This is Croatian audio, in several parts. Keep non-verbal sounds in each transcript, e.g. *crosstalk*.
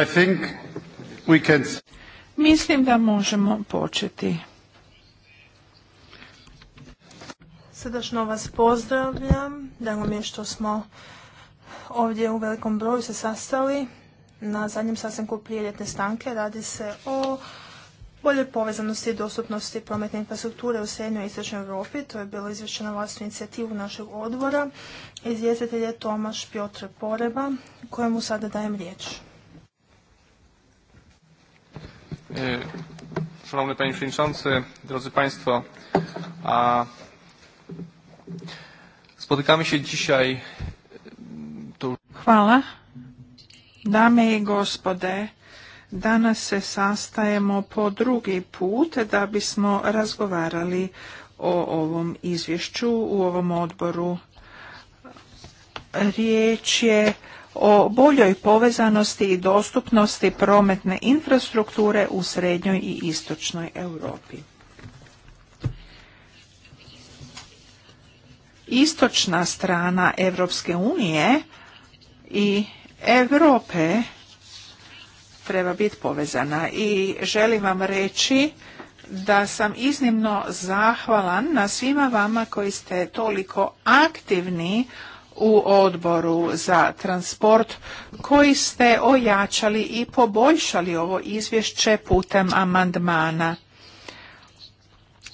I Mislim da možemo početi. Srdačno vas pozdravljam. Drago mi je što smo ovdje u velikom broju se sastali na zadnjem sastanku prije ljetne stanke. Radi se o bolje povezanosti i dostupnosti prometne infrastrukture u srednjoj i istočnoj Europi. To je bilo izvješće na vlastnu inicijativu našeg odbora. Izvjestitelj je Tomaš Piotr Poreba, kojemu sada dajem riječ. E, Szanowny Panie Przewodniczący, drodzy Państwo, a spotykamy się dzisiaj e, tu. Hvala. Dame i gospode, Danas se sastajemo po drugi put da bismo razgovarali o ovom izvješću u ovom odboru. Riječ je o boljoj povezanosti i dostupnosti prometne infrastrukture u srednjoj i istočnoj Europi. Istočna strana Europske unije i Europe treba biti povezana i želim vam reći da sam iznimno zahvalan na svima vama koji ste toliko aktivni u odboru za transport koji ste ojačali i poboljšali ovo izvješće putem amandmana.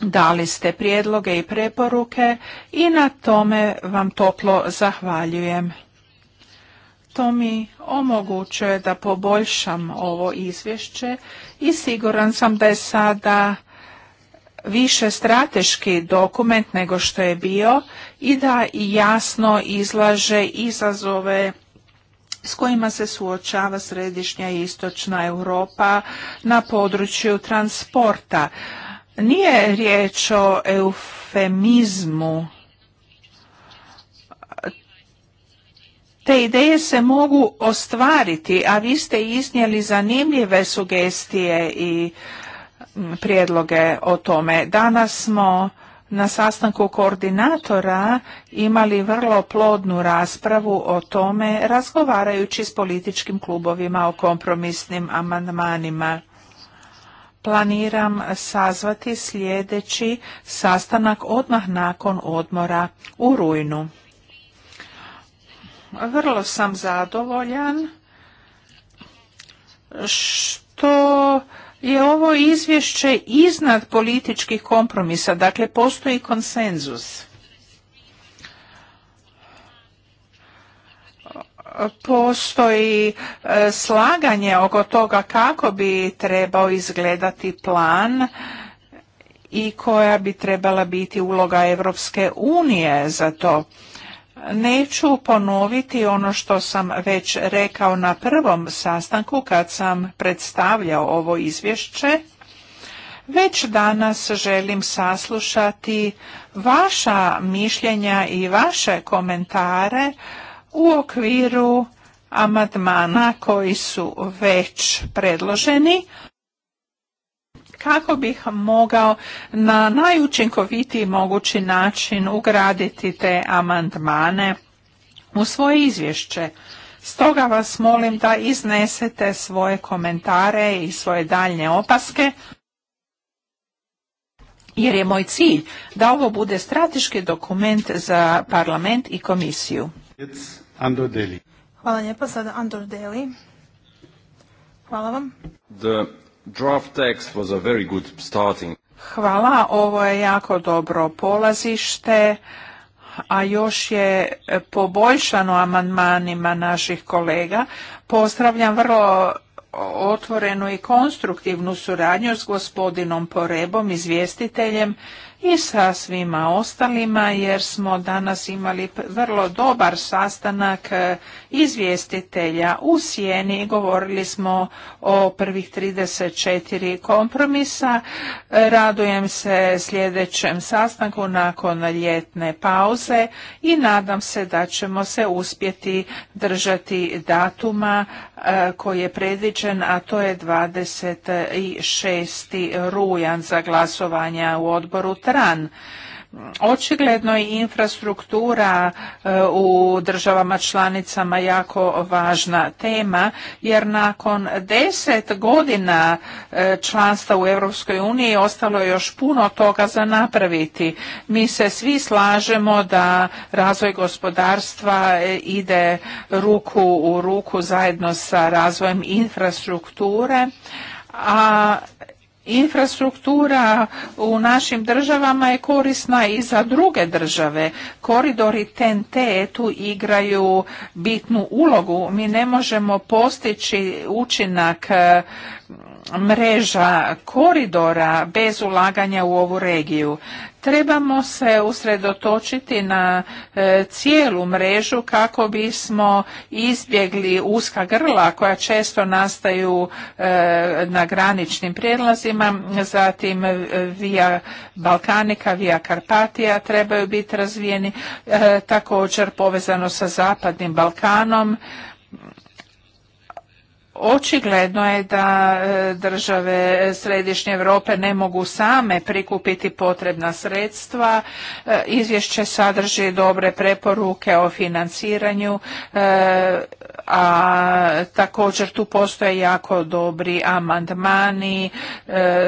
Dali ste prijedloge i preporuke i na tome vam toplo zahvaljujem što mi omogućuje da poboljšam ovo izvješće i siguran sam da je sada više strateški dokument nego što je bio i da jasno izlaže izazove s kojima se suočava središnja i istočna Europa na području transporta. Nije riječ o eufemizmu te ideje se mogu ostvariti, a vi ste iznijeli zanimljive sugestije i prijedloge o tome. Danas smo na sastanku koordinatora imali vrlo plodnu raspravu o tome razgovarajući s političkim klubovima o kompromisnim amandmanima. Planiram sazvati sljedeći sastanak odmah nakon odmora u rujnu. Vrlo sam zadovoljan što je ovo izvješće iznad političkih kompromisa, dakle postoji konsenzus. Postoji e, slaganje oko toga kako bi trebao izgledati plan i koja bi trebala biti uloga Europske unije za to. Neću ponoviti ono što sam već rekao na prvom sastanku kad sam predstavljao ovo izvješće. Već danas želim saslušati vaša mišljenja i vaše komentare u okviru amadmana koji su već predloženi, kako bih mogao na najučinkovitiji mogući način ugraditi te amandmane u svoje izvješće. Stoga vas molim da iznesete svoje komentare i svoje daljnje opaske, jer je moj cilj da ovo bude strateški dokument za parlament i komisiju. Hvala Andor Hvala vam draft Hvala, ovo je jako dobro polazište, a još je poboljšano amandmanima naših kolega. Pozdravljam vrlo otvorenu i konstruktivnu suradnju s gospodinom Porebom, izvjestiteljem, i sa svima ostalima jer smo danas imali vrlo dobar sastanak e, izvjestitelja u sjeni govorili smo o prvih 34 kompromisa. E, radujem se sljedećem sastanku nakon ljetne pauze i nadam se da ćemo se uspjeti držati datuma e, koji je predviđen, a to je 26. rujan za glasovanja u odboru stran. Očigledno je infrastruktura e, u državama članicama jako važna tema jer nakon deset godina e, članstva u Europskoj uniji ostalo je još puno toga za napraviti. Mi se svi slažemo da razvoj gospodarstva e, ide ruku u ruku zajedno sa razvojem infrastrukture, a Infrastruktura u našim državama je korisna i za druge države. Koridori TNT tu igraju bitnu ulogu. Mi ne možemo postići učinak e, mreža koridora bez ulaganja u ovu regiju. Trebamo se usredotočiti na e, cijelu mrežu kako bismo izbjegli uska grla koja često nastaju e, na graničnim prijelazima, zatim e, via Balkanika, via Karpatija trebaju biti razvijeni, također povezano sa Zapadnim Balkanom Očigledno je da e, države Središnje Europe ne mogu same prikupiti potrebna sredstva. E, izvješće sadrži dobre preporuke o financiranju, e, a također tu postoje jako dobri amandmani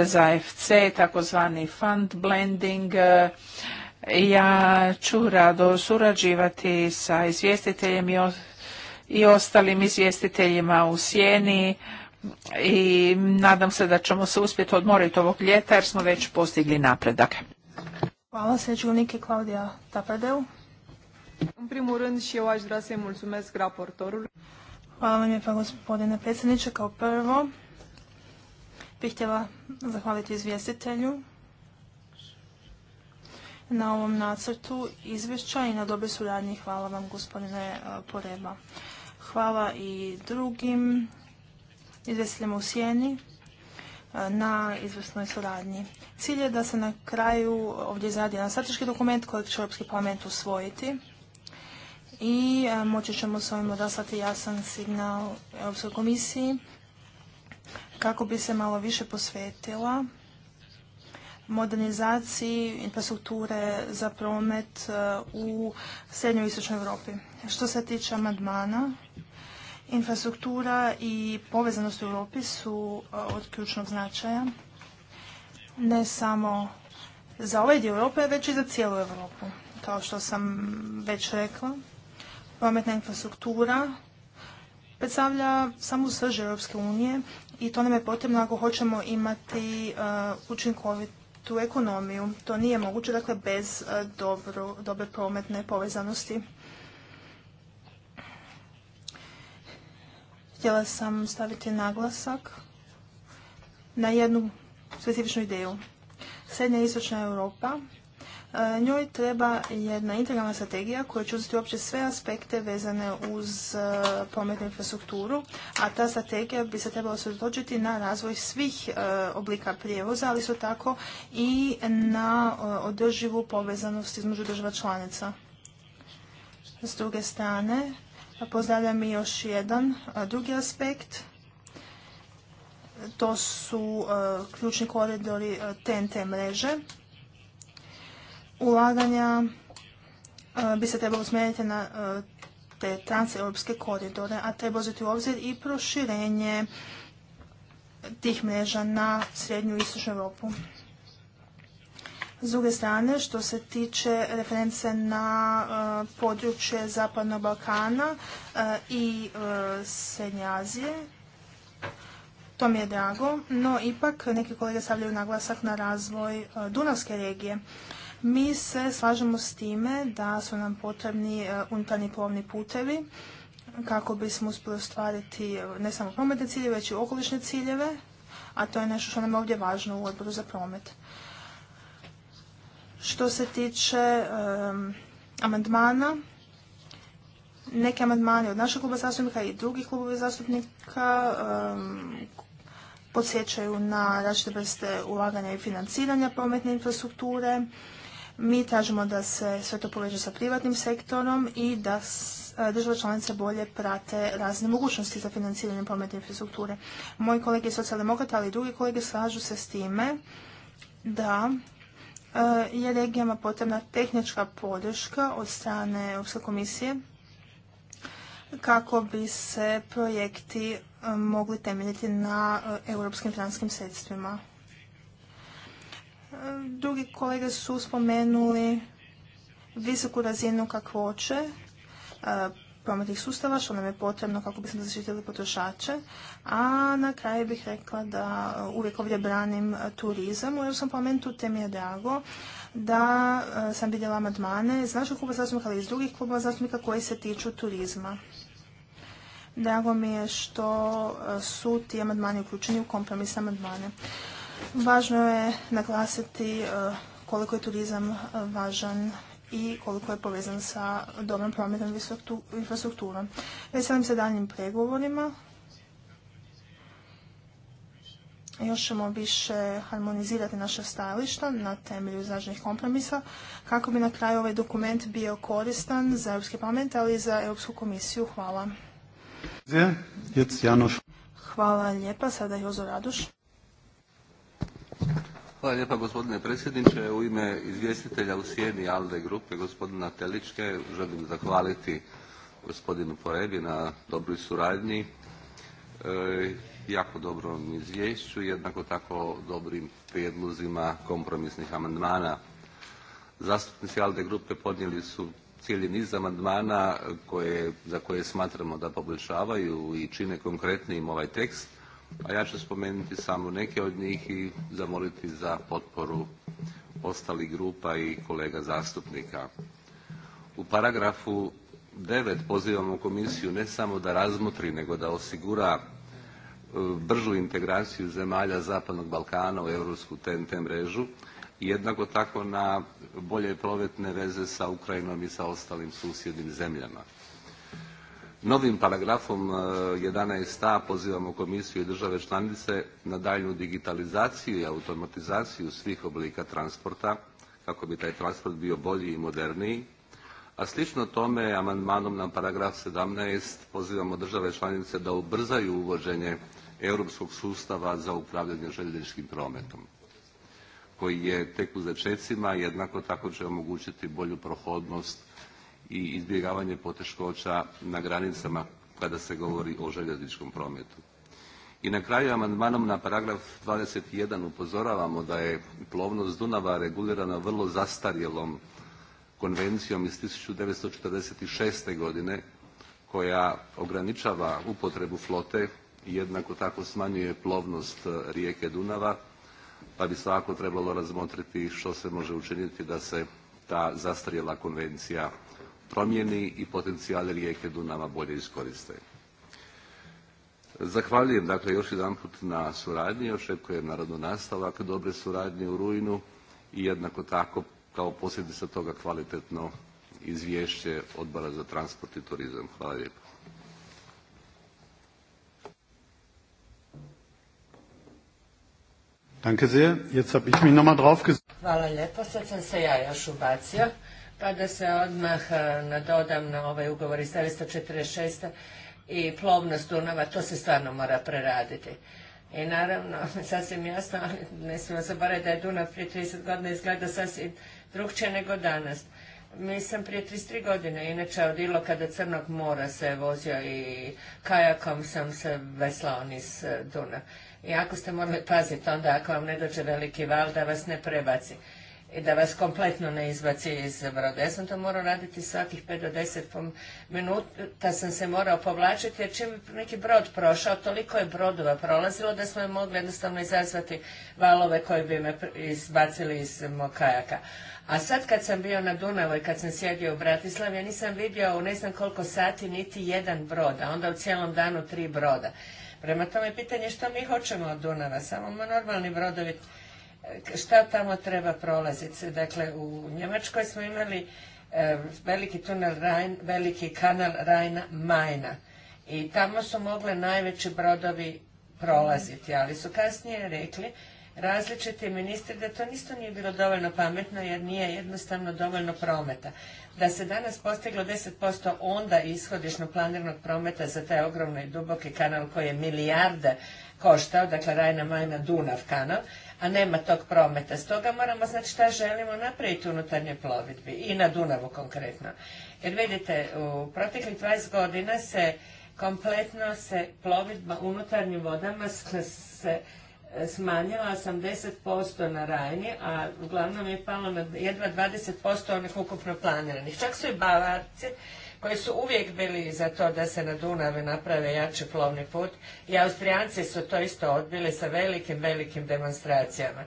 za FC, takozvani fund blending. Ja ću rado surađivati sa izvjestiteljem i i ostalim izvjestiteljima u sjeni i nadam se da ćemo se uspjeti odmoriti ovog ljeta jer smo već postigli napredak. Hvala, se Čunike, Klaudija Tapadeu. eu aș Hvala vam lijepa gospodine predsjedniče. Kao prvo bih htjela zahvaliti izvjestitelju na ovom nacrtu izvješća i na dobroj suradnji. Hvala vam gospodine eh, Poreba. Hvala i drugim izvjestiteljima u sjeni e, na izvrsnoj suradnji. Cilj je da se na kraju ovdje izradi jedan strateški dokument kojeg će Europski parlament usvojiti i e, moći ćemo s ovim odaslati jasan signal Europskoj komisiji kako bi se malo više posvetila modernizaciji infrastrukture za promet e, u srednjoj i istočnoj Europi. Što se tiče amandmana, Infrastruktura i povezanost u Europi su e, od ključnog značaja ne samo za ovaj dio Europe, već i za cijelu Europu. Kao što sam već rekla, prometna infrastruktura predstavlja samu srž Europske unije i to nam je potrebno ako hoćemo imati e, učinkovitu ekonomiju. To nije moguće dakle, bez e, dobro, dobre prometne povezanosti htjela sam staviti naglasak na jednu specifičnu ideju. Srednja i istočna Europa e, Njoj treba jedna integralna strategija koja će uzeti uopće sve aspekte vezane uz e, prometnu infrastrukturu, a ta strategija bi se trebala osredotočiti na razvoj svih e, oblika prijevoza, ali isto tako i na održivu povezanost između država članica. S druge strane, Pozdravljam i još jedan drugi aspekt. To su ključni koridori TNT mreže. Ulaganja bi se trebalo usmjeriti na te transeuropske koridore, a treba uzeti u obzir i proširenje tih mreža na srednju i istočnu Europu. S druge strane, što se tiče reference na e, područje Zapadnog Balkana e, i e, Srednje Azije, to mi je drago, no ipak neki kolege stavljaju naglasak na razvoj Dunavske regije. Mi se slažemo s time da su nam potrebni unutarnji plovni putevi kako bismo uspjeli ostvariti ne samo prometne ciljeve, već i okolišne ciljeve, a to je nešto što nam je ovdje važno u odboru za promet. Što se tiče amandmana, neke amandmane od našeg kluba zastupnika i drugih klubova zastupnika podsjećaju na različite vrste ulaganja i financiranja prometne infrastrukture. Mi tražimo da se sve to poveže sa privatnim sektorom i da e, država članice bolje prate razne mogućnosti za financiranje prometne infrastrukture. Moji kolege socijaldemokrata, ali i drugi kolege slažu se s time da Eh, je regijama potrebna tehnička podrška od strane Europske komisije kako bi se projekti eh, mogli temeljiti na eh, europskim financijskim sredstvima. Drugi kolege su spomenuli visoku razinu kakvoće prometnih sustava, što nam je potrebno kako bismo zaštitili potrošače. A na kraju bih rekla da uh, uvijek ovdje branim uh, turizam u Europskom parlamentu, te mi je drago da uh, sam vidjela amandmane iz našeg kluba zastupnika, ali iz drugih kluba zastupnika koji se tiču turizma. Drago mi je što su ti amandmani uključeni u kompromis amandmane. Važno je naglasiti koliko je turizam važan i koliko je povezan sa dobrom prometnom infrastrukturom. Veselim se daljnim pregovorima. Još ćemo više harmonizirati naše stajališta na temelju izraženih kompromisa kako bi na kraju ovaj dokument bio koristan za Europski parlament, ali i za Europsku komisiju. Hvala. Hvala lijepa. Sada Jozo Raduš. Hvala lijepa gospodine predsjedniče. U ime izvjestitelja u sjeni ALDE grupe gospodina Teličke želim zahvaliti gospodinu Porebi na dobroj suradnji, e, jako dobrom izvješću, jednako tako dobrim prijedlozima kompromisnih amandmana. Zastupnici ALDE grupe podnijeli su cijeli niz amandmana za koje smatramo da poboljšavaju i čine konkretnijim ovaj tekst a ja ću spomenuti samo neke od njih i zamoliti za potporu ostalih grupa i kolega zastupnika. U paragrafu 9 pozivamo komisiju ne samo da razmotri nego da osigura e, bržu integraciju zemalja Zapadnog Balkana u europsku TNT mrežu i jednako tako na bolje prometne veze sa Ukrajinom i sa ostalim susjednim zemljama. Novim paragrafom 11a e, pozivamo komisiju i države članice na daljnju digitalizaciju i automatizaciju svih oblika transporta kako bi taj transport bio bolji i moderniji, a slično tome amandmanom na paragraf 17 pozivamo države članice da ubrzaju uvođenje europskog sustava za upravljanje željezničkim prometom koji je tek u začecima jednako tako će omogućiti bolju prohodnost i izbjegavanje poteškoća na granicama kada se govori o željezničkom prometu. I na kraju amandmanom na paragraf 21 upozoravamo da je plovnost Dunava regulirana vrlo zastarjelom konvencijom iz 1946. godine koja ograničava upotrebu flote i jednako tako smanjuje plovnost rijeke Dunava pa bi svako trebalo razmotriti što se može učiniti da se ta zastarjela konvencija promjeni i potencijale rijeke Dunava bolje iskoriste. Zahvaljujem dakle još jedanput na suradnji, očekujem naravno nastavak dobre suradnje u rujnu i jednako tako kao posljedica toga kvalitetno izvješće Odbora za transport i turizam. Hvala lijepo. Hvala lijepo, sad se ja još ubacio. Pa da se odmah e, nadodam na ovaj ugovor iz 1946. i plovnost Dunava, to se stvarno mora preraditi. I naravno, *laughs* sasvim jasno, ali ne smijemo zaboraviti da je Dunav prije 30 godina izgleda sasvim drugčije nego danas. Mi sam prije 33 godine, inače od Iloka do Crnog mora se vozio i kajakom sam se veslao niz e, Dunav. I ako ste morali paziti onda ako vam ne dođe veliki val da vas ne prebaci i da vas kompletno ne izbaci iz broda. Ja sam to morao raditi svakih 5 do 10 minuta sam se morao povlačiti jer čim neki brod prošao, toliko je brodova prolazilo da smo mogli jednostavno izazvati valove koji bi me izbacili iz mog kajaka. A sad kad sam bio na Dunavu i kad sam sjedio u Bratislavi, ja nisam vidio u ne znam koliko sati niti jedan brod, a onda u cijelom danu tri broda. Prema tome pitanje što mi hoćemo od Dunava, samo normalni brodovi šta tamo treba prolaziti. Dakle, u Njemačkoj smo imali veliki tunel Rajn, veliki kanal Rajna Majna i tamo su mogle najveći brodovi prolaziti, ali su kasnije rekli različiti ministri da to isto nije bilo dovoljno pametno jer nije jednostavno dovoljno prometa. Da se danas postiglo 10% onda ishodišno planiranog prometa za taj ogromni i duboki kanal koji je milijarde koštao, dakle Rajna Majna Dunav kanal, a nema tog prometa. Stoga moramo znati šta želimo napraviti u unutarnjoj plovidbi i na Dunavu konkretno. Jer vidite, u proteklih 20 godina se kompletno se plovidba unutarnjim vodama se e, smanjila 80% na rajnje, a uglavnom je palo na jedva 20% onih ukupno planiranih. Čak su i bavarci koji su uvijek bili za to da se na Dunavu naprave jači plovni put i Austrijanci su to isto odbili sa velikim, velikim demonstracijama.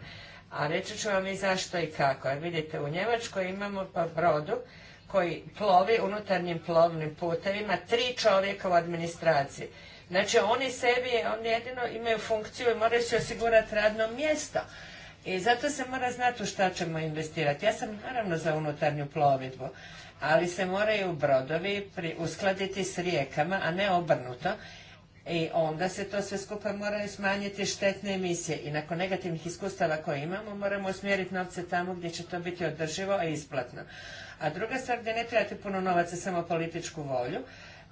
A reći ću vam i zašto i kako. vidite, u Njemačkoj imamo po brodu koji plovi unutarnjim plovnim putevima tri čovjeka u administraciji. Znači oni sebi, oni jedino imaju funkciju i moraju se osigurati radno mjesto. I zato se mora znati u šta ćemo investirati. Ja sam naravno za unutarnju plovidbu, ali se moraju brodovi uskladiti s rijekama, a ne obrnuto. I onda se to sve skupa moraju smanjiti štetne emisije. I nakon negativnih iskustava koje imamo, moramo usmjeriti novce tamo gdje će to biti održivo, i isplatno. A druga stvar gdje ne trebate puno novaca, samo političku volju,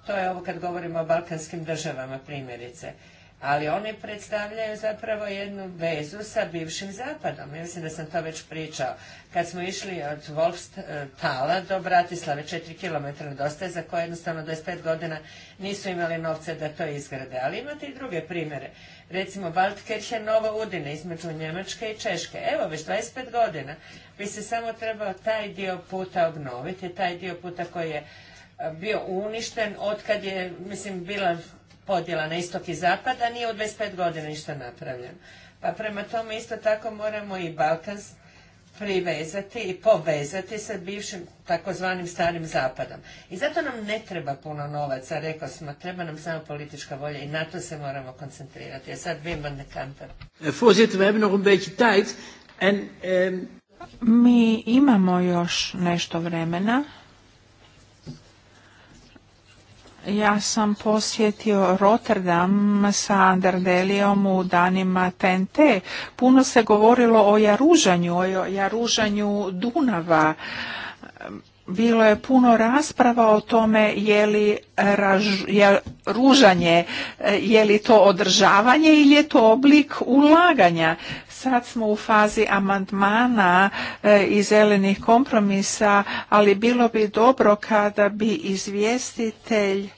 to je ovo kad govorimo o balkanskim državama primjerice ali oni predstavljaju zapravo jednu vezu sa bivšim zapadom. Ja mislim da sam to već pričao. Kad smo išli od Wolfstala do Bratislave, četiri kilometra dosta za koje jednostavno 25 godina nisu imali novce da to izgrade. Ali imate i druge primjere. Recimo je Novo Udine između Njemačke i Češke. Evo, već 25 godina bi se samo trebao taj dio puta obnoviti, taj dio puta koji je bio uništen kad je, mislim, bila podjela na istok i zapad, a nije u 25 godina ništa napravljeno. Pa prema tome isto tako moramo i Balkan privezati i povezati sa bivšim takozvanim starim zapadom. I zato nam ne treba puno novaca, rekao smo, treba nam samo politička volja i na to se moramo koncentrirati. sad van eh, we En, ehm, Mi imamo još nešto vremena. Ja sam posjetio Rotterdam sa Anderdelijom u danima TNT. Puno se govorilo o jaružanju, o jaružanju Dunava bilo je puno rasprava o tome je li raž, je, ružanje, eh, je li to održavanje ili je to oblik ulaganja. Sad smo u fazi amandmana eh, i zelenih kompromisa, ali bilo bi dobro kada bi izvjestitelj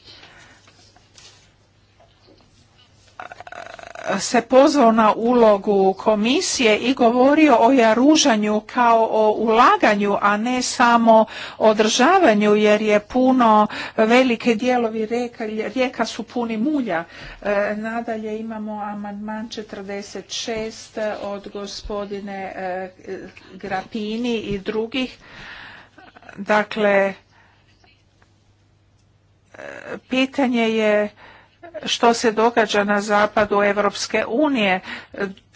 se pozvao na ulogu komisije i govorio o jaružanju kao o ulaganju, a ne samo održavanju, jer je puno velike dijelovi rijeka, rijeka su puni mulja. E, nadalje imamo amandman 46 od gospodine e, Grapini i drugih. Dakle, e, pitanje je što se događa na zapadu Europske unije.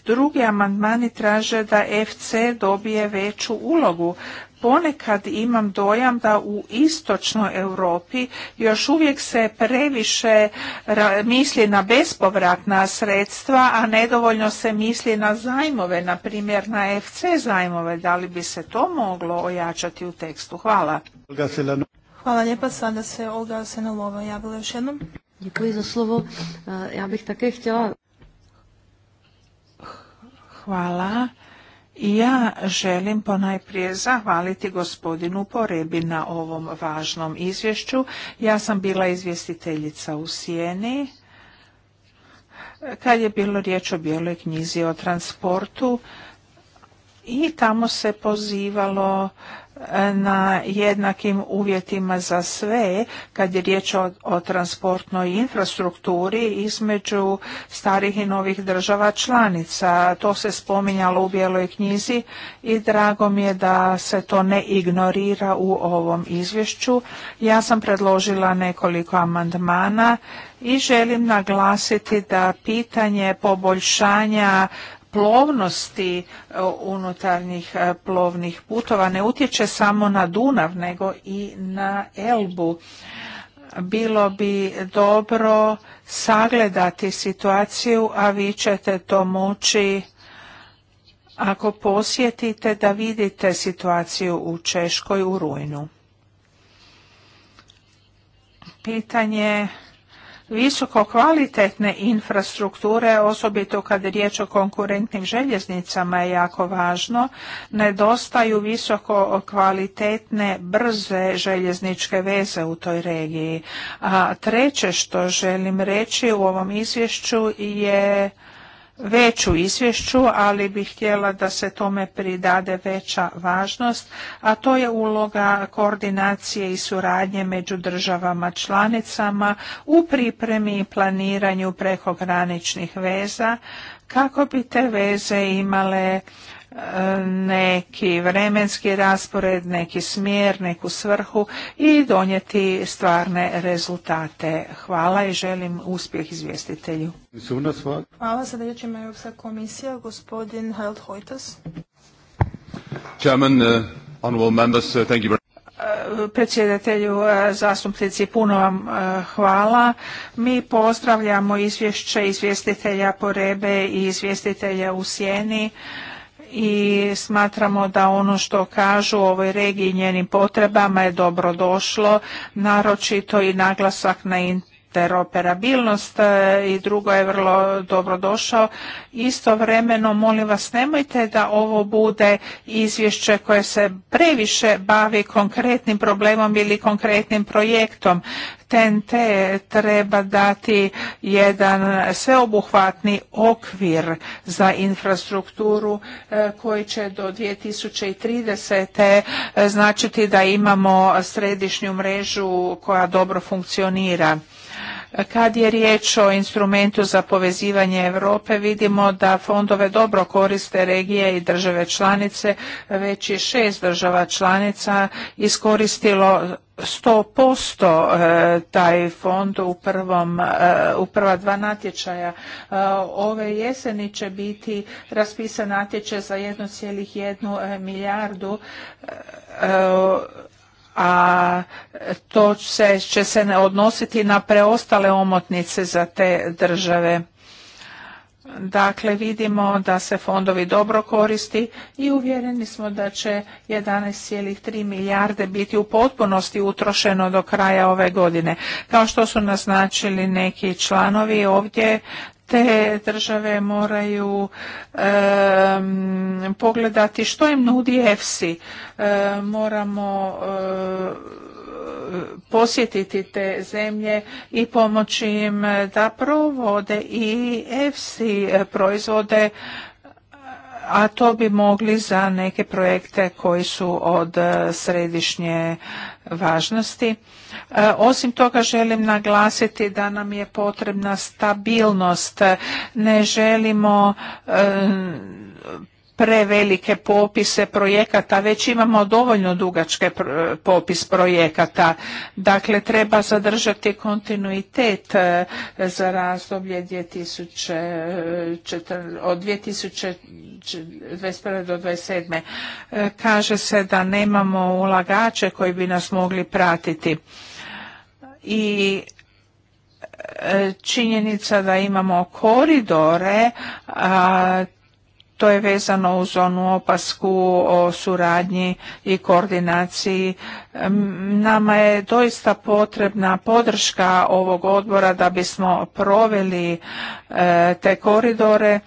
Drugi amandmani traže da FC dobije veću ulogu. Ponekad imam dojam da u istočnoj Europi još uvijek se previše misli na bespovratna sredstva, a nedovoljno se misli na zajmove, na primjer na FC zajmove. Da li bi se to moglo ojačati u tekstu? Hvala. Hvala lijepa. Sada se Olga Senolova javila još jednom. Děkuji za slovo. Eh, já bych také chtěla... Hvala. Ja želim ponajprije zahvaliti gospodinu Porebi na ovom važnom izvješću. Ja sam bila izvjestiteljica u Sijeni. Kad je bilo riječ o bijeloj knjizi o transportu i tamo se pozivalo na jednakim uvjetima za sve kad je riječ o, transportnoj infrastrukturi između starih i novih država članica. To se spominjalo u bijeloj knjizi i drago mi je da se to ne ignorira u ovom izvješću. Ja sam predložila nekoliko amandmana i želim naglasiti da pitanje poboljšanja plovnosti e, unutarnjih e, plovnih putova ne utječe samo na Dunav nego i na Elbu. Bilo bi dobro sagledati situaciju, a vi ćete to moći ako posjetite da vidite situaciju u Češkoj u rujnu. Pitanje visoko kvalitetne infrastrukture, osobito kad je riječ o konkurentnim željeznicama je jako važno, nedostaju visoko kvalitetne brze željezničke veze u toj regiji. A treće što želim reći u ovom izvješću je već u izvješću, ali bih htjela da se tome pridade veća važnost, a to je uloga koordinacije i suradnje među državama članicama u pripremi i planiranju prekograničnih veza, kako bi te veze imale neki vremenski raspored, neki smjer, neku svrhu i donijeti stvarne rezultate. Hvala i želim uspjeh izvjestitelju. Hvala, sada je Europska komisija, gospodin Harald Hojtas. Uh, uh, uh, predsjedatelju zastupnici puno vam hvala. Mi pozdravljamo izvješće izvjestitelja Porebe i izvjestitelja u Sjeni i smatramo da ono što kažu u ovoj regiji i njenim potrebama je dobro došlo, naročito i naglasak na interoperabilnost e, i drugo je vrlo dobro došao. Istovremeno, molim vas, nemojte da ovo bude izvješće koje se previše bavi konkretnim problemom ili konkretnim projektom. TNT treba dati jedan sveobuhvatni okvir za infrastrukturu e, koji će do 2030. E, značiti da imamo središnju mrežu koja dobro funkcionira. Kad je riječ o instrumentu za povezivanje Europe, vidimo da fondove dobro koriste regije i države članice, već je šest država članica iskoristilo 100% e, taj fond u, prvom, e, u prva dva natječaja. E, ove jeseni će biti raspisan natječaj za 1,1 milijardu a to će, se ne odnositi na preostale omotnice za te države. Dakle, vidimo da se fondovi dobro koristi i uvjereni smo da će 11,3 milijarde biti u potpunosti utrošeno do kraja ove godine. Kao što su naznačili neki članovi ovdje, te države moraju pogledati što im nudi EFSI. moramo posjetiti te zemlje i pomoći im da provode i EFSI proizvode a to bi mogli za neke projekte koji su od eh, središnje važnosti. E, osim toga želim naglasiti da nam je potrebna stabilnost. Ne želimo e, prevelike popise projekata, već imamo dovoljno dugačke popis projekata. Dakle, treba zadržati kontinuitet e, za razdoblje 2004, od 2021. do 2027. Kaže se da nemamo ulagače koji bi nas mogli pratiti i e, činjenica da imamo koridore, a to je vezano uz onu opasku o suradnji i koordinaciji Nama je doista potrebna podrška ovog odbora da bismo proveli e, te koridore.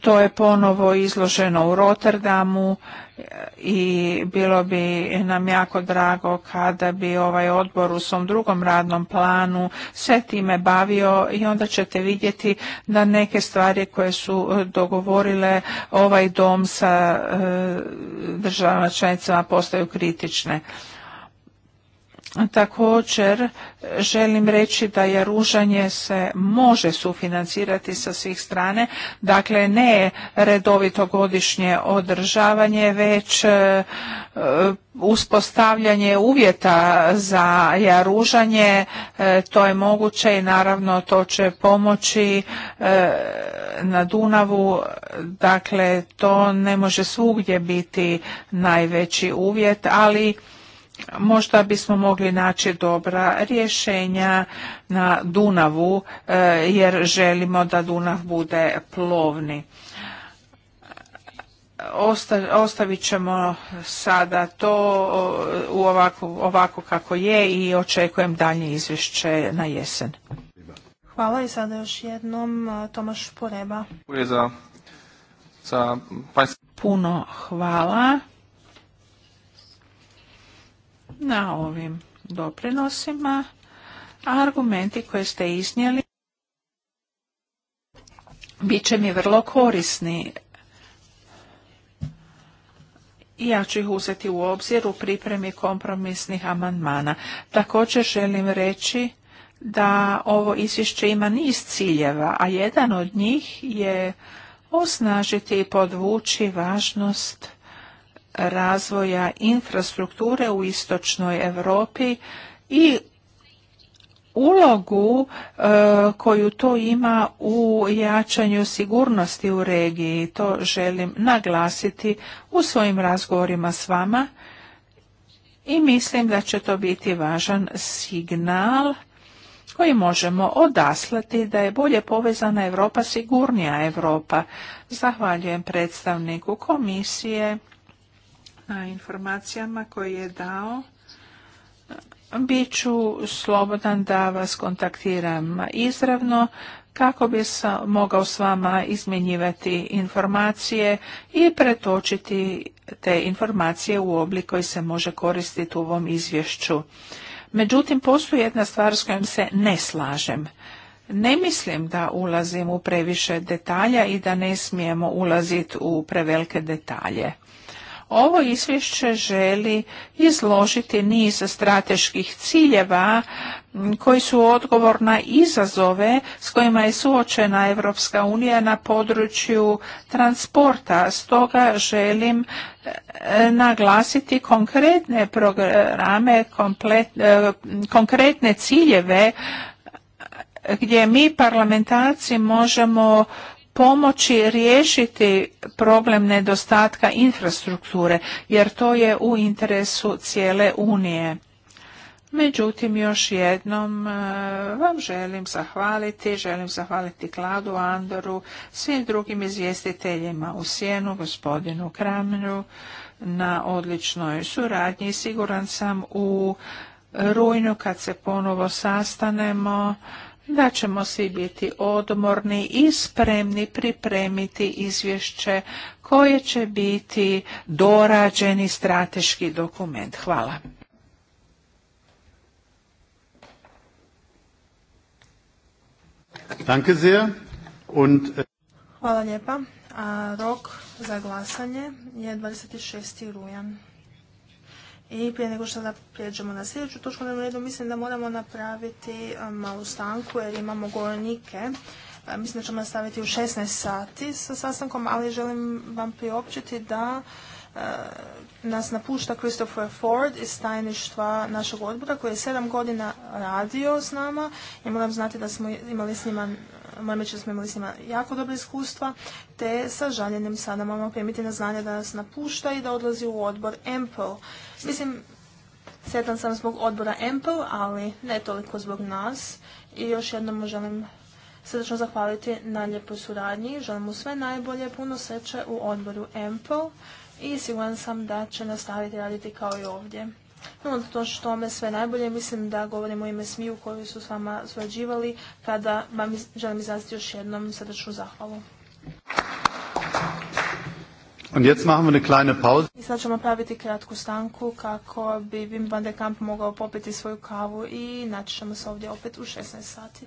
To je ponovo izloženo u Rotterdamu e, i bilo bi nam jako drago kada bi ovaj odbor u svom drugom radnom planu se time bavio i onda ćete vidjeti da neke stvari koje su dogovorile ovaj dom sa e, državama članicama postaju kritične. Također želim reći da je ružanje se može sufinancirati sa svih strane, dakle ne redovito godišnje održavanje, već e, uspostavljanje uvjeta za jaružanje, e, to je moguće i naravno to će pomoći e, na Dunavu, dakle to ne može svugdje biti najveći uvjet, ali možda bismo mogli naći dobra rješenja na Dunavu e, jer želimo da Dunav bude plovni. Ostavit ćemo sada to u ovako, ovako kako je i očekujem dalje izvješće na jesen. Hvala i sada još jednom e, Tomaš Poreba. Puno hvala na ovim doprinosima. Argumenti koje ste iznijeli bit će mi vrlo korisni. I ja ću ih uzeti u obzir u pripremi kompromisnih amandmana. Također želim reći da ovo izvješće ima niz ciljeva, a jedan od njih je osnažiti i podvući važnost razvoja infrastrukture u istočnoj Europi i ulogu e, koju to ima u jačanju sigurnosti u regiji. To želim naglasiti u svojim razgovorima s vama i mislim da će to biti važan signal koji možemo odaslati da je bolje povezana Europa sigurnija Europa. Zahvaljujem predstavniku komisije na informacijama koje je dao. Biću slobodan da vas kontaktiram izravno kako bi se mogao s vama izmjenjivati informacije i pretočiti te informacije u oblik koji se može koristiti u ovom izvješću. Međutim, postoji jedna stvar s kojom se ne slažem. Ne mislim da ulazim u previše detalja i da ne smijemo ulaziti u prevelike detalje. Ovo izvješće želi izložiti niz strateških ciljeva koji su odgovor na izazove s kojima je suočena Europska unija na području transporta. Stoga želim e, naglasiti konkretne programe, e, konkretne ciljeve gdje mi parlamentarci možemo pomoći riješiti problem nedostatka infrastrukture jer to je u interesu cijele unije. Međutim, još jednom e, vam želim zahvaliti, želim zahvaliti Kladu Andoru, svim drugim izvjestiteljima u Sjenu, gospodinu Kramenu na odličnoj suradnji. Siguran sam u rujnu kad se ponovo sastanemo da ćemo svi biti odmorni i spremni pripremiti izvješće koje će biti dorađeni strateški dokument. Hvala. Und... Äh, Hvala lijepa. A rok za glasanje je 26. rujan. I prije nego što prijeđemo na sljedeću točku na redu, mislim da moramo napraviti eh, malu stanku jer imamo govornike. Eh, mislim da ćemo nastaviti u 16 sati sa sastankom, ali želim vam priopćiti da eh, nas napušta Christopher Ford iz tajništva našeg odbora koji je sedam godina radio s nama i moram znati da smo imali s njima moram reći da smo imali s njima jako dobre iskustva, te sa žaljenjem sada moramo primiti na znanje da nas napušta i da odlazi u odbor Ample. Mislim, sretan sam zbog odbora MPL, ali ne toliko zbog nas. I još jednom želim srdečno zahvaliti na lijepoj suradnji. Želim mu sve najbolje, puno sreće u odboru Ample i siguran sam da će nastaviti raditi kao i ovdje. No, zato što me sve najbolje, mislim da govorim o ime smiju koji su s vama surađivali, kada vam želim izraziti još jednom srdečnu zahvalu. I sad ćemo praviti kratku stanku kako bi Wim van de Kamp mogao popiti svoju kavu i naći ćemo se ovdje opet u 16 sati.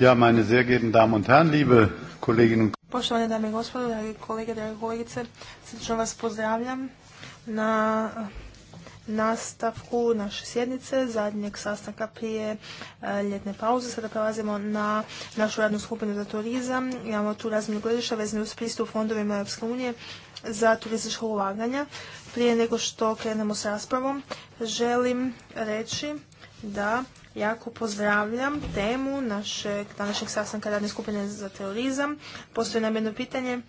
Ja, meine sehr geehrten Damen und Herren, liebe Kolleginnen Poštovane dame i gospodo, dragi kolege, dragi kolegice, srčno vas pozdravljam na nastavku naše sjednice, zadnjeg sastanka prije e, ljetne pauze. Sada prelazimo na našu radnu skupinu za turizam. Imamo tu razminu gledišta vezano uz pristup fondovima Europske unije za turistička ulaganja. Prije nego što krenemo s raspravom, želim reći da Jako pozdravljam temu našeg današnjeg sastanka radne skupine za terorizam. Postoji nam jedno pitanje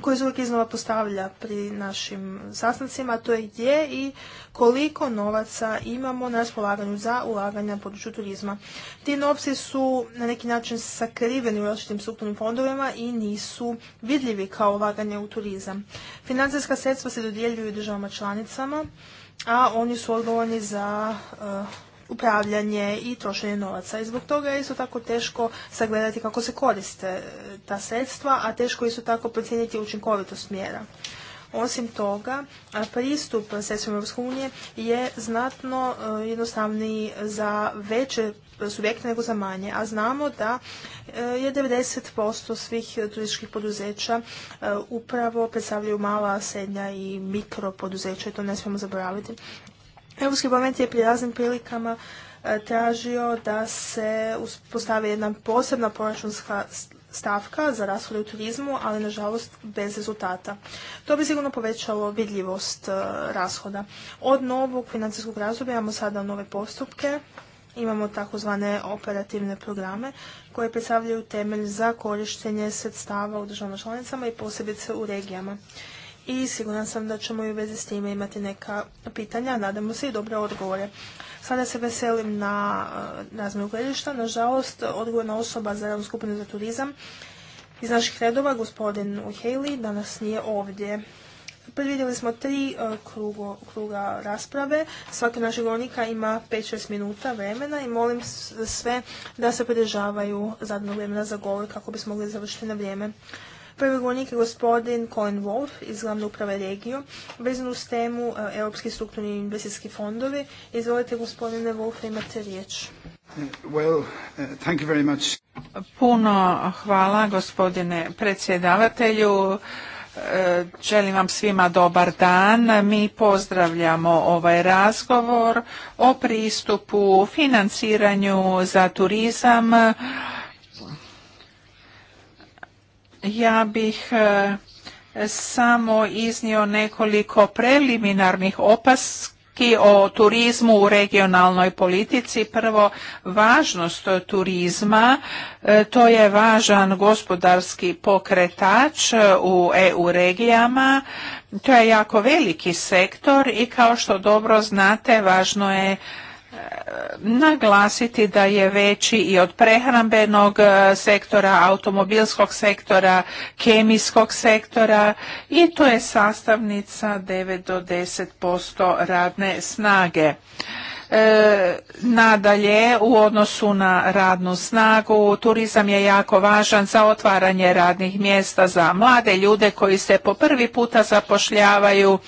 koje se uvijek iznova postavlja pri našim sastancima, a to je gdje i koliko novaca imamo na raspolaganju za ulaganje na području turizma. Ti novci su na neki način sakriveni u različitim strukturnim fondovima i nisu vidljivi kao ulaganje u turizam. Financijska sredstva se dodjeljuju državama članicama, a oni su odgovorni za eh, upravljanje i trošenje novaca. I zbog toga je isto tako teško sagledati kako se koriste e, ta sredstva, a teško je isto tako procijeniti učinkovitost mjera. Osim toga, pristup sredstvima Europske unije je znatno e, jednostavniji za veće subjekte nego za manje, a znamo da e, je 90% svih turističkih poduzeća upravo predstavljaju mala, sednja i mikro poduzeća i to ne smijemo zaboraviti. Europski parlament je pri raznim prilikama e, tražio da se postavi jedna posebna proračunska stavka za rashode u turizmu, ali nažalost bez rezultata. To bi sigurno povećalo vidljivost e, rashoda. Od novog financijskog razdoblja imamo sada nove postupke, imamo takozvane operativne programe koje predstavljaju temelj za korištenje sredstava u državama članicama i posebice u regijama i siguran sam da ćemo i u vezi s time imati neka pitanja, nadamo se i dobre odgovore. Sada se veselim na eh, razmiju gledišta. Nažalost, odgovorna osoba za radnu skupinu za turizam iz naših redova, gospodin Uhejli, danas nije ovdje. Predvidjeli smo tri eh, kruga rasprave. Svaki naš govornika ima 5-6 minuta vremena i molim sve da se pridržavaju zadnog vremena za govor kako bismo mogli završiti na vrijeme. Prvi govornik je gospodin Colin Wolf iz glavne uprave regiju, vezan uz temu e, Europski strukturni investicijski fondovi. Izvolite gospodine Wolf, imate riječ. E, Puno hvala gospodine predsjedavatelju. E, želim vam svima dobar dan. Mi pozdravljamo ovaj razgovor o pristupu financiranju za turizam ja bih e, samo iznio nekoliko preliminarnih opaski o turizmu u regionalnoj politici. Prvo, važnost turizma. E, to je važan gospodarski pokretač u EU regijama. To je jako veliki sektor i kao što dobro znate, važno je naglasiti da je veći i od prehrambenog e, sektora, automobilskog sektora, kemijskog sektora i to je sastavnica 9 do 10% radne snage. E, nadalje, u odnosu na radnu snagu, turizam je jako važan za otvaranje radnih mjesta za mlade ljude koji se po prvi puta zapošljavaju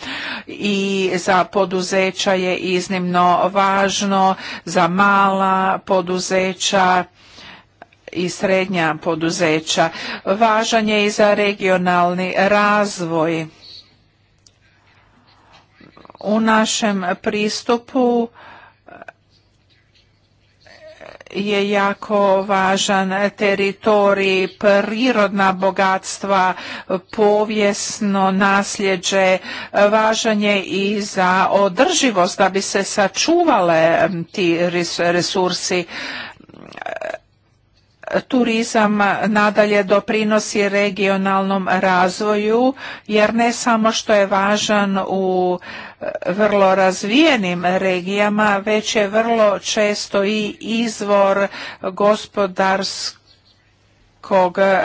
i za poduzeća je iznimno važno, za mala poduzeća i srednja poduzeća. Važan je i za regionalni razvoj. U našem pristupu je jako važan teritorij, prirodna bogatstva, povijesno nasljeđe, važan je i za održivost da bi se sačuvale ti resursi turizam nadalje doprinosi regionalnom razvoju jer ne samo što je važan u vrlo razvijenim regijama, već je vrlo često i izvor gospodarskog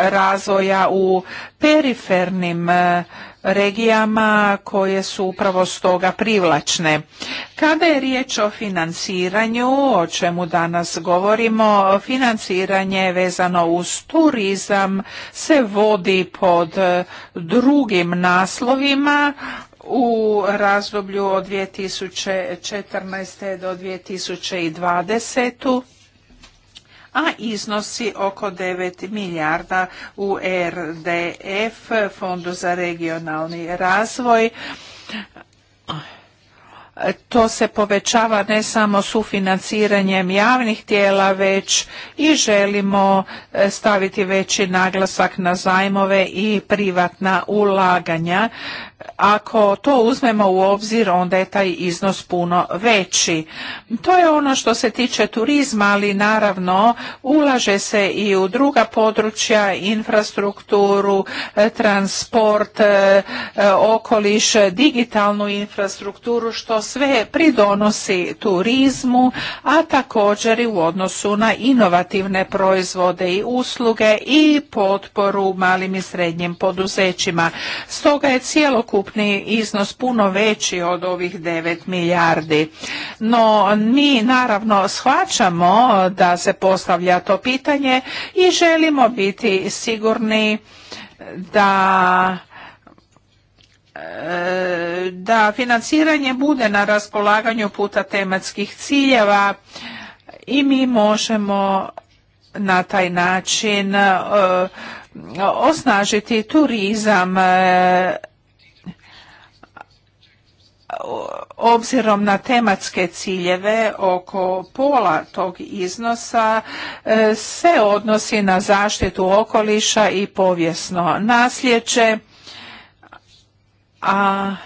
razvoja u perifernim e, regijama koje su upravo stoga privlačne. Kada je riječ o financiranju, o čemu danas govorimo, financiranje vezano uz turizam se vodi pod e, drugim naslovima, u razdoblju od 2014. do 2020. a iznosi oko 9 milijarda u RDF, Fondu za regionalni razvoj to se povećava ne samo sufinanciranjem javnih tijela već i želimo e, staviti veći naglasak na zajmove i privatna ulaganja. Ako to uzmemo u obzir onda je taj iznos puno veći. To je ono što se tiče turizma, ali naravno ulaže se i u druga područja, infrastrukturu, e, transport, e, okoliš, digitalnu infrastrukturu što sve pridonosi turizmu, a također i u odnosu na inovativne proizvode i usluge i potporu malim i srednjim poduzećima. Stoga je cjelokupni iznos puno veći od ovih 9 milijardi. No mi naravno shvaćamo da se postavlja to pitanje i želimo biti sigurni da da financiranje bude na raspolaganju puta tematskih ciljeva i mi možemo na taj način e, osnažiti turizam e, obzirom na tematske ciljeve oko pola tog iznosa e, se odnosi na zaštitu okoliša i povijesno nasljeđe a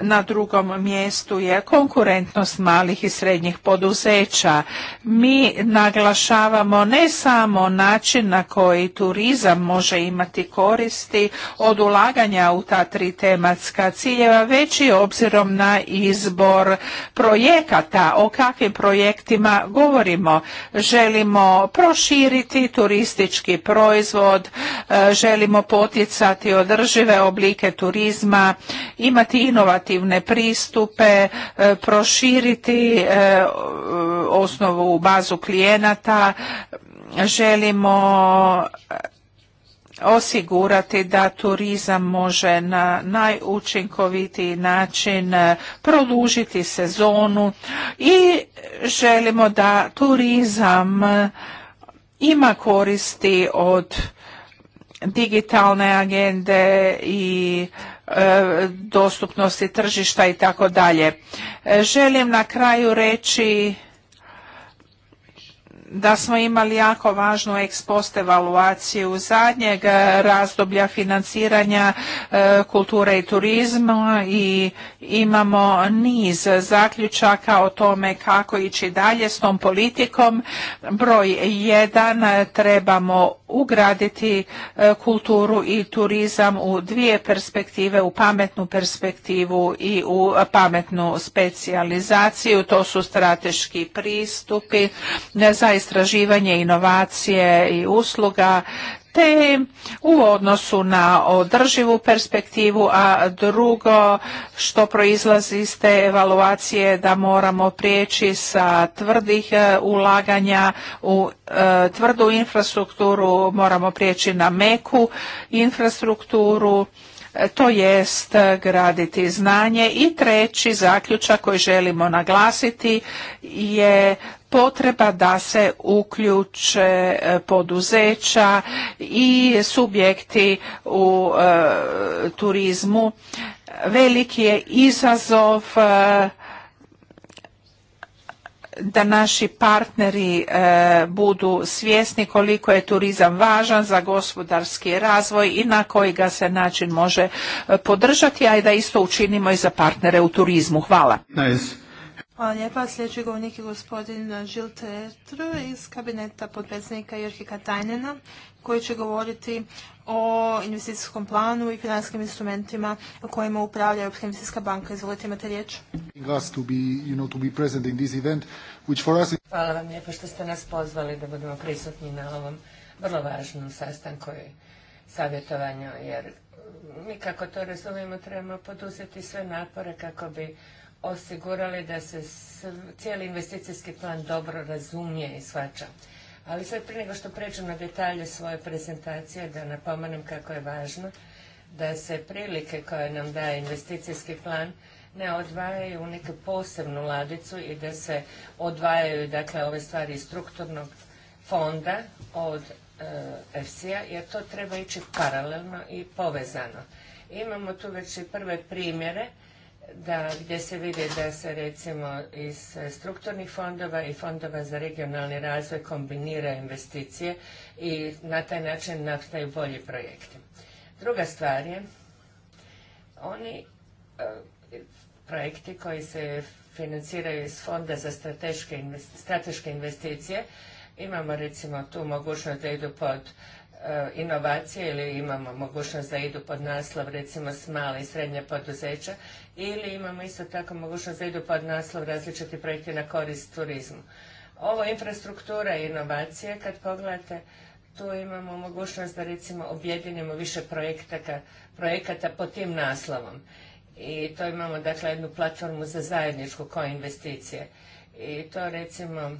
na drugom mjestu je konkurentnost malih i srednjih poduzeća. Mi naglašavamo ne samo način na koji turizam može imati koristi od ulaganja u ta tri tematska ciljeva, već i obzirom na izbor projekata. O kakvim projektima govorimo? Želimo proširiti turistički proizvod, e, želimo poticati održive oblike turizma, imati inovativne inovativne pristupe, e, proširiti e, osnovu bazu klijenata, želimo e, osigurati da turizam može na najučinkovitiji način produžiti sezonu i želimo da turizam ima koristi od digitalne agende i E, dostupnosti tržišta i tako dalje. E, želim na kraju reći da smo imali jako važnu ekspost evaluaciju zadnjeg eh, razdoblja financiranja eh, kulture i turizma i imamo niz zaključaka o tome kako ići dalje s tom politikom. Broj jedan eh, trebamo ugraditi kulturu i turizam u dvije perspektive, u pametnu perspektivu i u pametnu specijalizaciju. To su strateški pristupi istraživanje, inovacije i usluga, te u odnosu na održivu perspektivu, a drugo što proizlazi iz te evaluacije da moramo prijeći sa tvrdih e, ulaganja u e, tvrdu infrastrukturu, moramo prijeći na meku infrastrukturu, e, to jest graditi znanje. I treći zaključak koji želimo naglasiti je potreba da se uključe e, poduzeća i subjekti u e, turizmu. Veliki je izazov e, da naši partneri budu svjesni koliko je turizam važan za gospodarski razvoj i na koji ga se način može podržati, a i da isto učinimo i za partnere u turizmu. Hvala. Nice. Hvala lijepa. Sljedeći govornik je gospodin Žil Tretr iz kabineta podpredsjednika Jerhika Tajnena koji će govoriti o investicijskom planu i financijskim instrumentima kojima upravlja Europska investicijska banka. Izvolite, imate riječ. Hvala vam lijepo što ste nas pozvali da budemo prisutni na ovom vrlo važnom sastanku i savjetovanju, jer mi kako to razumijemo trebamo poduzeti sve napore kako bi osigurali da se cijeli investicijski plan dobro razumije i shvaća. Ali sve prije nego što pređem na detalje svoje prezentacije da napomenem kako je važno da se prilike koje nam daje investicijski plan ne odvajaju u neku posebnu ladicu i da se odvajaju dakle ove stvari iz strukturnog fonda od e, FC-a jer to treba ići paralelno i povezano. Imamo tu već i prve primjere da gdje se vidi da se recimo iz strukturnih fondova i fondova za regionalni razvoj kombinira investicije i na taj način nastaju bolji projekti. Druga stvar je, oni e, projekti koji se financiraju iz Fonda za strateške investicije, imamo recimo tu mogućnost da idu pod E, inovacije ili imamo mogućnost da idu pod naslov recimo s male i srednje poduzeća ili imamo isto tako mogućnost da idu pod naslov različiti projekti na korist turizmu. Ovo infrastruktura i inovacije kad pogledate tu imamo mogućnost da recimo objedinimo više projekata pod tim naslovom. I to imamo dakle jednu platformu za zajedničku koinvesticije. I to recimo,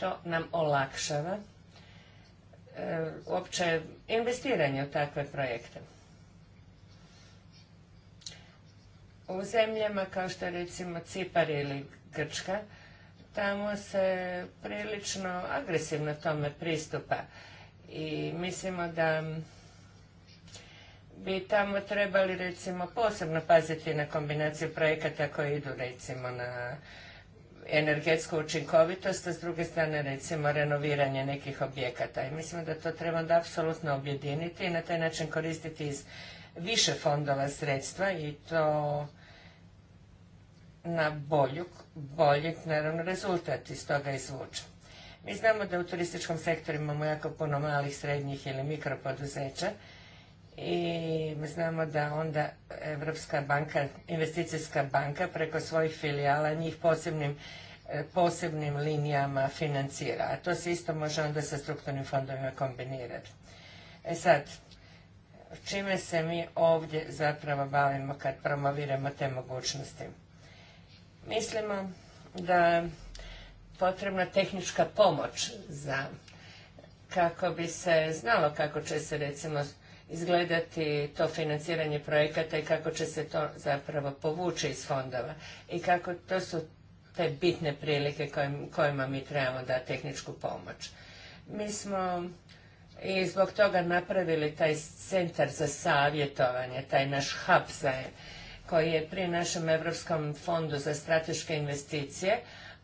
to nam olakšava E, uopće investiranje u takve projekte. U zemljama kao što je recimo Cipar ili Grčka, tamo se prilično agresivno tome pristupa i mislimo da bi tamo trebali recimo posebno paziti na kombinaciju projekata koji idu recimo na energetsku učinkovitost, a s druge strane recimo renoviranje nekih objekata. I mislim da to treba da apsolutno objediniti i na taj način koristiti iz više fondova sredstva i to na bolju, bolji naravno rezultat iz toga izvuče. Mi znamo da u turističkom sektoru imamo jako puno malih, srednjih ili mikropoduzeća i znamo da onda Europska banka, investicijska banka preko svojih filijala njih posebnim, e, posebnim linijama financira, a to se isto može onda sa strukturnim fondovima kombinirati. E sad, čime se mi ovdje zapravo bavimo kad promoviramo te mogućnosti? Mislimo da je potrebna tehnička pomoć za kako bi se znalo kako će se recimo izgledati to financiranje projekata i kako će se to zapravo povući iz fondova i kako to su te bitne prilike kojima mi trebamo dati tehničku pomoć. Mi smo i zbog toga napravili taj centar za savjetovanje, taj naš hub koji je pri našem Europskom fondu za strateške investicije,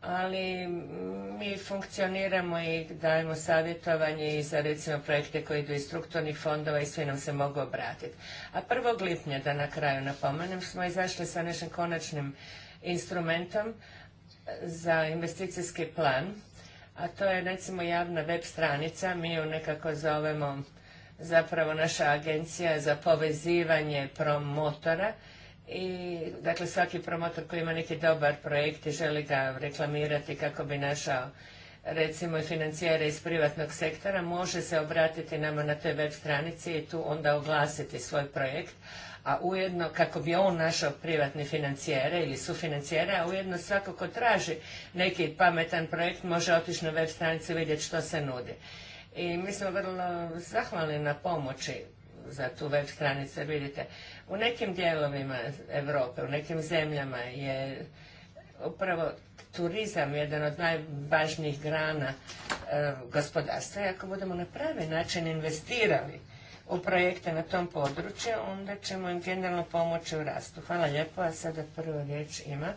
ali mm, mi funkcioniramo i dajemo savjetovanje i za recimo projekte koji idu iz strukturnih fondova i svi nam se mogu obratiti. A 1. lipnja, da na kraju napomenem, smo izašli sa našim konačnim instrumentom za investicijski plan, a to je recimo javna web stranica, mi ju nekako zovemo zapravo naša agencija za povezivanje promotora, i dakle svaki promotor koji ima neki dobar projekt i želi ga reklamirati kako bi našao recimo i financijere iz privatnog sektora može se obratiti nama na toj web stranici i tu onda oglasiti svoj projekt a ujedno kako bi on našao privatne financijere ili sufinancijere, a ujedno svako ko traži neki pametan projekt može otići na web stranicu i vidjeti što se nudi. I mi smo vrlo zahvalni na pomoći za tu web stranicu, jer vidite, u nekim dijelovima Europe, u nekim zemljama je upravo turizam jedan od najvažnijih grana e, gospodarstva i ako budemo na pravi način investirali u projekte na tom području, onda ćemo im generalno pomoći u rastu. Hvala lijepo, a sada prvo riječ ima.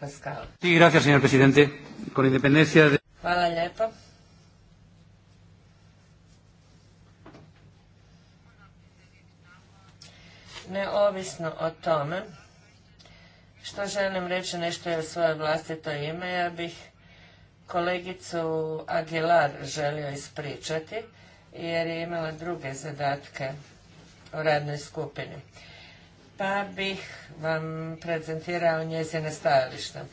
Pascal. Hvala lijepo. Neovisno o tome što želim reći nešto je u svoje vlastito ime, ja bih kolegicu Aguilar želio ispričati jer je imala druge zadatke u radnoj skupini. Pa bih vam prezentirao njezine stajališta.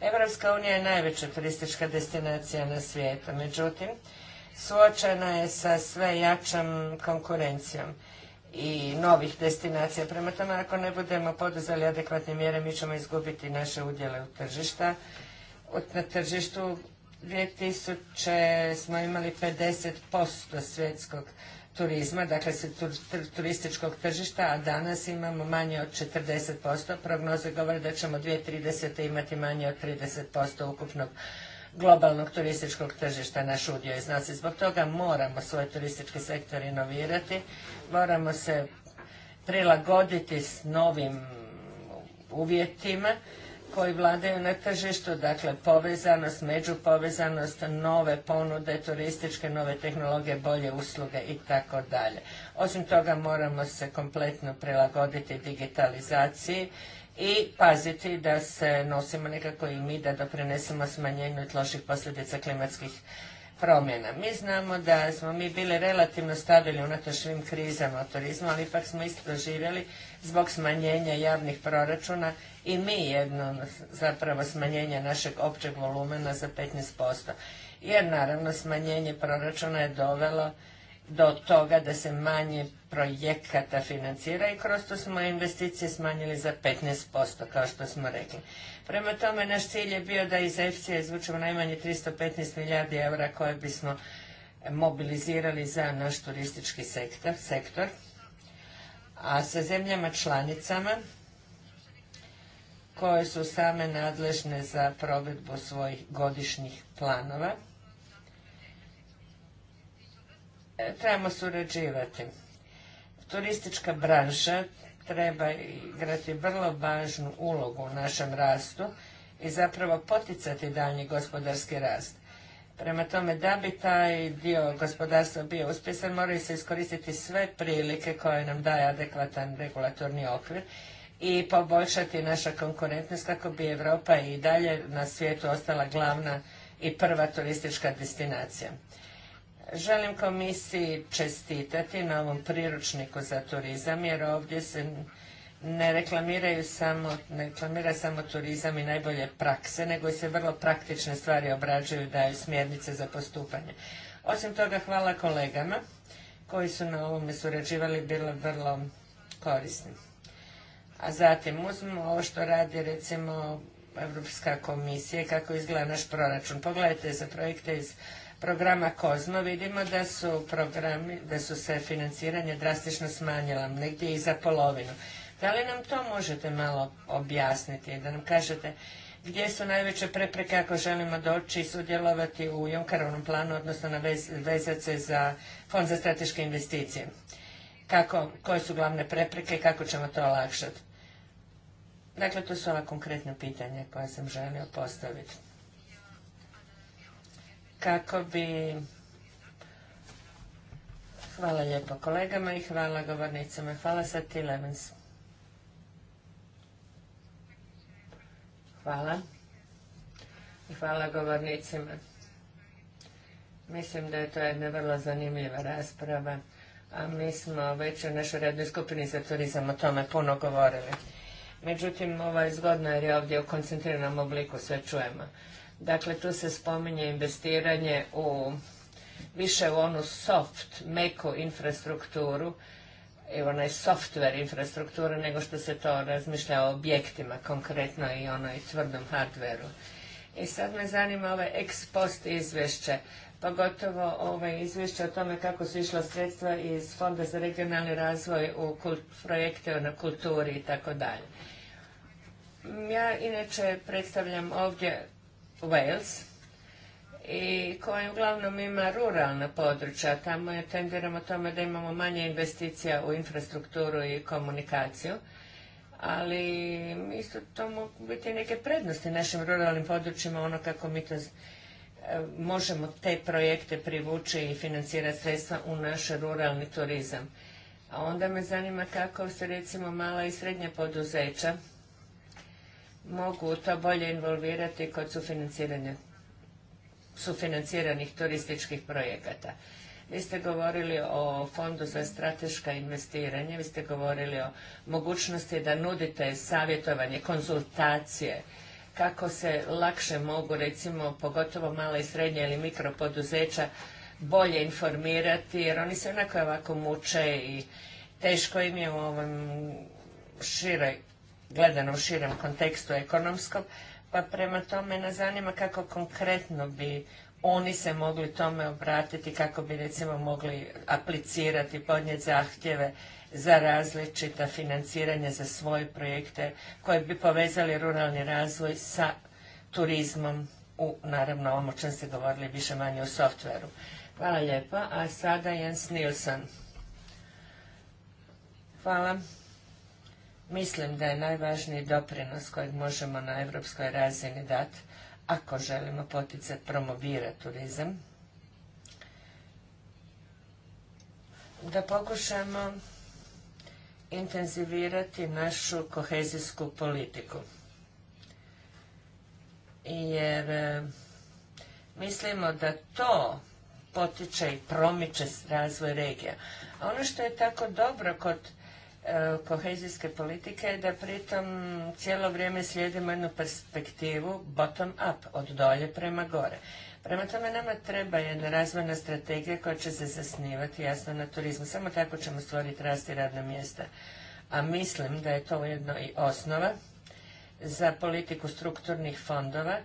Evropska unija je najveća turistička destinacija na svijetu, međutim, suočena je sa sve jačom konkurencijom i novih destinacija. Prema tome, ako ne budemo poduzeli adekvatne mjere, mi ćemo izgubiti naše udjele u tržišta. Na tržištu 2000 smo imali 50% svjetskog turizma, dakle turističkog tržišta, a danas imamo manje od 40%. Prognoze govore da ćemo 2030. imati manje od 30% ukupnog globalnog turističkog tržišta naš udio iznosi. Zbog toga moramo svoj turistički sektor inovirati, moramo se prilagoditi s novim uvjetima koji vladaju na tržištu, dakle povezanost, međupovezanost, nove ponude turističke, nove tehnologije, bolje usluge i tako dalje. Osim toga moramo se kompletno prilagoditi digitalizaciji i paziti da se nosimo nekako i mi da doprinesemo smanjenju loših posljedica klimatskih promjena. Mi znamo da smo mi bili relativno stabilni unatoč svim krizama u turizmu, ali ipak smo isto doživjeli zbog smanjenja javnih proračuna i mi jedno zapravo smanjenje našeg općeg volumena za 15%. Jer naravno smanjenje proračuna je dovelo do toga da se manje projekata financira i kroz to smo investicije smanjili za 15%, kao što smo rekli. Prema tome, naš cilj je bio da iz efsi izvučemo najmanje 315 milijardi eura koje bismo mobilizirali za naš turistički sektor, sektor. a sa zemljama članicama koje su same nadležne za provedbu svojih godišnjih planova trebamo surađivati. Turistička branša treba igrati vrlo važnu ulogu u našem rastu i zapravo poticati daljnji gospodarski rast. Prema tome, da bi taj dio gospodarstva bio uspjesan, moraju se iskoristiti sve prilike koje nam daje adekvatan regulatorni okvir i poboljšati naša konkurentnost kako bi Europa i dalje na svijetu ostala glavna i prva turistička destinacija. Želim komisiji čestitati na ovom priručniku za turizam, jer ovdje se ne reklamiraju samo, ne reklamira samo turizam i najbolje prakse, nego se vrlo praktične stvari obrađuju, daju smjernice za postupanje. Osim toga, hvala kolegama koji su na ovome surađivali, bilo vrlo korisni. A zatim uzmimo ovo što radi recimo Europska komisija kako izgleda naš proračun. Pogledajte za projekte iz programa Kozmo vidimo da su, programi, da su se financiranje drastično smanjila, negdje i za polovinu. Da li nam to možete malo objasniti, da nam kažete gdje su najveće prepreke ako želimo doći i sudjelovati u Junkarovnom planu, odnosno na se za Fond za strateške investicije? Kako, koje su glavne prepreke i kako ćemo to olakšati? Dakle, to su ova konkretna pitanja koja sam želio postaviti kako bi Hvala lijepo kolegama i hvala govornicima. Hvala Sati Hvala. I hvala govornicima. Mislim da je to jedna vrlo zanimljiva rasprava, a mi smo već u našoj rednoj skupini za turizam o tome puno govorili. Međutim, ovo je zgodno jer je ovdje u koncentriranom obliku sve čujemo. Dakle, tu se spominje investiranje u više u onu soft, meku infrastrukturu, i onaj software infrastrukture, nego što se to razmišlja o objektima konkretno i onoj tvrdom hardveru. I sad me zanima ove ex post izvješće, pogotovo ove izvješće o tome kako su išla sredstva iz Fonda za regionalni razvoj u projekte na kulturi i tako dalje. Ja inače predstavljam ovdje Wales i koja uglavnom ima ruralna područja. Tamo je tendiramo tome da imamo manje investicija u infrastrukturu i komunikaciju. Ali isto to mogu biti neke prednosti našim ruralnim područjima, ono kako mi to e, možemo te projekte privući i financirati sredstva u naš ruralni turizam. A onda me zanima kako se recimo mala i srednja poduzeća mogu to bolje involvirati kod sufinanciranja sufinanciranih turističkih projekata. Vi ste govorili o Fondu za strateška investiranja, vi ste govorili o mogućnosti da nudite savjetovanje, konzultacije, kako se lakše mogu recimo pogotovo mala i srednja ili mikropoduzeća bolje informirati jer oni se onako ovako muče i teško im je u ovom široj gledano u širem kontekstu ekonomskom, pa prema tome nas zanima kako konkretno bi oni se mogli tome obratiti, kako bi recimo mogli aplicirati, podnijeti zahtjeve za različita financiranja za svoje projekte koje bi povezali ruralni razvoj sa turizmom u, naravno, ovom o čem ste govorili više manje o softveru. Hvala lijepa. A sada Jens Nilsson. Hvala. Mislim da je najvažniji doprinos kojeg možemo na europskoj razini dati, ako želimo poticati, promovirati turizam, da pokušamo intenzivirati našu kohezijsku politiku. Jer e, mislimo da to potiče i promiče razvoj regija. A Ono što je tako dobro kod E, kohezijske politike je da pritom cijelo vrijeme slijedimo jednu perspektivu bottom up, od dolje prema gore. Prema tome nama treba jedna razvojna strategija koja će se zasnivati jasno na turizmu. Samo tako ćemo stvoriti rast i radna mjesta. A mislim da je to ujedno i osnova za politiku strukturnih fondova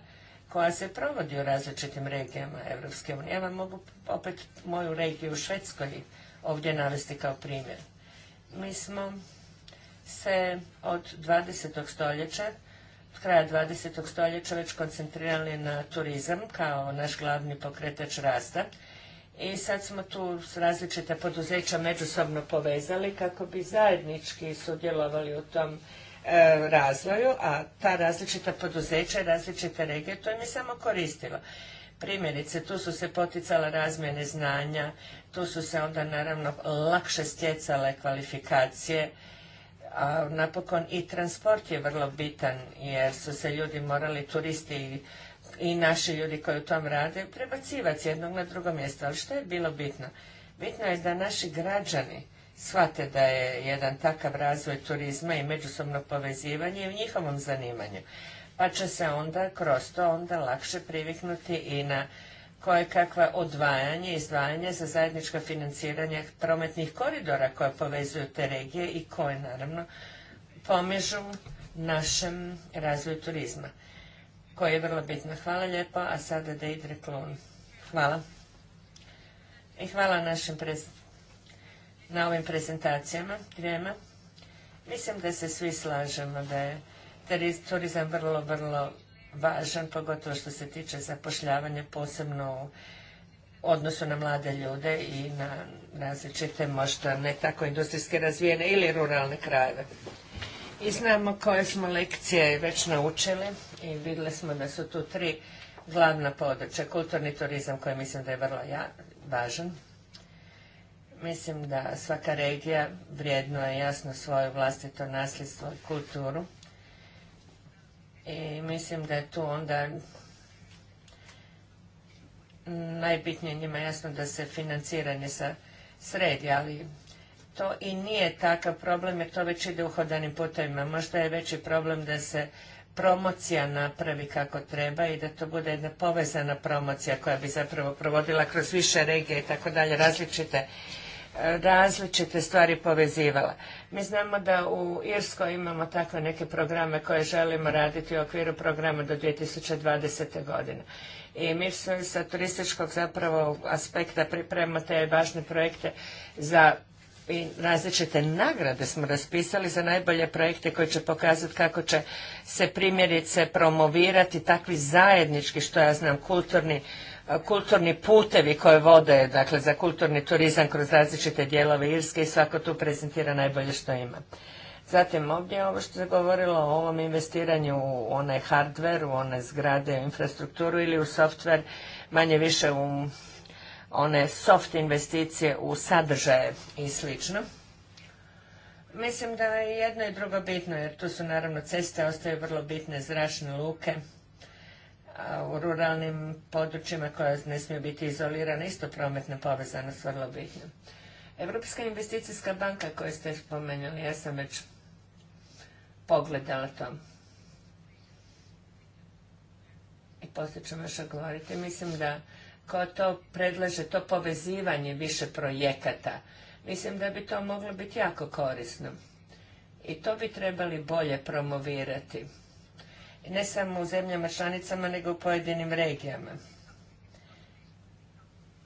koja se provodi u različitim regijama Europske unije. Ja vam mogu opet moju regiju u Švedskoj ovdje navesti kao primjer. Mi smo se od 20. stoljeća, od kraja 20. stoljeća već koncentrirali na turizam kao naš glavni pokretač rasta. I sad smo tu različita poduzeća međusobno povezali kako bi zajednički sudjelovali u tom e, razvoju, a ta različita poduzeća i različite regije to im je samo koristilo. Primjerice, tu su se poticala razmjene znanja, tu su se onda naravno lakše stjecale kvalifikacije, a napokon i transport je vrlo bitan jer su se ljudi morali, turisti i, naši ljudi koji u tom rade, prebacivati s jednog na drugo mjesto. Ali što je bilo bitno? Bitno je da naši građani shvate da je jedan takav razvoj turizma i međusobno povezivanje u njihovom zanimanju. Pa će se onda kroz to onda lakše priviknuti i na koje kakva odvajanje, izdvajanje za zajednička financiranja prometnih koridora koja povezuju te regije i koje naravno pomižu našem razvoju turizma, koje je vrlo bitno. Hvala lijepo, a sada da ide klon. Hvala. I hvala našim na ovim prezentacijama, dvijema. Mislim da se svi slažemo da je turizam vrlo, vrlo važan, pogotovo što se tiče zapošljavanja posebno u odnosu na mlade ljude i na različite možda ne tako industrijske razvijene ili ruralne krajeve. I znamo koje smo lekcije već naučili i vidjeli smo da su tu tri glavna područja. Kulturni turizam koji mislim da je vrlo važan. Mislim da svaka regija vrijedno je jasno svoje vlastito nasljedstvo i kulturu i mislim da je tu onda najbitnije njima jasno da se financiranje sa sredi, ali to i nije takav problem jer to već ide uhodanim putovima. Možda je veći problem da se promocija napravi kako treba i da to bude jedna povezana promocija koja bi zapravo provodila kroz više regije i tako dalje različite različite stvari povezivala. Mi znamo da u Irskoj imamo takve neke programe koje želimo raditi u okviru programa do 2020. godine. I mi se sa turističkog zapravo aspekta pripremamo te važne projekte za i različite nagrade smo raspisali za najbolje projekte koji će pokazati kako će se primjerice promovirati takvi zajednički, što ja znam, kulturni kulturni putevi koje vode, dakle za kulturni turizam kroz različite dijelove Irske i svako tu prezentira najbolje što ima. Zatim ovdje ovo što se govorilo o ovom investiranju u onaj hardware, u one zgrade, u infrastrukturu ili u software, manje više u one soft investicije u sadržaje i slično. Mislim da je jedno i drugo bitno, jer tu su naravno ceste, ostaju vrlo bitne zračne luke, a u ruralnim područjima koja ne smiju biti izolirana, isto prometna povezanost vrlo bitna. Europska investicijska banka koju ste spomenuli, ja sam već pogledala to. I poslije ću još govoriti. Mislim da ko to predlaže, to povezivanje više projekata, mislim da bi to moglo biti jako korisno. I to bi trebali bolje promovirati ne samo u zemljama članicama, nego u pojedinim regijama.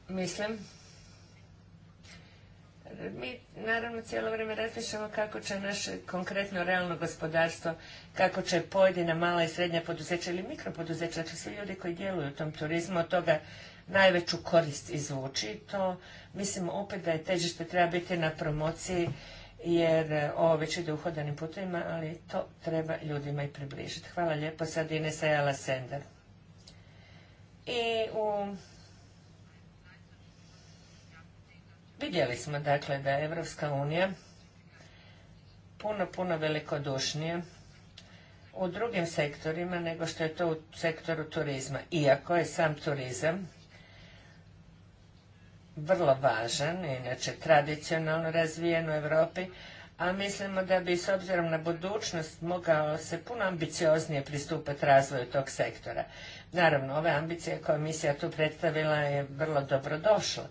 Mislim, mi naravno cijelo vrijeme razmišljamo kako će naše konkretno realno gospodarstvo, kako će pojedina mala i srednja poduzeća ili mikropoduzeća, dakle svi ljudi koji djeluju u tom turizmu, od toga najveću korist izvući. To mislim opet da je težište treba biti na promociji jer e, ovo već ide uhodanim putovima, ali to treba ljudima i približiti. Hvala lijepo, sad Inesa Jala Sender. I u... Vidjeli smo dakle da je Evropska unija puno, puno velikodušnija u drugim sektorima nego što je to u sektoru turizma. Iako je sam turizam vrlo važan, inače tradicionalno razvijen u Europi, a mislimo da bi s obzirom na budućnost mogao se puno ambicioznije pristupati razvoju tog sektora. Naravno, ove ambicije koje misija tu predstavila je vrlo dobrodošla,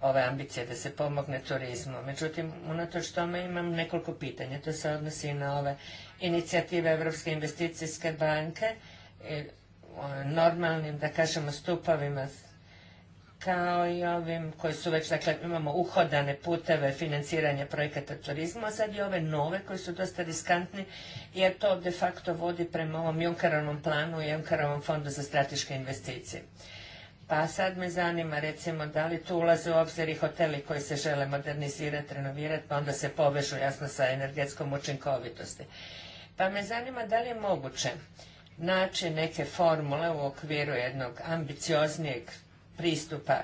ove ambicije da se pomogne turizmu. Međutim, unatoč tome imam nekoliko pitanja. To se odnosi i na ove inicijative Europske investicijske banke, e, normalnim, da kažemo, stupovima kao i ovim koji su već, dakle imamo uhodane puteve financiranja projekata turizma, a sad i ove nove koji su dosta riskantni jer to de facto vodi prema ovom Junkerovom planu i Junkerovom fondu za strateške investicije. Pa sad me zanima recimo da li tu ulaze u obzir i hoteli koji se žele modernizirati, renovirati, pa onda se povežu jasno sa energetskom učinkovitosti. Pa me zanima da li je moguće naći neke formule u okviru jednog ambicioznijeg pristupa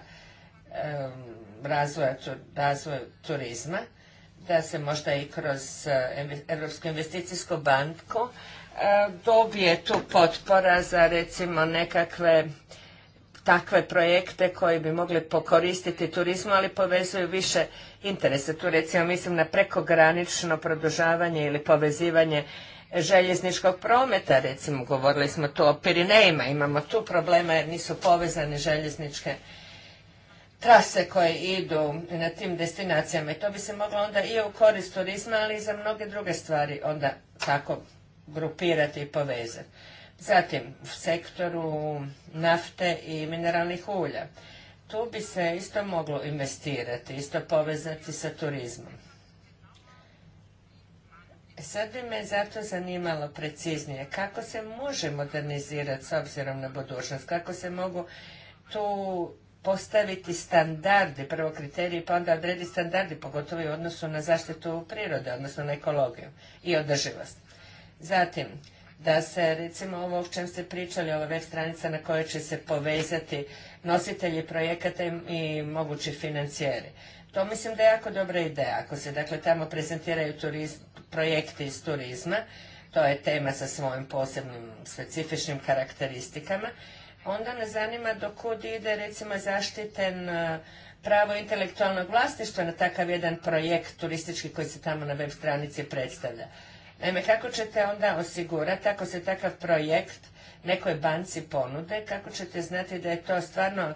razvoja, razvoju turizma, da se možda i kroz eh, Europsku investicijsku banku eh, dobije tu potpora za recimo nekakve takve projekte koji bi mogli pokoristiti turizmu, ali povezuju više interese. Tu recimo mislim na prekogranično produžavanje ili povezivanje željezničkog prometa, recimo govorili smo tu o Pirinejima, imamo tu problema jer nisu povezane željezničke trase koje idu na tim destinacijama i to bi se moglo onda i u korist turizma, ali i za mnoge druge stvari onda tako grupirati i povezati. Zatim, u sektoru nafte i mineralnih ulja. Tu bi se isto moglo investirati, isto povezati sa turizmom. E, sad bi me zato zanimalo preciznije kako se može modernizirati s obzirom na budućnost, kako se mogu tu postaviti standardi, prvo kriteriji pa onda odrediti standardi, pogotovo i u odnosu na zaštitu prirode, odnosno na ekologiju i održivost. Zatim, da se recimo ovo o čem ste pričali, ova web stranica na kojoj će se povezati nositelji projekata i mogući financijeri. To mislim da je jako dobra ideja. Ako se dakle tamo prezentiraju projekti iz turizma, to je tema sa svojim posebnim specifičnim karakteristikama, onda nas zanima do kud ide recimo zaštiten e, pravo intelektualnog vlasništva na takav jedan projekt turistički koji se tamo na web stranici predstavlja. Naime, kako ćete onda osigurati ako se takav projekt nekoj banci ponude, kako ćete znati da je to stvarno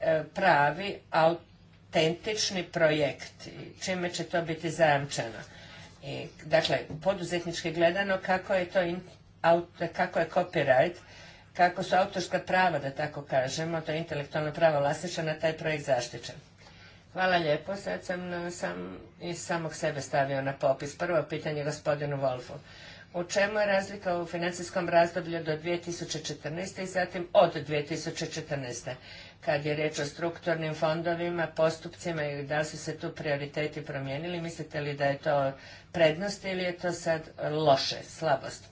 e, pravi aut autentični projekt, čime će to biti zajamčeno. I, dakle, poduzetnički gledano kako je to aut, kako je copyright, kako su autorska prava, da tako kažemo, to je intelektualno pravo vlasništva na taj projekt zaštićen. Hvala lijepo, sad sam, sam iz samog sebe stavio na popis. Prvo pitanje gospodinu Wolfu u čemu je razlika u financijskom razdoblju do 2014. i zatim od 2014. kad je riječ o strukturnim fondovima, postupcima i da su se tu prioriteti promijenili. Mislite li da je to prednost ili je to sad loše, slabost?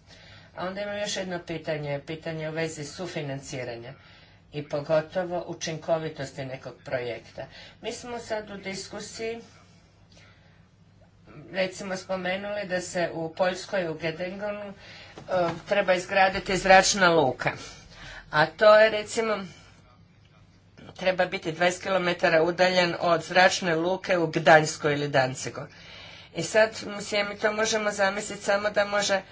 A onda imam još jedno pitanje, pitanje u vezi sufinanciranja i pogotovo učinkovitosti nekog projekta. Mi smo sad u diskusiji recimo spomenuli da se u Poljskoj u Gedengonu eh, treba izgraditi zračna luka. A to je recimo treba biti 20 km udaljen od zračne luke u Gdanjskoj ili Dancegu. I sad si mi to možemo zamisliti samo da može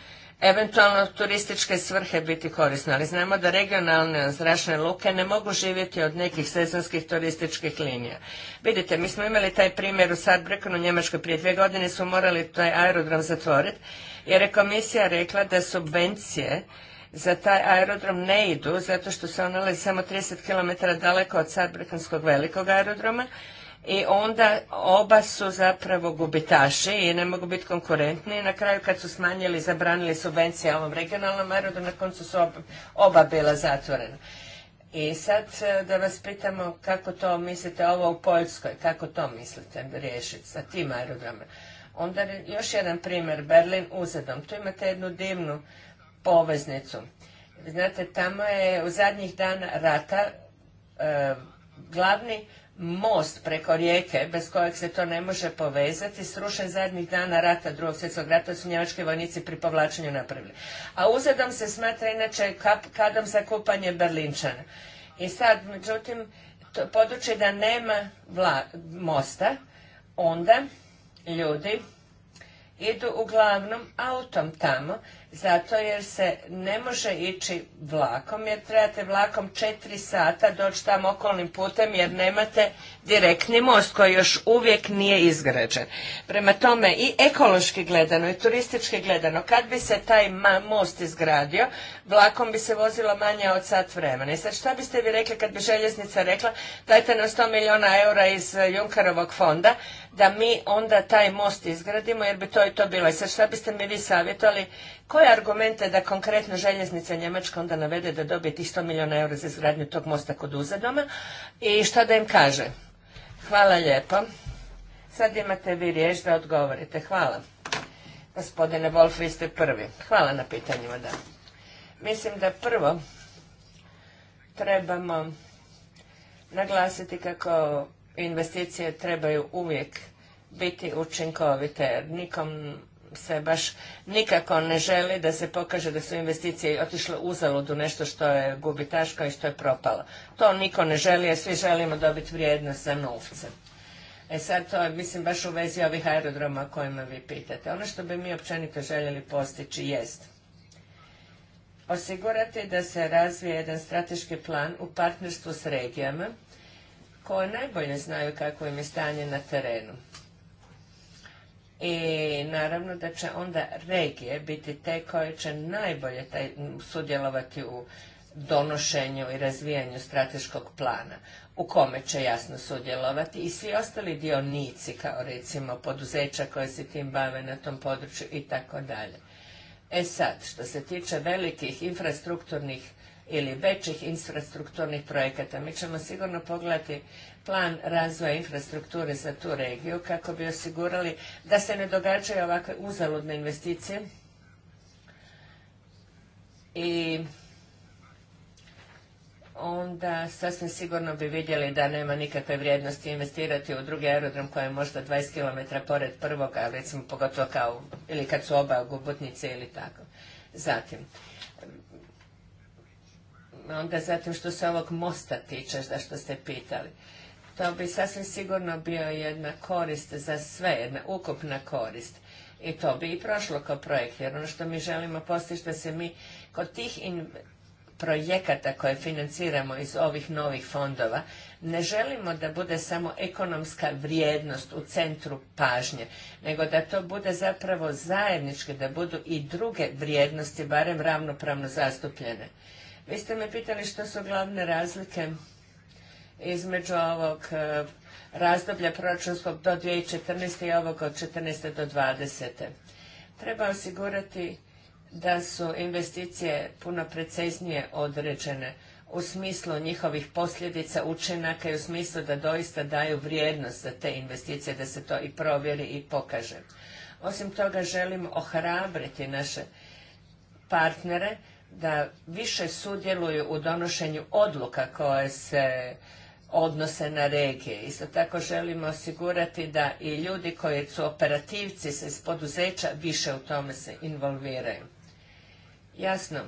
eventualno turističke svrhe biti korisne, ali znamo da regionalne zračne luke ne mogu živjeti od nekih sezonskih turističkih linija. Vidite, mi smo imali taj primjer u Saarbrückenu u Njemačkoj prije dvije godine su morali taj aerodrom zatvoriti jer je komisija rekla da subvencije za taj aerodrom ne idu zato što se on nalazi samo 30 km daleko od Saarbrückenskog velikog aerodroma, i onda oba su zapravo gubitaši i ne mogu biti konkurentni. Na kraju kad su smanjili, zabranili subvencije ovom regionalnom aerodromu, na koncu su oba, oba bila zatvorena. I sad e, da vas pitamo kako to mislite ovo u Poljskoj, kako to mislite riješiti sa tim aerodromima. Onda još jedan primjer, Berlin uzadom. Tu imate jednu divnu poveznicu. Znate, tamo je u zadnjih dana rata e, glavni most preko rijeke bez kojeg se to ne može povezati, srušen zadnjih dana rata, drugog svjetskog rata, su njemački vojnici pri povlačenju napravili. A uzadom se smatra inače kadom za kupanje Berlinčana. I sad, međutim, područje da nema mosta, onda ljudi idu uglavnom autom tamo zato jer se ne može ići vlakom, jer trebate vlakom četiri sata doći tamo okolnim putem jer nemate direktni most koji još uvijek nije izgrađen. Prema tome i ekološki gledano i turistički gledano, kad bi se taj most izgradio, vlakom bi se vozilo manje od sat vremena. I sad šta biste vi rekli kad bi željeznica rekla dajte nam 100 milijuna eura iz Junkarovog fonda, da mi onda taj most izgradimo jer bi to i to bilo. I sad šta biste mi vi savjetovali? Koje argumente da konkretno željeznica Njemačka onda navede da dobije tih 100 milijuna eura za izgradnju tog mosta kod Uzadoma i šta da im kaže? Hvala lijepo. Sad imate vi riječ da odgovorite. Hvala. Gospodine Wolf, vi ste prvi. Hvala na pitanjima, da. Mislim da prvo trebamo naglasiti kako investicije trebaju uvijek biti učinkovite, nikom se baš nikako ne želi da se pokaže da su investicije otišle uzalud u nešto što je gubitaško i što je propalo. To niko ne želi, jer svi želimo dobiti vrijednost za novce. E sad to je, mislim, baš u vezi ovih aerodroma o kojima vi pitate. Ono što bi mi općenito željeli postići jest osigurati da se razvije jedan strateški plan u partnerstvu s regijama koje najbolje znaju kakvo im je stanje na terenu. I naravno da će onda regije biti te koje će najbolje taj, sudjelovati u donošenju i razvijanju strateškog plana, u kome će jasno sudjelovati i svi ostali dionici, kao recimo poduzeća koje se tim bave na tom području i tako dalje. E sad, što se tiče velikih infrastrukturnih ili većih infrastrukturnih projekata. Mi ćemo sigurno pogledati plan razvoja infrastrukture za tu regiju kako bi osigurali da se ne događaju ovakve uzaludne investicije i onda sasvim sigurno bi vidjeli da nema nikakve vrijednosti investirati u drugi aerodrom koji je možda 20 km pored prvog, a recimo pogotovo kao, ili kad su oba gubutnice ili tako. Zatim, onda zatim što se ovog mosta tiče, za što ste pitali. To bi sasvim sigurno bio jedna korist za sve, jedna ukupna korist. I to bi i prošlo kao projekt, jer ono što mi želimo postići da se mi kod tih projekata koje financiramo iz ovih novih fondova, ne želimo da bude samo ekonomska vrijednost u centru pažnje, nego da to bude zapravo zajednički, da budu i druge vrijednosti barem ravnopravno zastupljene. Vi ste me pitali što su glavne razlike između ovog e, razdoblja proračunskog do 2014. i ovog od 2014. do 2020. Treba osigurati da su investicije puno preciznije određene u smislu njihovih posljedica, učinaka i u smislu da doista daju vrijednost za te investicije, da se to i provjeri i pokaže. Osim toga želim ohrabriti naše partnere da više sudjeluju u donošenju odluka koje se odnose na regije. Isto tako želimo osigurati da i ljudi koji su operativci se iz poduzeća više u tome se involviraju. Jasno.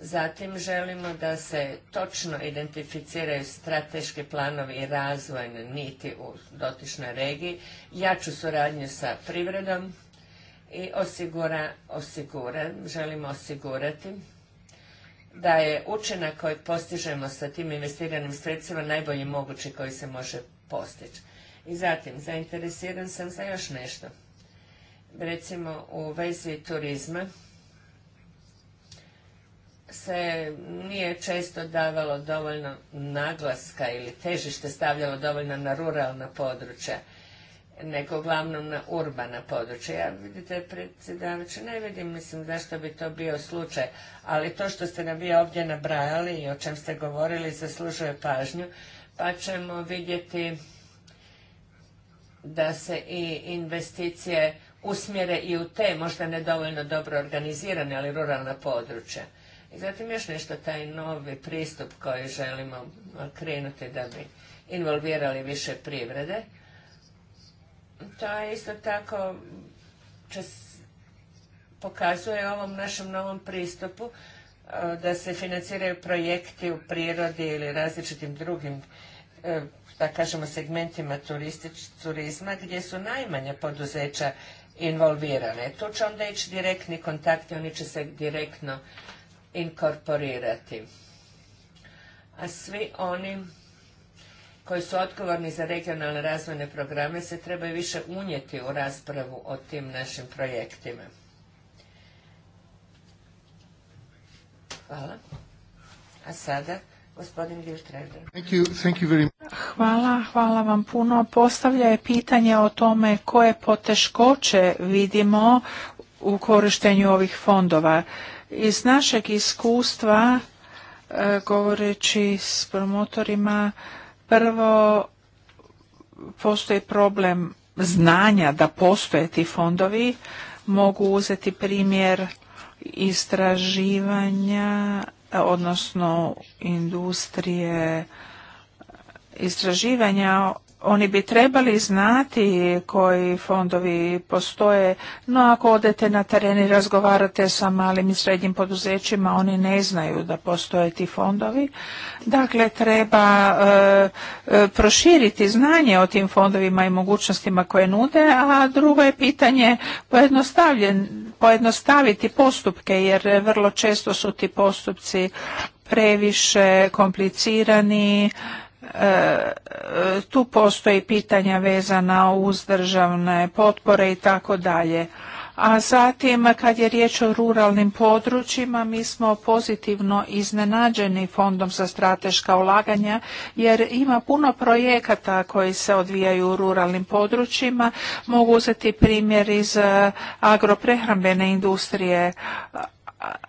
Zatim želimo da se točno identificiraju strateški planovi i razvojne niti u dotičnoj regiji, jaču suradnju sa privredom, i osigura, osigura, želimo osigurati da je učinak koji postižemo sa tim investiranim sredstvima najbolji mogući koji se može postići. I zatim, zainteresiran sam za još nešto. Recimo, u vezi turizma se nije često davalo dovoljno naglaska ili težište stavljalo dovoljno na ruralna područja nego uglavnom na urbana područja. Ja vidite, predsjedavajući, ne vidim, mislim, zašto bi to bio slučaj, ali to što ste nam vi ovdje nabrajali i o čem ste govorili zaslužuje pažnju, pa ćemo vidjeti da se i investicije usmjere i u te možda nedovoljno dobro organizirane, ali ruralna područja. I zatim još nešto, taj novi pristup koji želimo krenuti da bi involvirali više privrede to je isto tako će pokazuje ovom našem novom pristupu e, da se financiraju projekti u prirodi ili različitim drugim e, da kažemo segmentima turizma gdje su najmanja poduzeća involvirane. Tu će onda ići direktni kontakti, oni će se direktno inkorporirati. A svi oni koji su odgovorni za regionalne razvojne programe se trebaju više unijeti u raspravu o tim našim projektima. Hvala. A sada gospodin Hvala, hvala vam puno. Postavlja je pitanje o tome koje poteškoće vidimo u korištenju ovih fondova. Iz našeg iskustva, e, govoreći s promotorima, Prvo, postoji problem znanja da postoje ti fondovi. Mogu uzeti primjer istraživanja, odnosno industrije istraživanja oni bi trebali znati koji fondovi postoje, no ako odete na teren i razgovarate sa malim i srednjim poduzećima, oni ne znaju da postoje ti fondovi. Dakle, treba e, e, proširiti znanje o tim fondovima i mogućnostima koje nude, a drugo je pitanje pojednostaviti postupke, jer vrlo često su ti postupci previše komplicirani, E, tu postoji pitanja vezana uz državne potpore i tako dalje. A zatim kad je riječ o ruralnim područjima mi smo pozitivno iznenađeni fondom za strateška ulaganja jer ima puno projekata koji se odvijaju u ruralnim područjima. Mogu uzeti primjer iz agroprehrambene industrije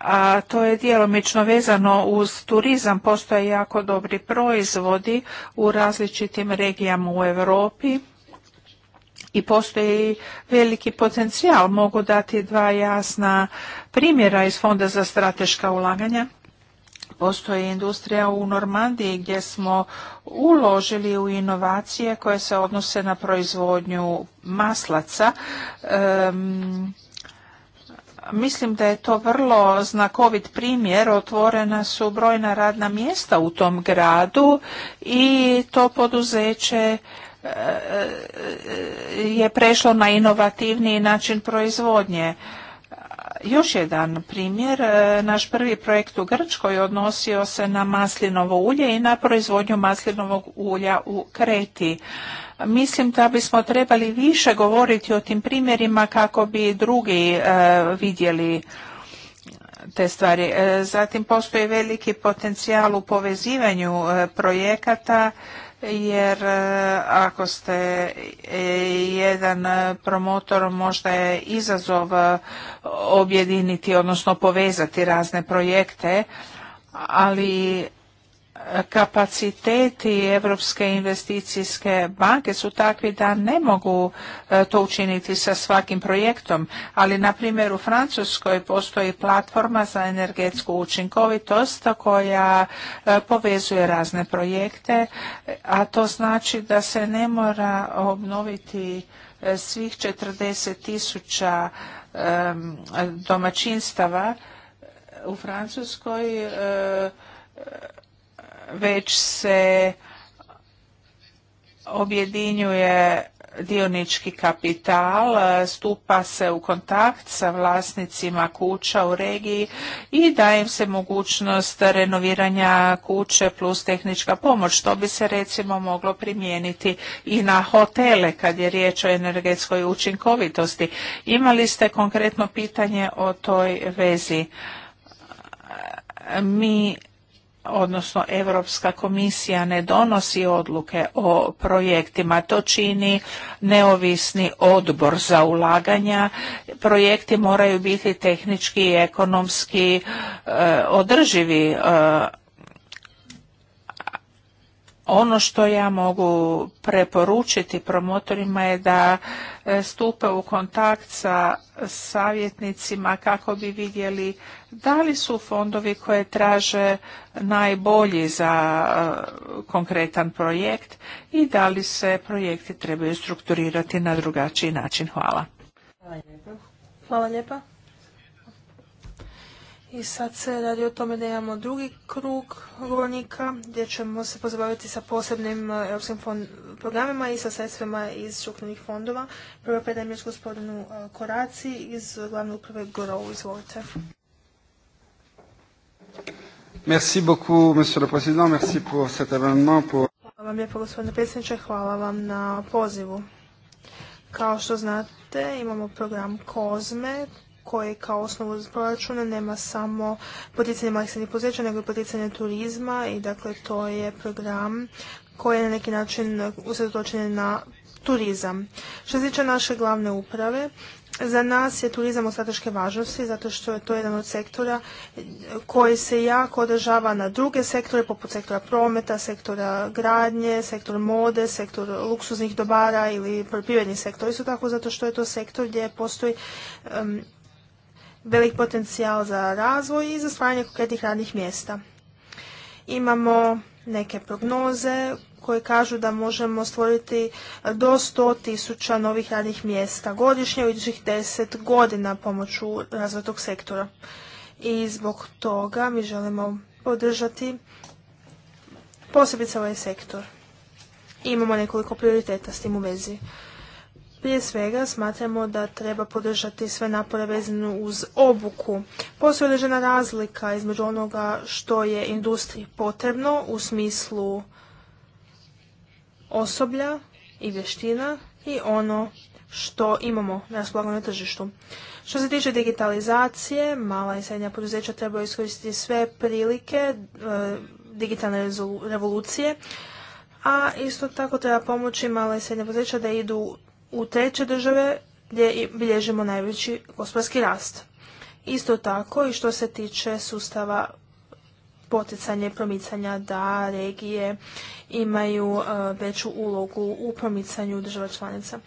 a to je djelomično vezano uz turizam. Postoje jako dobri proizvodi u različitim regijama u Europi i postoji veliki potencijal. Mogu dati dva jasna primjera iz Fonda za strateška ulaganja. Postoji industrija u Normandiji gdje smo uložili u inovacije koje se odnose na proizvodnju maslaca. Mislim da je to vrlo znakovit primjer, otvorena su brojna radna mjesta u tom gradu i to poduzeće e, e, je prešlo na inovativniji način proizvodnje. Još jedan primjer, e, naš prvi projekt u Grčkoj odnosio se na maslinovo ulje i na proizvodnju maslinovog ulja u Kreti. Mislim da bismo trebali više govoriti o tim primjerima kako bi drugi e, vidjeli e, te stvari. E, zatim postoji veliki potencijal u povezivanju projekata jer ako ste jedan promotor možda je izazov objediniti odnosno povezati razne projekte ali kapaciteti Europske investicijske banke su takvi da ne mogu e, to učiniti sa svakim projektom, ali na primjer u Francuskoj postoji platforma za energetsku učinkovitost koja e, povezuje razne projekte, a to znači da se ne mora obnoviti e, svih 40 tisuća domaćinstava u Francuskoj već se objedinjuje dionički kapital, stupa se u kontakt sa vlasnicima kuća u regiji i daje im se mogućnost renoviranja kuće plus tehnička pomoć, što bi se recimo moglo primijeniti i na hotele kad je riječ o energetskoj učinkovitosti. Imali ste konkretno pitanje o toj vezi. Mi odnosno Europska komisija ne donosi odluke o projektima, to čini neovisni odbor za ulaganja. Projekti moraju biti tehnički i ekonomski e, održivi, e, ono što ja mogu preporučiti promotorima je da e, stupe u kontakt sa savjetnicima kako bi vidjeli da li su fondovi koje traže najbolji za e, konkretan projekt i da li se projekti trebaju strukturirati na drugačiji način. Hvala. Hvala lijepa. I sad se radi o tome da imamo drugi krug govornika gdje ćemo se pozabaviti sa posebnim e, europskim programima i sa sredstvima iz strukturnih fondova. Prvo predajem riječ gospodinu e, Koraci iz glavne uprave Gorovu. Izvolite. Merci Hvala vam lijepo, gospodine predsjedniče. Hvala vam na pozivu. Kao što znate, imamo program COSME, koje kao osnovu iz proračuna nema samo poticanje malih srednjih nego i poticanje turizma i dakle to je program koji je na neki način usredotočen na turizam. Što se tiče naše glavne uprave, za nas je turizam od strateške važnosti zato što je to jedan od sektora koji se jako održava na druge sektore poput sektora prometa, sektora gradnje, sektor mode, sektor luksuznih dobara ili poljoprivredni sektor. Isto tako zato što je to sektor gdje postoji velik potencijal za razvoj i za stvaranje konkretnih radnih mjesta. Imamo neke prognoze koje kažu da možemo stvoriti do 100 tisuća novih radnih mjesta godišnje u idućih 10 godina pomoću razvoja sektora. I zbog toga mi želimo podržati posebice ovaj sektor. imamo nekoliko prioriteta s tim u vezi. Prije svega smatramo da treba podržati sve napore vezane uz obuku. Postoji određena razlika između onoga što je industriji potrebno u smislu osoblja i vještina i ono što imamo na raspolaganju na tržištu. Što se tiče digitalizacije, mala i srednja poduzeća trebaju iskoristiti sve prilike e, digitalne revolucije, a isto tako treba pomoći mala i srednja poduzeća da idu u treće države gdje bilježimo najveći gospodarski rast. Isto tako i što se tiče sustava poticanja i promicanja da regije imaju e, veću ulogu u promicanju država članica.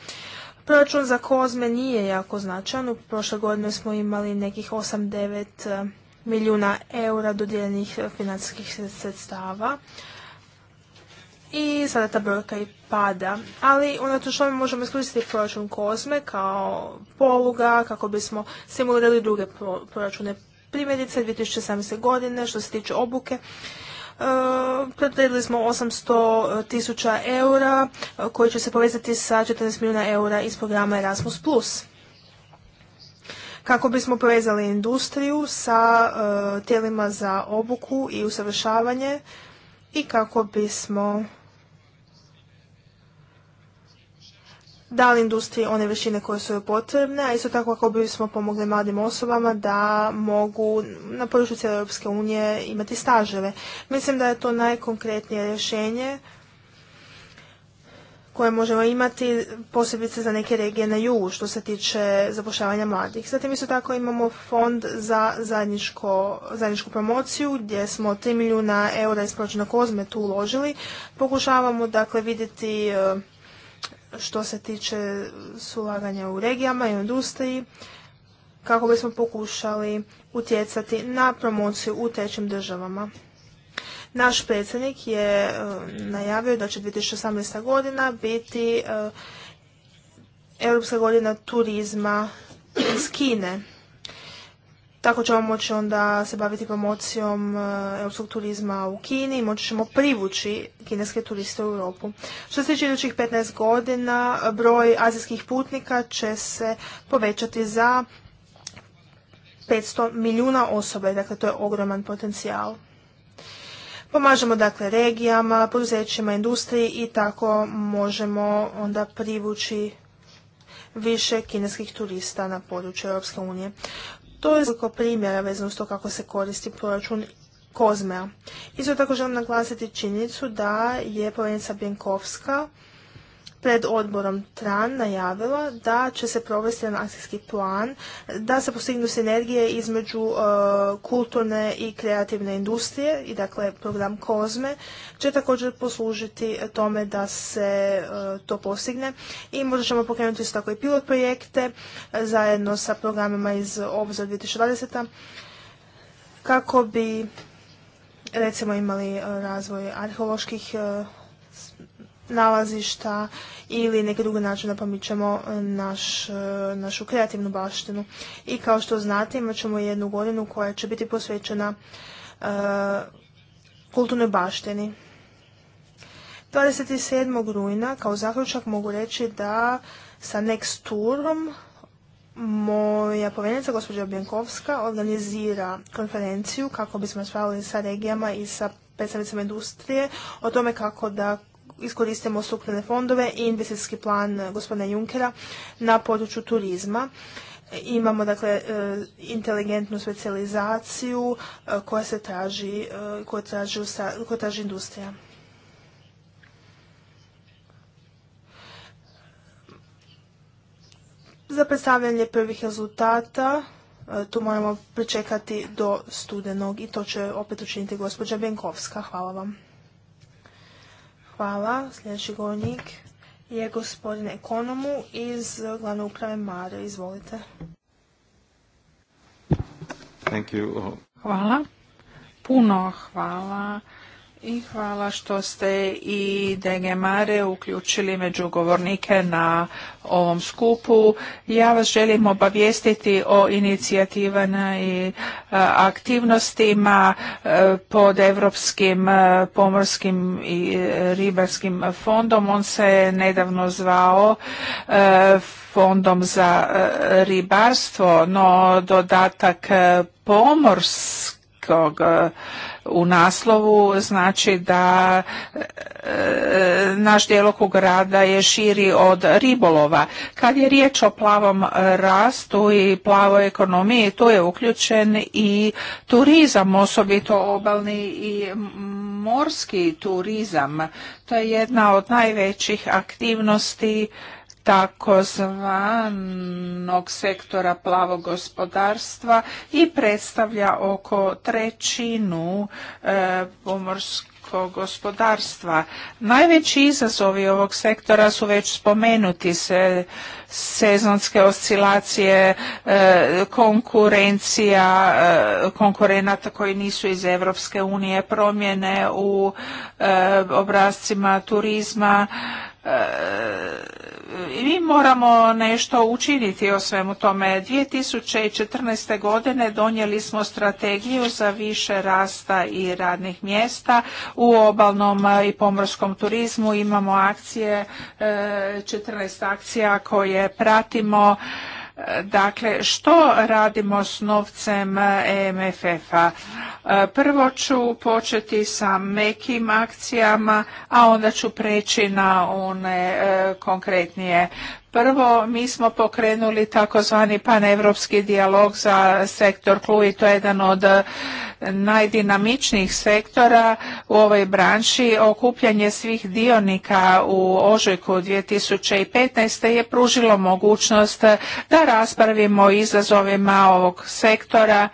Proračun za kozme nije jako značajan. U prošle godine smo imali nekih 8-9 e, milijuna eura dodijeljenih financijskih sredstava i sada ta brojka i pada. Ali unatoč mi možemo iskoristiti proračun Kozme kao poluga kako bismo simulirali druge proračune. Primjerice 2017. godine što se tiče obuke e, predvidjeli smo 800 tisuća eura e, koji će se povezati sa 14 milijuna eura iz programa Erasmus+. Kako bismo povezali industriju sa e, tijelima za obuku i usavršavanje i kako bismo dali industriji one vršine koje su joj potrebne, a isto tako kako bismo pomogli mladim osobama da mogu na području cijele Europske unije imati staževe. Mislim da je to najkonkretnije rješenje koje možemo imati posebice za neke regije na jugu što se tiče zapošljavanja mladih. Zatim isto tako imamo fond za zajedničko, zajedničku promociju gdje smo 3 milijuna eura isplaćeno kozme tu uložili. Pokušavamo dakle vidjeti eh, što se tiče sulaganja u regijama i industriji kako bismo pokušali utjecati na promociju u trećim državama. Naš predsjednik je e, najavio da će 2018. godina biti e, Europska godina turizma iz Kine. Tako ćemo moći onda se baviti promocijom e, europskog turizma u Kini i moći ćemo privući kineske turiste u Europu. Što se tiče idućih 15 godina, broj azijskih putnika će se povećati za 500 milijuna osoba, dakle to je ogroman potencijal. Pomažemo dakle regijama, poduzećima, industriji i tako možemo onda privući više kineskih turista na području Europske unije. To je nekoliko primjera vezano s to kako se koristi proračun Kozmea. Isto tako želim naglasiti činjenicu da je povjerenica Bjenkovska pred odborom TRAN najavila da će se provesti jedan akcijski plan da se postignu sinergije između e, kulturne i kreativne industrije i dakle program Kozme će također poslužiti tome da se e, to postigne i možda ćemo pokrenuti isto tako i pilot projekte e, zajedno sa programima iz obzora 2020 kako bi recimo imali razvoj arheoloških nalazišta ili neke druge načine da pomičemo e, naš, e, našu kreativnu baštinu. I kao što znate imat ćemo jednu godinu koja će biti posvećena e, kulturnoj baštini. 27. rujna kao zaključak mogu reći da sa Next Tourom moja povjerenica gospođa Bjankovska organizira konferenciju kako bismo raspravili sa regijama i sa predstavnicama industrije o tome kako da iskoristimo strukturne fondove i investicijski plan eh, gospodina Junkera na području turizma. Eh, imamo dakle eh, inteligentnu specijalizaciju koja se traži, koja traži, koja traži industrija. Za predstavljanje prvih rezultata tu moramo pričekati do studenog i to će opet učiniti gospođa Benkovska. Hvala vam. Hvala. Sljedeći govornik je gospodin Ekonomu iz glavne uprave Mare. Izvolite. Hvala. Puno hvala i hvala što ste i DG Mare uključili među govornike na ovom skupu. Ja vas želim obavijestiti o inicijativama i e, aktivnostima e, pod Europskim e, pomorskim i ribarskim fondom. On se nedavno zvao fondom za ribarstvo, no dodatak pomorskog u naslovu znači da e, naš djelokrug rada je širi od ribolova. Kad je riječ o plavom rastu i plavoj ekonomiji, tu je uključen i turizam, osobito obalni i morski turizam. To je jedna od najvećih aktivnosti takozvanog sektora plavog gospodarstva i predstavlja oko trećinu e, pomorskog gospodarstva. Najveći izazovi ovog sektora su već spomenuti se sezonske oscilacije, e, konkurencija e, konkurenata koji nisu iz Europske unije, promjene u obrazcima turizma, E, mi moramo nešto učiniti o svemu tome. 2014. godine donijeli smo strategiju za više rasta i radnih mjesta. U obalnom i pomorskom turizmu imamo akcije, 14 e, akcija koje pratimo Dakle, što radimo s novcem e, e mff a e, Prvo ću početi sa mekim akcijama, a onda ću preći na one konkretnije. Prvo, mi smo pokrenuli takozvani panevropski dijalog za sektor klu i to je jedan od eh, najdinamičnijih sektora u ovoj branši. Okupljanje svih dionika u ožujku 2015. je pružilo mogućnost eh, da raspravimo o izazovima ovog sektora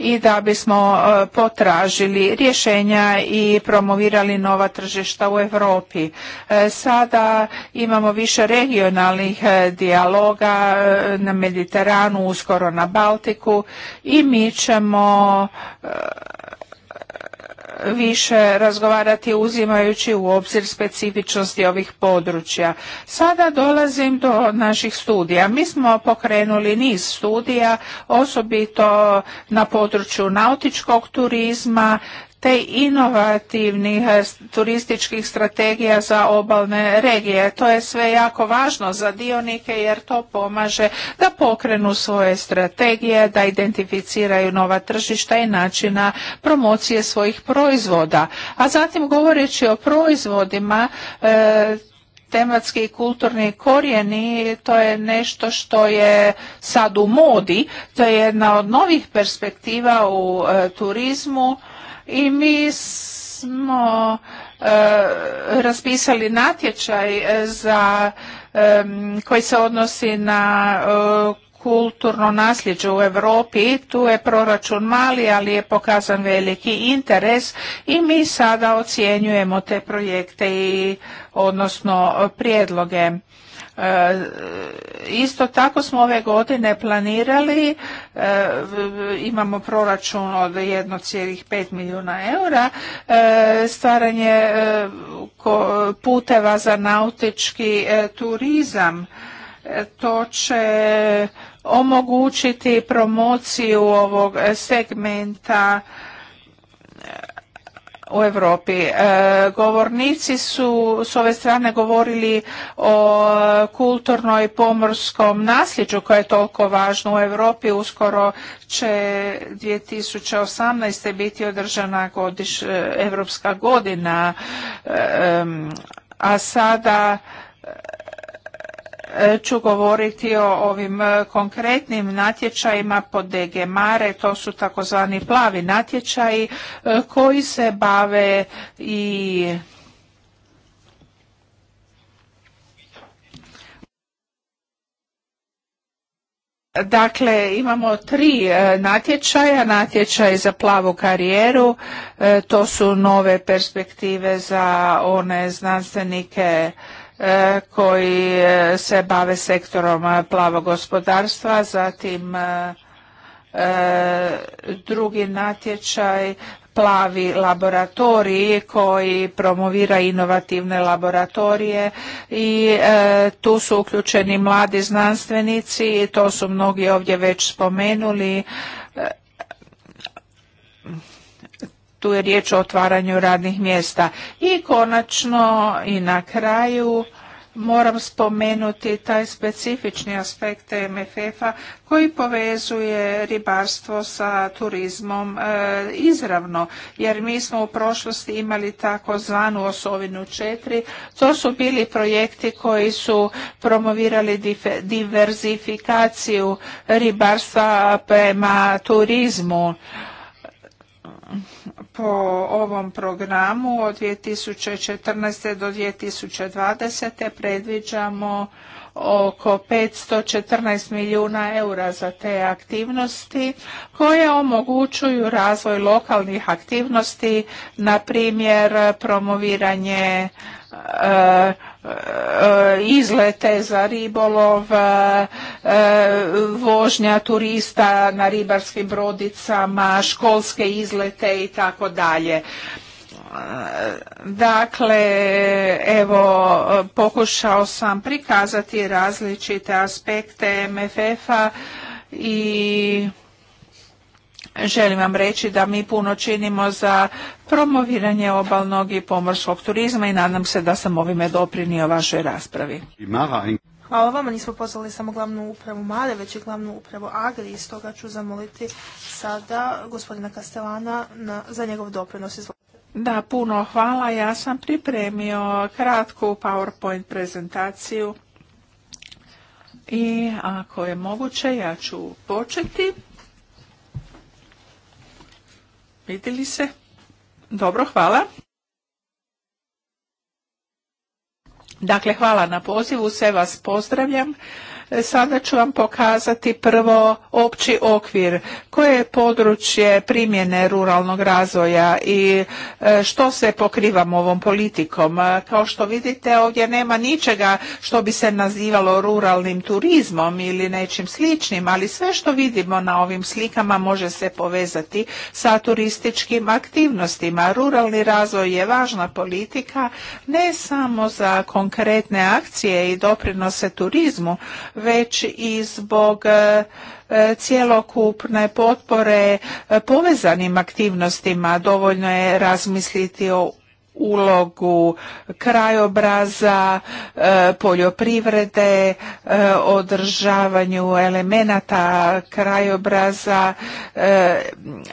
i da bismo e, potražili rješenja i promovirali nova tržišta u Europi. E, sada imamo više regionalnih e, dijaloga na Mediteranu, uskoro na Baltiku i mi ćemo više razgovarati uzimajući u obzir specifičnosti ovih područja. Sada dolazim do naših studija. Mi smo pokrenuli niz studija, osobito na području nautičkog turizma, te inovativnih eh, turističkih strategija za obalne regije. To je sve jako važno za dionike jer to pomaže da pokrenu svoje strategije, da identificiraju nova tržišta i načina promocije svojih proizvoda. A zatim govoreći o proizvodima, eh, tematski i kulturni korijeni, to je nešto što je sad u modi, to je jedna od novih perspektiva u eh, turizmu i mi smo e, raspisali natječaj e, za e, koji se odnosi na kulturno nasljeđe u Europi, tu je proračun mali, ali je pokazan veliki interes i mi sada ocjenjujemo te projekte i odnosno prijedloge. E, isto tako smo ove godine planirali, e, imamo proračun od 1,5 milijuna eura, e, stvaranje puteva za nautički turizam. To će omogućiti promociju ovog segmenta u Europi. E, govornici su s ove strane govorili o kulturnoj pomorskom nasljeđu koje je toliko važno u Europi. Uskoro će 2018. biti održana godiš, e, Evropska godina, e, a sada ću govoriti o ovim e, konkretnim natječajima pod DG Mare, to su takozvani plavi natječaji e, koji se bave i Dakle, imamo tri e, natječaja. Natječaj za plavu karijeru, to su nove perspektive za one znanstvenike E, koji e, se bave sektorom e, plavog gospodarstva, zatim drugi natječaj plavi laboratoriji koji promovira inovativne laboratorije i tu su uključeni mladi znanstvenici, to su mnogi ovdje već spomenuli. E, tu je riječ o otvaranju radnih mjesta. I konačno i na kraju moram spomenuti taj specifični aspekt MFF-a koji povezuje ribarstvo sa turizmom e, izravno, jer mi smo u prošlosti imali zvanu osovinu četiri. To su bili projekti koji su promovirali diverzifikaciju ribarstva prema turizmu po ovom programu od 2014. do 2020. predviđamo oko 514 milijuna eura za te aktivnosti koje omogućuju razvoj lokalnih aktivnosti, na primjer promoviranje e, e, izlete za ribolov, e, vožnja turista na ribarskim brodicama, školske izlete i tako dalje. Dakle, evo, pokušao sam prikazati različite aspekte MFF-a i želim vam reći da mi puno činimo za promoviranje obalnog i pomorskog turizma i nadam se da sam ovime doprinio vašoj raspravi. Hvala vama, nismo pozvali samo glavnu upravu Mare, već i glavnu upravu Agri, stoga ću zamoliti sada gospodina Kastelana za njegov doprinos. Da, puno hvala. Ja sam pripremio kratku PowerPoint prezentaciju i ako je moguće ja ću početi. Vidjeli se? Dobro, hvala. Dakle, hvala na pozivu, sve vas pozdravljam. E, sada ću vam pokazati prvo opći okvir. Koje je područje primjene ruralnog razvoja i e, što se pokrivamo ovom politikom? E, kao što vidite ovdje nema ničega što bi se nazivalo ruralnim turizmom ili nečim sličnim, ali sve što vidimo na ovim slikama može se povezati sa turističkim aktivnostima. Ruralni razvoj je važna politika ne samo za konkretne akcije i doprinose turizmu, već i zbog e, e, cjelokupne potpore e, povezanim aktivnostima. Dovoljno je razmisliti o ulogu krajobraza, poljoprivrede, održavanju elemenata krajobraza,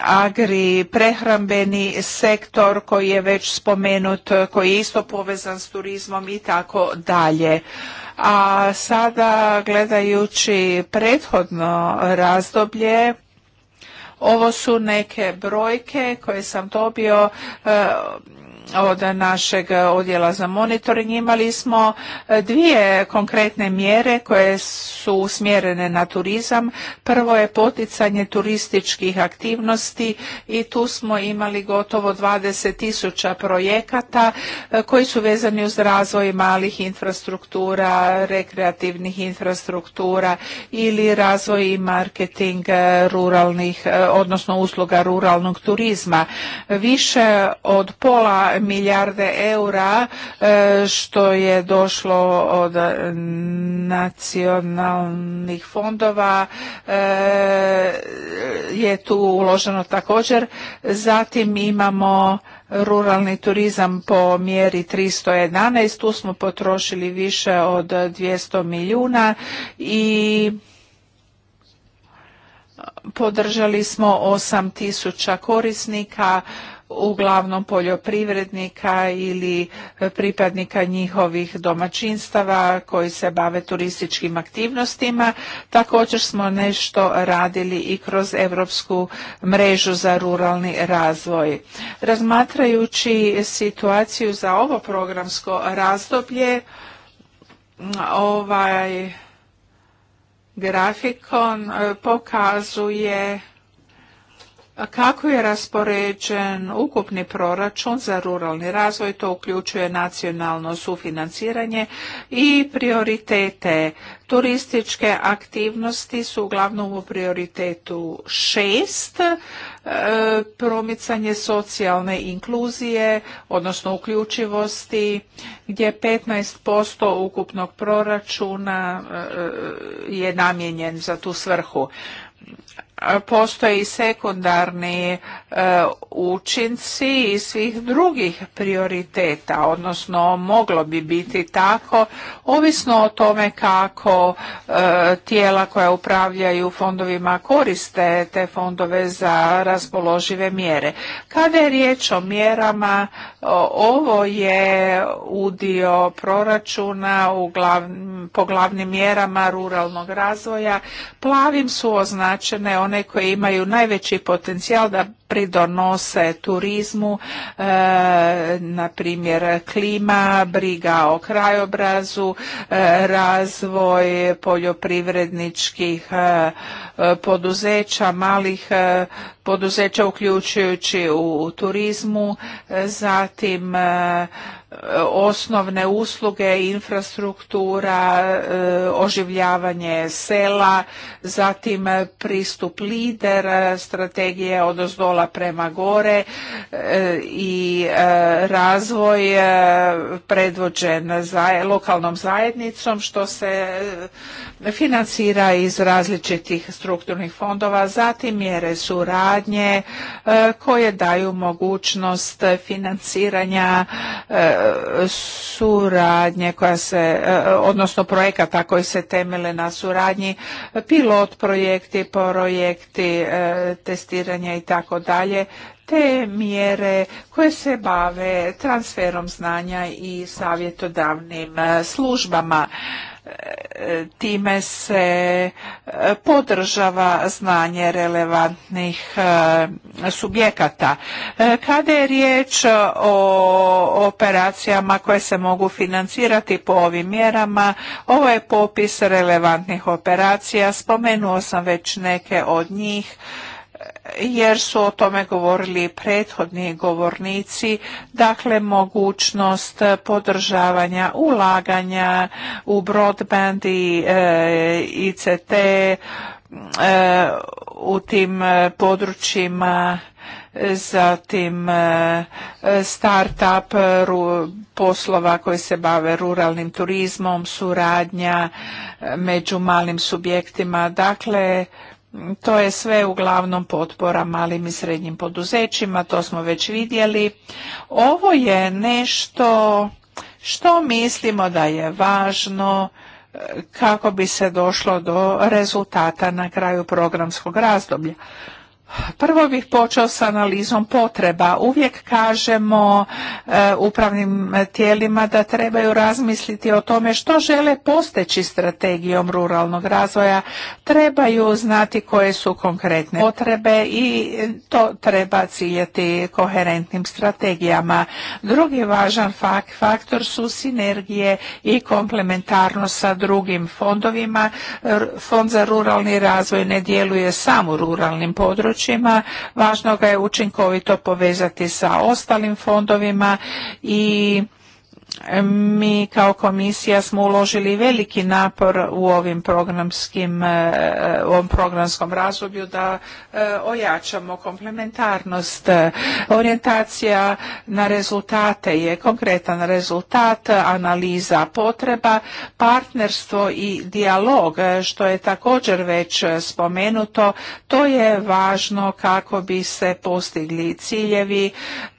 agri prehrambeni sektor koji je već spomenut, koji je isto povezan s turizmom i tako dalje a sada gledajući prethodno razdoblje ovo su neke brojke koje sam dobio e, od našeg odjela za monitoring imali smo e, dvije konkretne mjere koje su usmjerene na turizam. Prvo je poticanje turističkih aktivnosti i tu smo imali gotovo 20.000 tisuća projekata e, koji su vezani uz razvoj malih infrastruktura, rekreativnih infrastruktura ili razvoj i marketing e, ruralnih, odnosno usluga ruralnog turizma. Više od pola milijarde eura e, što je došlo od nacionalnih fondova e, je tu uloženo također. Zatim imamo ruralni turizam po mjeri 311, tu smo potrošili više od 200 milijuna i podržali smo 8000 korisnika uglavnom poljoprivrednika ili pripadnika njihovih domaćinstava koji se bave turističkim aktivnostima. Također smo nešto radili i kroz Europsku mrežu za ruralni razvoj. Razmatrajući situaciju za ovo programsko razdoblje, ovaj grafikon eh, pokazuje kako je raspoređen ukupni proračun za ruralni razvoj, to uključuje nacionalno sufinanciranje i prioritete. Turističke aktivnosti su uglavnom u prioritetu šest, e, promicanje socijalne inkluzije, odnosno uključivosti, gdje 15% ukupnog proračuna e, je namijenjen za tu svrhu i sekundarni e, učinci i svih drugih prioriteta, odnosno moglo bi biti tako, ovisno o tome kako e, tijela koja upravljaju fondovima koriste te fondove za raspoložive mjere. Kada je riječ o mjerama ovo je udio proračuna u po glavnim mjerama ruralnog razvoja. Plavim su označene one koje imaju najveći potencijal da pridonose turizmu, e, na primjer klima, briga o krajobrazu, e, razvoj poljoprivredničkih e, poduzeća, malih poduzeća uključujući u, u turizmu, zatim osnovne usluge, infrastruktura, eh, oživljavanje sela, zatim pristup lider, strategije od ozdola prema gore eh, i eh, razvoj predvođen za, lokalnom zajednicom što se financira iz različitih strukturnih fondova, zatim mjere suradnje koje daju mogućnost financiranja suradnje koja se, e, odnosno projekata koji se temele na suradnji, pilot projekti, projekti e, testiranja i tako dalje, te mjere koje se bave transferom znanja i savjetodavnim e, službama time se e, podržava znanje relevantnih e, subjekata. E, kada je riječ o operacijama koje se mogu financirati po ovim mjerama, ovo je popis relevantnih operacija, spomenuo sam već neke od njih jer su o tome govorili prethodni govornici, dakle mogućnost podržavanja ulaganja u broadband i e, ICT e, u tim e, područjima zatim e, start-up poslova koji se bave ruralnim turizmom, suradnja među malim subjektima. Dakle, to je sve uglavnom potpora malim i srednjim poduzećima, to smo već vidjeli. Ovo je nešto što mislimo da je važno e, kako bi se došlo do rezultata na kraju programskog razdoblja. Prvo bih počeo s analizom potreba. Uvijek kažemo e, upravnim tijelima da trebaju razmisliti o tome što žele posteći strategijom ruralnog razvoja. Trebaju znati koje su konkretne potrebe i to treba ciljeti koherentnim strategijama. Drugi važan faktor su sinergije i komplementarnost sa drugim fondovima. Fond za ruralni razvoj ne djeluje samo u ruralnim područjima područjima. Važno ga je učinkovito povezati sa ostalim fondovima i mi kao komisija smo uložili veliki napor u ovim programskim, e, u ovom programskom razdoblju da e, ojačamo komplementarnost. Orijentacija na rezultate je konkretan rezultat, analiza potreba, partnerstvo i dijalog e, što je također već spomenuto, to je važno kako bi se postigli ciljevi,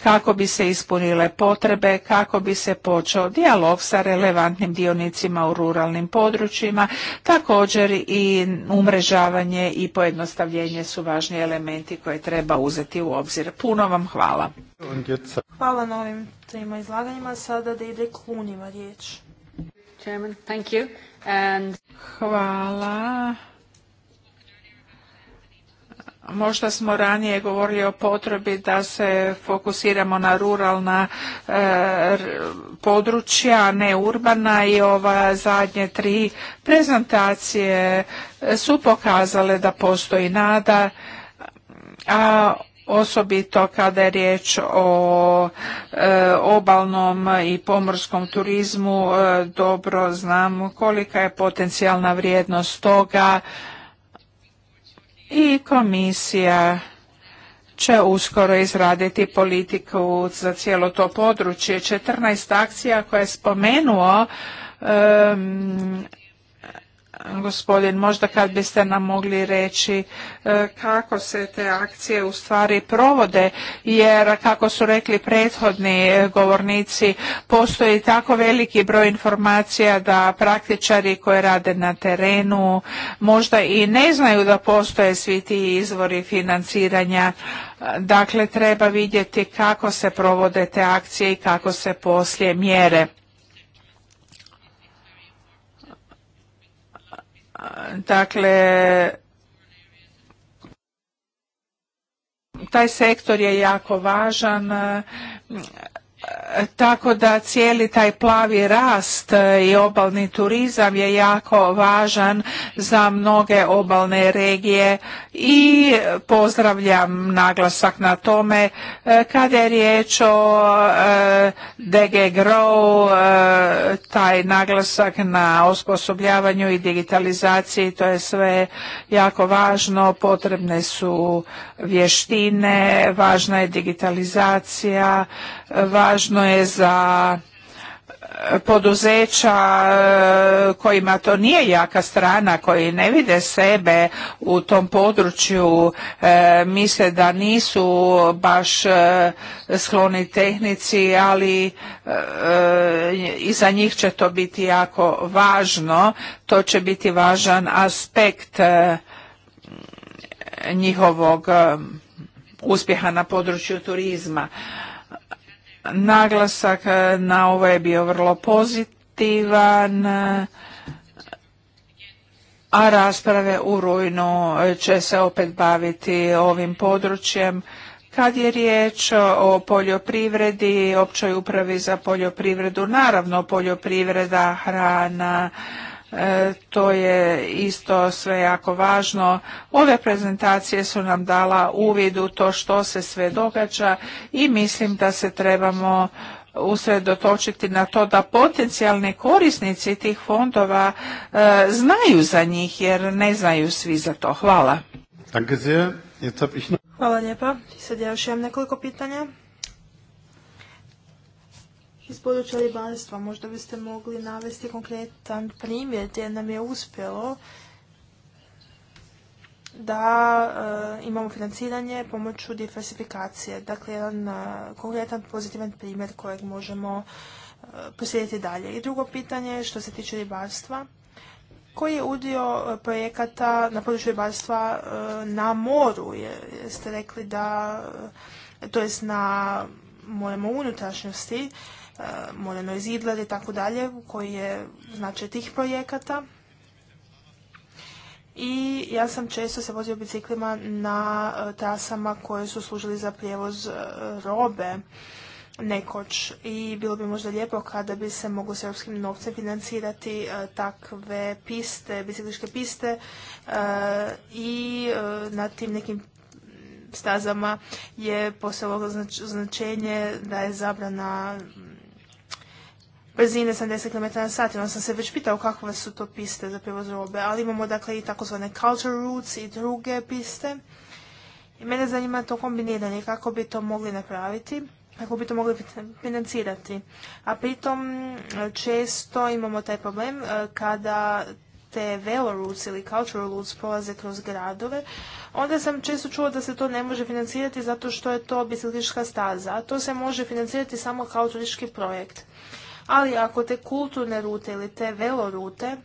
kako bi se ispunile potrebe, kako bi se počeli ojačao dijalog sa relevantnim dionicima u ruralnim područjima. Također i umrežavanje i pojednostavljenje su važni elementi koje treba uzeti u obzir. Puno vam hvala. Hvala na ovim trima izlaganjima. Sada da ide klunima riječ. Hvala. Možda smo ranije govorili o potrebi da se fokusiramo na ruralna e, područja, a ne urbana i ova zadnje tri prezentacije su pokazale da postoji nada, a osobito kada je riječ o e, obalnom i pomorskom turizmu, e, dobro znamo kolika je potencijalna vrijednost toga i komisija će uskoro izraditi politiku za cijelo to područje. 14 akcija koje je spomenuo gospodin, možda kad biste nam mogli reći e, kako se te akcije u stvari provode, jer kako su rekli prethodni e, govornici, postoji tako veliki broj informacija da praktičari koji rade na terenu možda i ne znaju da postoje svi ti izvori financiranja. Dakle, treba vidjeti kako se provode te akcije i kako se poslije mjere. Dakle, taj sektor je jako važan tako da cijeli taj plavi rast e, i obalni turizam je jako važan za mnoge obalne regije i pozdravljam naglasak na tome e, kada je riječ o e, DG Grow, taj naglasak na osposobljavanju i digitalizaciji, to je sve jako važno, potrebne su vještine, važna je digitalizacija, važno je za e, poduzeća e, kojima to nije jaka strana, koji ne vide sebe u tom području, e, misle da nisu baš skloni tehnici, ali i za njih će to biti jako važno. To će biti važan aspekt njihovog uspjeha na području turizma. Naglasak eh, na ovo je bio vrlo pozitivan, eh, a rasprave u rujnu eh, će se opet baviti ovim područjem. Kad je riječ o poljoprivredi, općoj upravi za poljoprivredu, naravno poljoprivreda, hrana, E, to je isto sve jako važno. Ove prezentacije su nam dala uvid u to što se sve događa i mislim da se trebamo usredotočiti na to da potencijalni korisnici tih fondova e, znaju za njih jer ne znaju svi za to. Hvala. Hvala lijepa. Sad ja još imam nekoliko pitanja iz područja ribarstva. Možda biste mogli navesti konkretan primjer gdje nam je uspjelo da e, imamo financiranje pomoću diversifikacije. Dakle, jedan e, konkretan pozitivan primjer kojeg možemo e, posjediti dalje. I drugo pitanje što se tiče ribarstva. Koji je udio projekata na području ribarstva na moru? Jeste rekli da, to jest na mojemu unutrašnjosti, E, Moreno Zidler i tako dalje, koji je značaj tih projekata. I ja sam često se vozio biciklima na e, trasama koje su služili za prijevoz e, robe nekoć i bilo bi možda lijepo kada bi se moglo s europskim novcem financirati takve piste, bicikličke piste i na tim nekim stazama je postalo značenje da je zabrana brzine 70 km na sat. Onda sam se već pitao kakve su to piste za prevoz robe, ali imamo dakle i takozvane culture routes i druge piste. I mene zanima to kombiniranje, kako bi to mogli napraviti, kako bi to mogli financirati. A pritom često imamo taj problem e, kada te veloroots ili cultural roots prolaze kroz gradove, onda sam često čuo da se to ne može financirati zato što je to biciklistička staza, a to se može financirati samo kao turistički projekt ali ako te kulturne rute ili te velorute,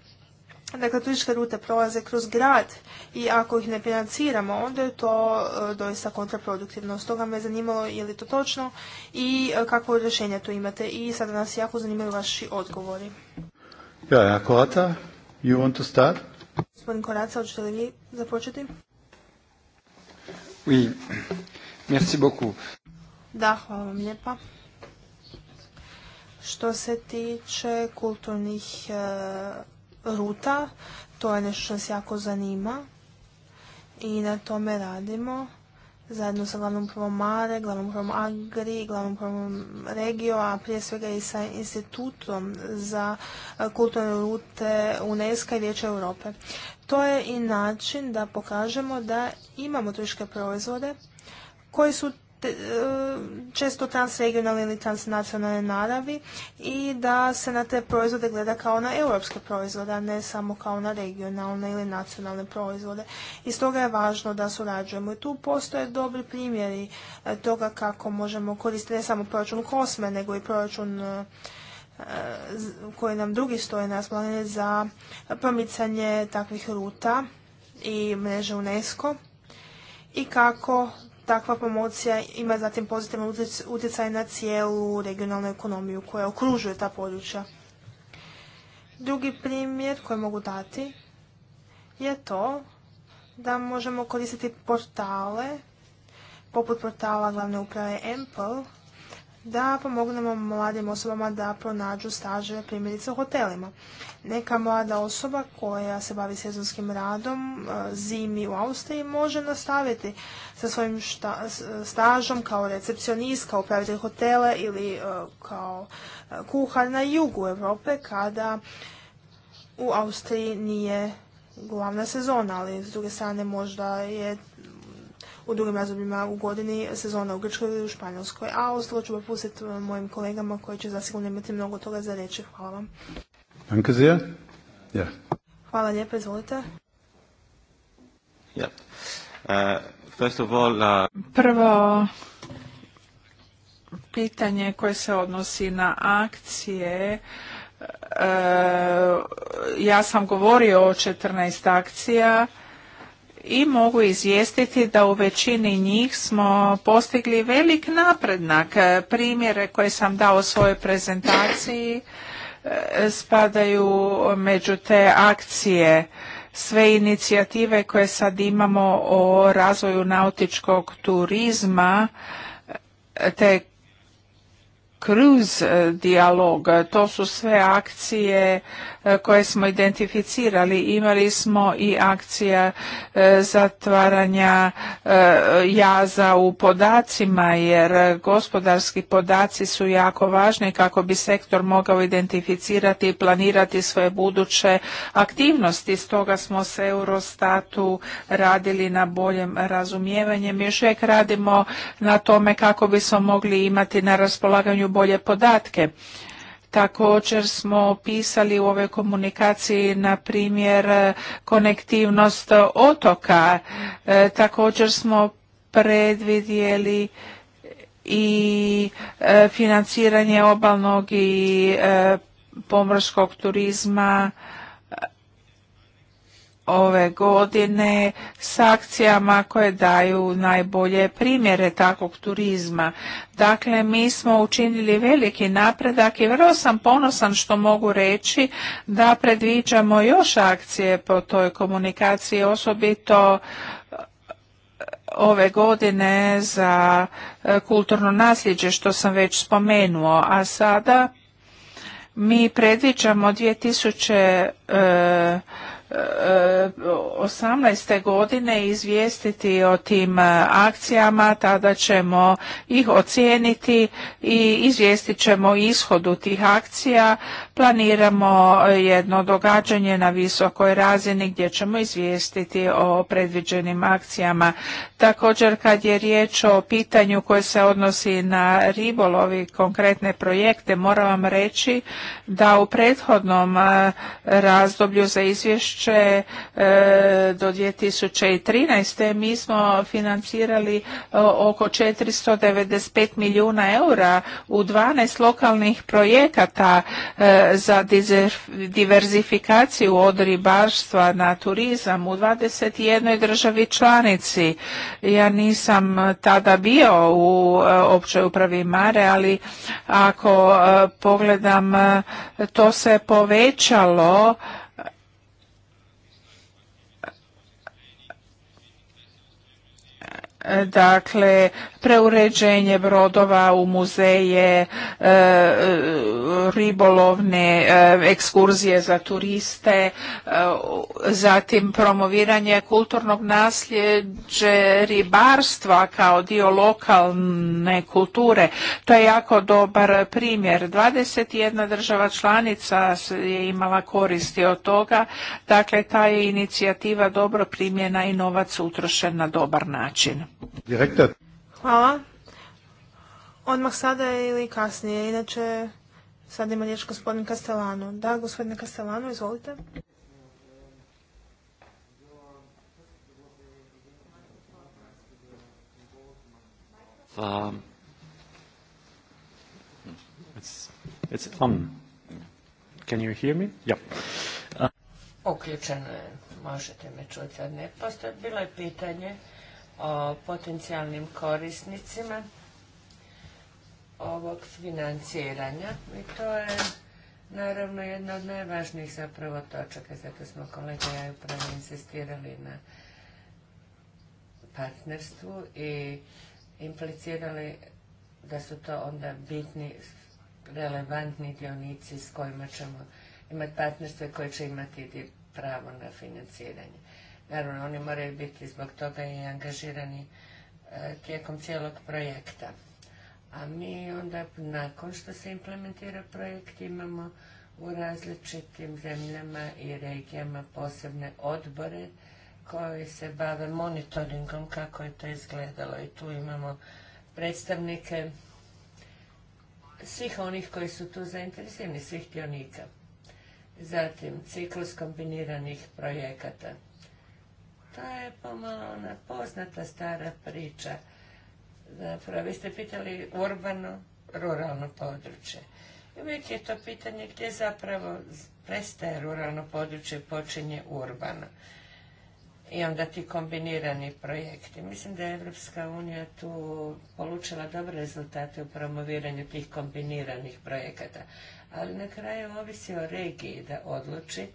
dakle turističke rute prolaze kroz grad i ako ih ne financiramo, onda je to e, doista kontraproduktivno. Stoga me zanimalo je li to točno i e, kakvo rješenje tu imate i sada nas jako zanimaju vaši odgovori. Ja, Korata, you want to start? Gospodin Koraca, hoćete li vi započeti? Oui, merci beaucoup. Da, hvala vam lijepa. Što se tiče kulturnih e, ruta, to je nešto što nas jako zanima i na tome radimo zajedno sa glavnom prvom Mare, glavnom prvom Agri, glavnom prvom Regio, a prije svega i sa institutom za e, kulturne rute UNESCO i Vijeća Europe. To je i način da pokažemo da imamo turističke proizvode koji su E, često transregionalne ili transnacionalne naravi i da se na te proizvode gleda kao na europske proizvode, a ne samo kao na regionalne ili nacionalne proizvode. I stoga je važno da surađujemo. I tu postoje dobri primjeri e, toga kako možemo koristiti ne samo proračun kosme, nego i proračun e, koji nam drugi stoje nasplanjeni za promicanje takvih ruta i mreže UNESCO i kako takva promocija ima zatim pozitivan utjecaj na cijelu regionalnu ekonomiju koja okružuje ta područja. Drugi primjer koji mogu dati je to da možemo koristiti portale poput portala glavne uprave Ample da pomognemo mladim osobama da pronađu staže primjerice u hotelima. Neka mlada osoba koja se bavi sezonskim radom e, zimi u Austriji može nastaviti sa svojim stažom kao recepcionist, kao upravitelj hotele ili e, kao e, kuhar na jugu Europe kada u Austriji nije glavna sezona, ali s druge strane možda je u drugim razdobljima u godini sezona u Grčkoj i u Španjolskoj. A ostalo ću popustiti e, mojim kolegama koji će zasigurno imati mnogo toga za reći. Hvala vam. Hvala lijepa, izvolite. E, uh, Prvo, pitanje koje se odnosi na akcije. E, ja sam govorio o 14 akcija i mogu izvijestiti da u većini njih smo postigli velik naprednak. Primjere koje sam dao u svojoj prezentaciji e, spadaju među te akcije sve inicijative koje sad imamo o razvoju nautičkog turizma te kruz e, dijalog, to su sve akcije e, koje smo identificirali. Imali smo i akcija e, zatvaranja jaza u podacima jer gospodarski podaci su jako važni kako bi sektor mogao identificirati i planirati svoje buduće aktivnosti. Stoga smo s Eurostatu radili na boljem razumijevanjem. Još uvijek radimo na tome kako bismo mogli imati na raspolaganju bolje podatke. Također smo pisali u ovoj komunikaciji, na primjer, konektivnost otoka. E, također smo predvidjeli i e, financiranje obalnog i e, pomorskog turizma ove godine s akcijama koje daju najbolje primjere takvog turizma. Dakle, mi smo učinili veliki napredak i vrlo sam ponosan što mogu reći da predviđamo još akcije po toj komunikaciji, osobito e, ove godine za e, kulturno nasljeđe što sam već spomenuo, a sada mi predviđamo 2000 e, 18. godine izvijestiti o tim e, akcijama, tada ćemo ih ocijeniti i izvijestit ćemo ishodu tih akcija Planiramo e, jedno događanje na visokoj razini gdje ćemo izvijestiti o predviđenim akcijama. Također kad je riječ o pitanju koje se odnosi na ribolovi konkretne projekte, moram vam reći da u prethodnom e, razdoblju za izvješće e, do 2013. mi smo financirali oko 495 milijuna eura u 12 lokalnih projekata za diverzifikaciju od ribarstva na turizam u 21. državi članici. Ja nisam tada bio u eh, općoj upravi Mare, ali ako eh, pogledam eh, to se povećalo Dakle, preuređenje brodova u muzeje, e, e, ribolovne e, ekskurzije za turiste, zatim promoviranje kulturnog nasljeđe ribarstva kao dio lokalne kulture. To je jako dobar primjer. 21 država članica je imala koristi od toga, dakle ta je inicijativa dobro primjena i novac utrošen na dobar način. Direktor. Hvala. Odmah sada ili kasnije, inače sada ima riječ gospodin Kastelano. Da, gospodine Kastelano, izvolite. Uključeno je, možete me čuti, ne postoje. Bilo je pitanje o potencijalnim korisnicima ovog financiranja i to je naravno jedna od najvažnijih zapravo točaka, zato smo kolega ja upravo insistirali na partnerstvu i implicirali da su to onda bitni, relevantni dionici s kojima ćemo imati partnerstvo koje će imati pravo na financiranje. Naravno, oni moraju biti zbog toga i angažirani e, tijekom cijelog projekta. A mi onda, nakon što se implementira projekt, imamo u različitim zemljama i regijama posebne odbore koji se bave monitoringom kako je to izgledalo i tu imamo predstavnike svih onih koji su tu zainteresirani, svih dionika. Zatim, ciklus kombiniranih projekata to je pomalo ona poznata stara priča. Zapravo, vi ste pitali urbano, ruralno područje. I uvijek je to pitanje gdje zapravo prestaje ruralno područje, počinje urbano. I onda ti kombinirani projekti. Mislim da je Evropska unija tu polučila dobre rezultate u promoviranju tih kombiniranih projekata. Ali na kraju ovisi o regiji da odluči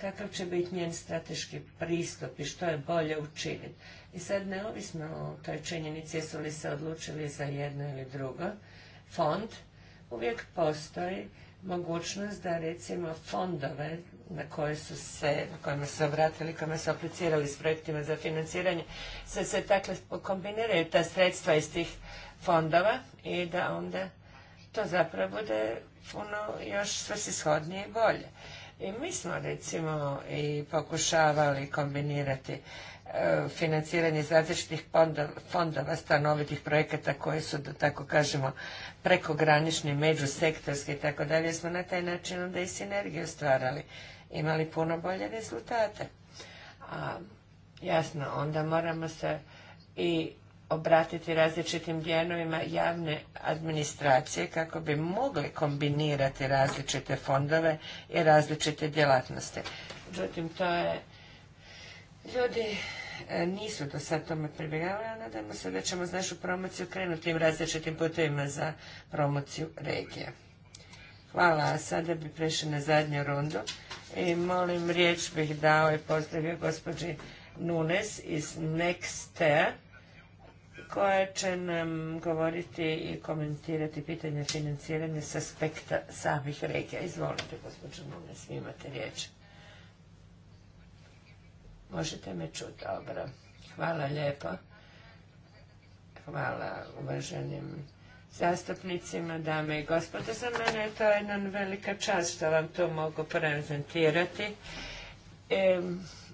kakav će biti njen strateški pristup i što je bolje učiniti. I sad neovisno o toj činjenici jesu li se odlučili za jedno ili drugo, fond uvijek postoji mogućnost da recimo fondove na koje su se, na kojima se obratili, kojima su aplicirali s projektima za financiranje, se se takle kombiniraju ta sredstva iz tih fondova i da onda to zapravo bude puno još svrsishodnije i bolje. I mi smo recimo i pokušavali kombinirati e, financiranje iz različitih fondova stanovitih projekata koji su, da tako kažemo, prekogranični, međusektorski i tako dalje, smo na taj način onda i sinergiju stvarali. Imali puno bolje rezultate. A, jasno, onda moramo se i obratiti različitim dijelovima javne administracije kako bi mogli kombinirati različite fondove i različite djelatnosti. Međutim, to je ljudi e, nisu do sad tome pribjegavali, a nadamo se da ćemo s našu promociju krenuti tim različitim putevima za promociju regije. Hvala, a sada bi prešli na zadnju rundu i molim riječ bih dao i pozdravio gospođi Nunes iz Nextea koja će nam govoriti i komentirati pitanje financiranja s aspekta samih regija. Izvolite, gospođo svima vi imate riječ. Možete me čuti, dobro. Hvala lijepo. Hvala uvaženim zastupnicima, dame i gospodo. Za mene je to jedna velika čast što vam to mogu prezentirati.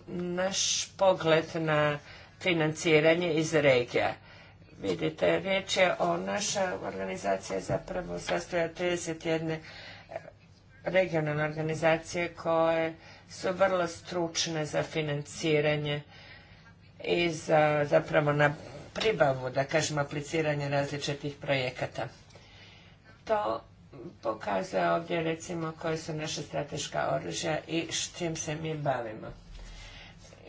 naš pogled na financiranje iz regija. Vidite, riječ je o naša organizacija zapravo sastoja 31 eh, regionalne organizacije koje su vrlo stručne za financiranje i za zapravo na pribavu, da kažem, apliciranje različitih projekata. To pokazuje ovdje recimo koje su naše strateška oružja i s čim se mi bavimo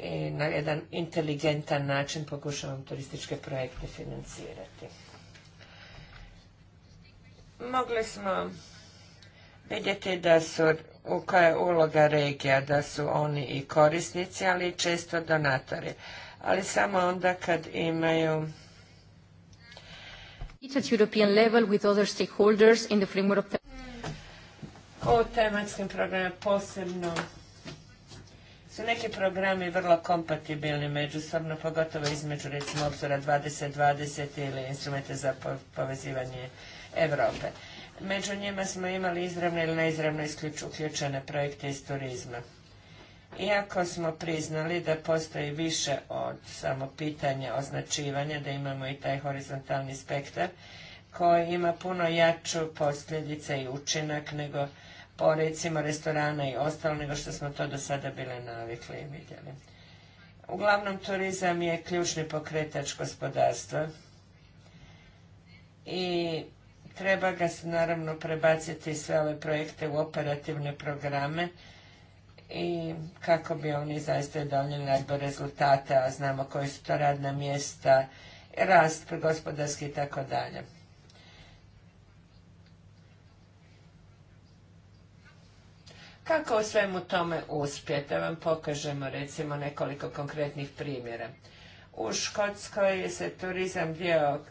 i na jedan inteligentan način pokušavam turističke projekte financirati. Mogli smo vidjeti da su u koja je uloga regija, da su oni i korisnici, ali i često donatori. Ali samo onda kad imaju u tematskim programima posebno su neki programi vrlo kompatibilni međusobno, pogotovo između recimo obzora 2020 ili instrumente za povezivanje Europe. Među njima smo imali izravne ili neizravno uključene projekte iz turizma. Iako smo priznali da postoji više od samo pitanja označivanja, da imamo i taj horizontalni spektar, koji ima puno jaču posljedice i učinak nego po recimo restorana i ostalo nego što smo to do sada bile navikli i vidjeli. Uglavnom, turizam je ključni pokretač gospodarstva i treba ga se naravno prebaciti sve ove projekte u operativne programe i kako bi oni zaista donijeli najbolje rezultate, a znamo koji su to radna mjesta, rast gospodarski i tako dalje. Kako u svemu tome uspjeti? Da vam pokažemo recimo nekoliko konkretnih primjera. U Škotskoj se turizam dio e,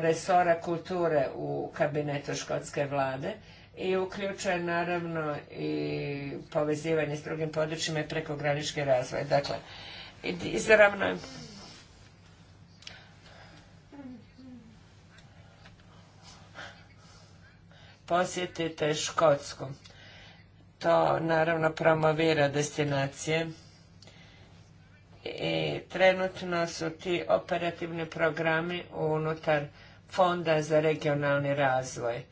resora kulture u kabinetu škotske vlade i uključuje naravno i povezivanje s drugim područjima i prekogranički razvoj. Dakle, izravno posjetite Škotsku to naravno promovira destinacije i trenutno su ti operativni programi unutar Fonda za regionalni razvoj.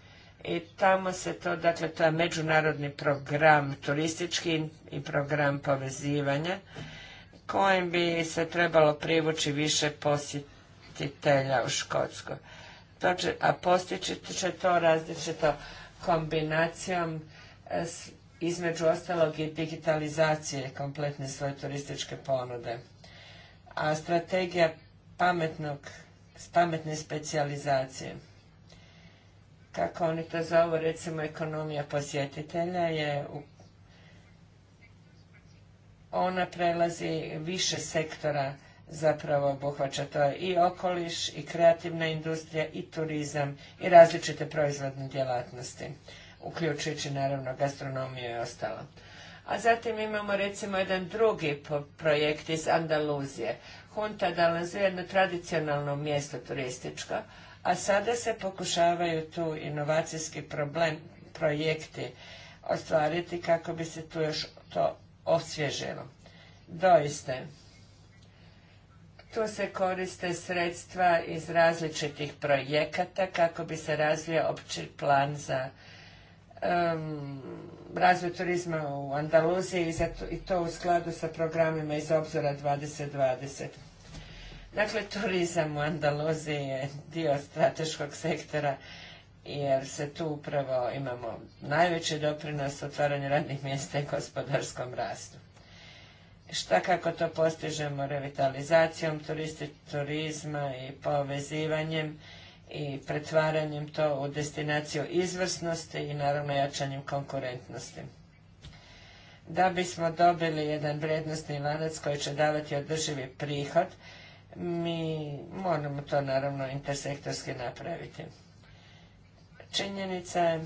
I tamo se to, dakle, to je međunarodni program turistički i program povezivanja kojim bi se trebalo privući više posjetitelja u Škotsko. Dakle, a postići će to različito kombinacijom s između ostalog i digitalizacije kompletne svoje turističke ponude. A strategija pametnog, pametne specijalizacije, kako oni to zovu, recimo ekonomija posjetitelja je u ona prelazi više sektora zapravo obuhvaća. To je i okoliš, i kreativna industrija, i turizam, i različite proizvodne djelatnosti uključujući naravno gastronomiju i ostalo. A zatim imamo recimo jedan drugi projekt iz Andaluzije. Hunta d'Alanzu je jedno tradicionalno mjesto turističko, a sada se pokušavaju tu inovacijski problem, projekti ostvariti kako bi se tu još to osvježilo. Doista, tu se koriste sredstva iz različitih projekata kako bi se razvio opći plan za razvoj turizma u Andaluziji i to u skladu sa programima iz obzora 2020. Dakle, turizam u Andaluziji je dio strateškog sektora jer se tu upravo imamo najveći doprinos otvaranju radnih mjesta i gospodarskom rastu. Šta kako to postižemo revitalizacijom turisti, turizma i povezivanjem i pretvaranjem to u destinaciju izvrsnosti i naravno jačanjem konkurentnosti. Da bismo dobili jedan vrijednosni lanac koji će davati održivi prihod, mi moramo to naravno intersektorski napraviti. Činjenica je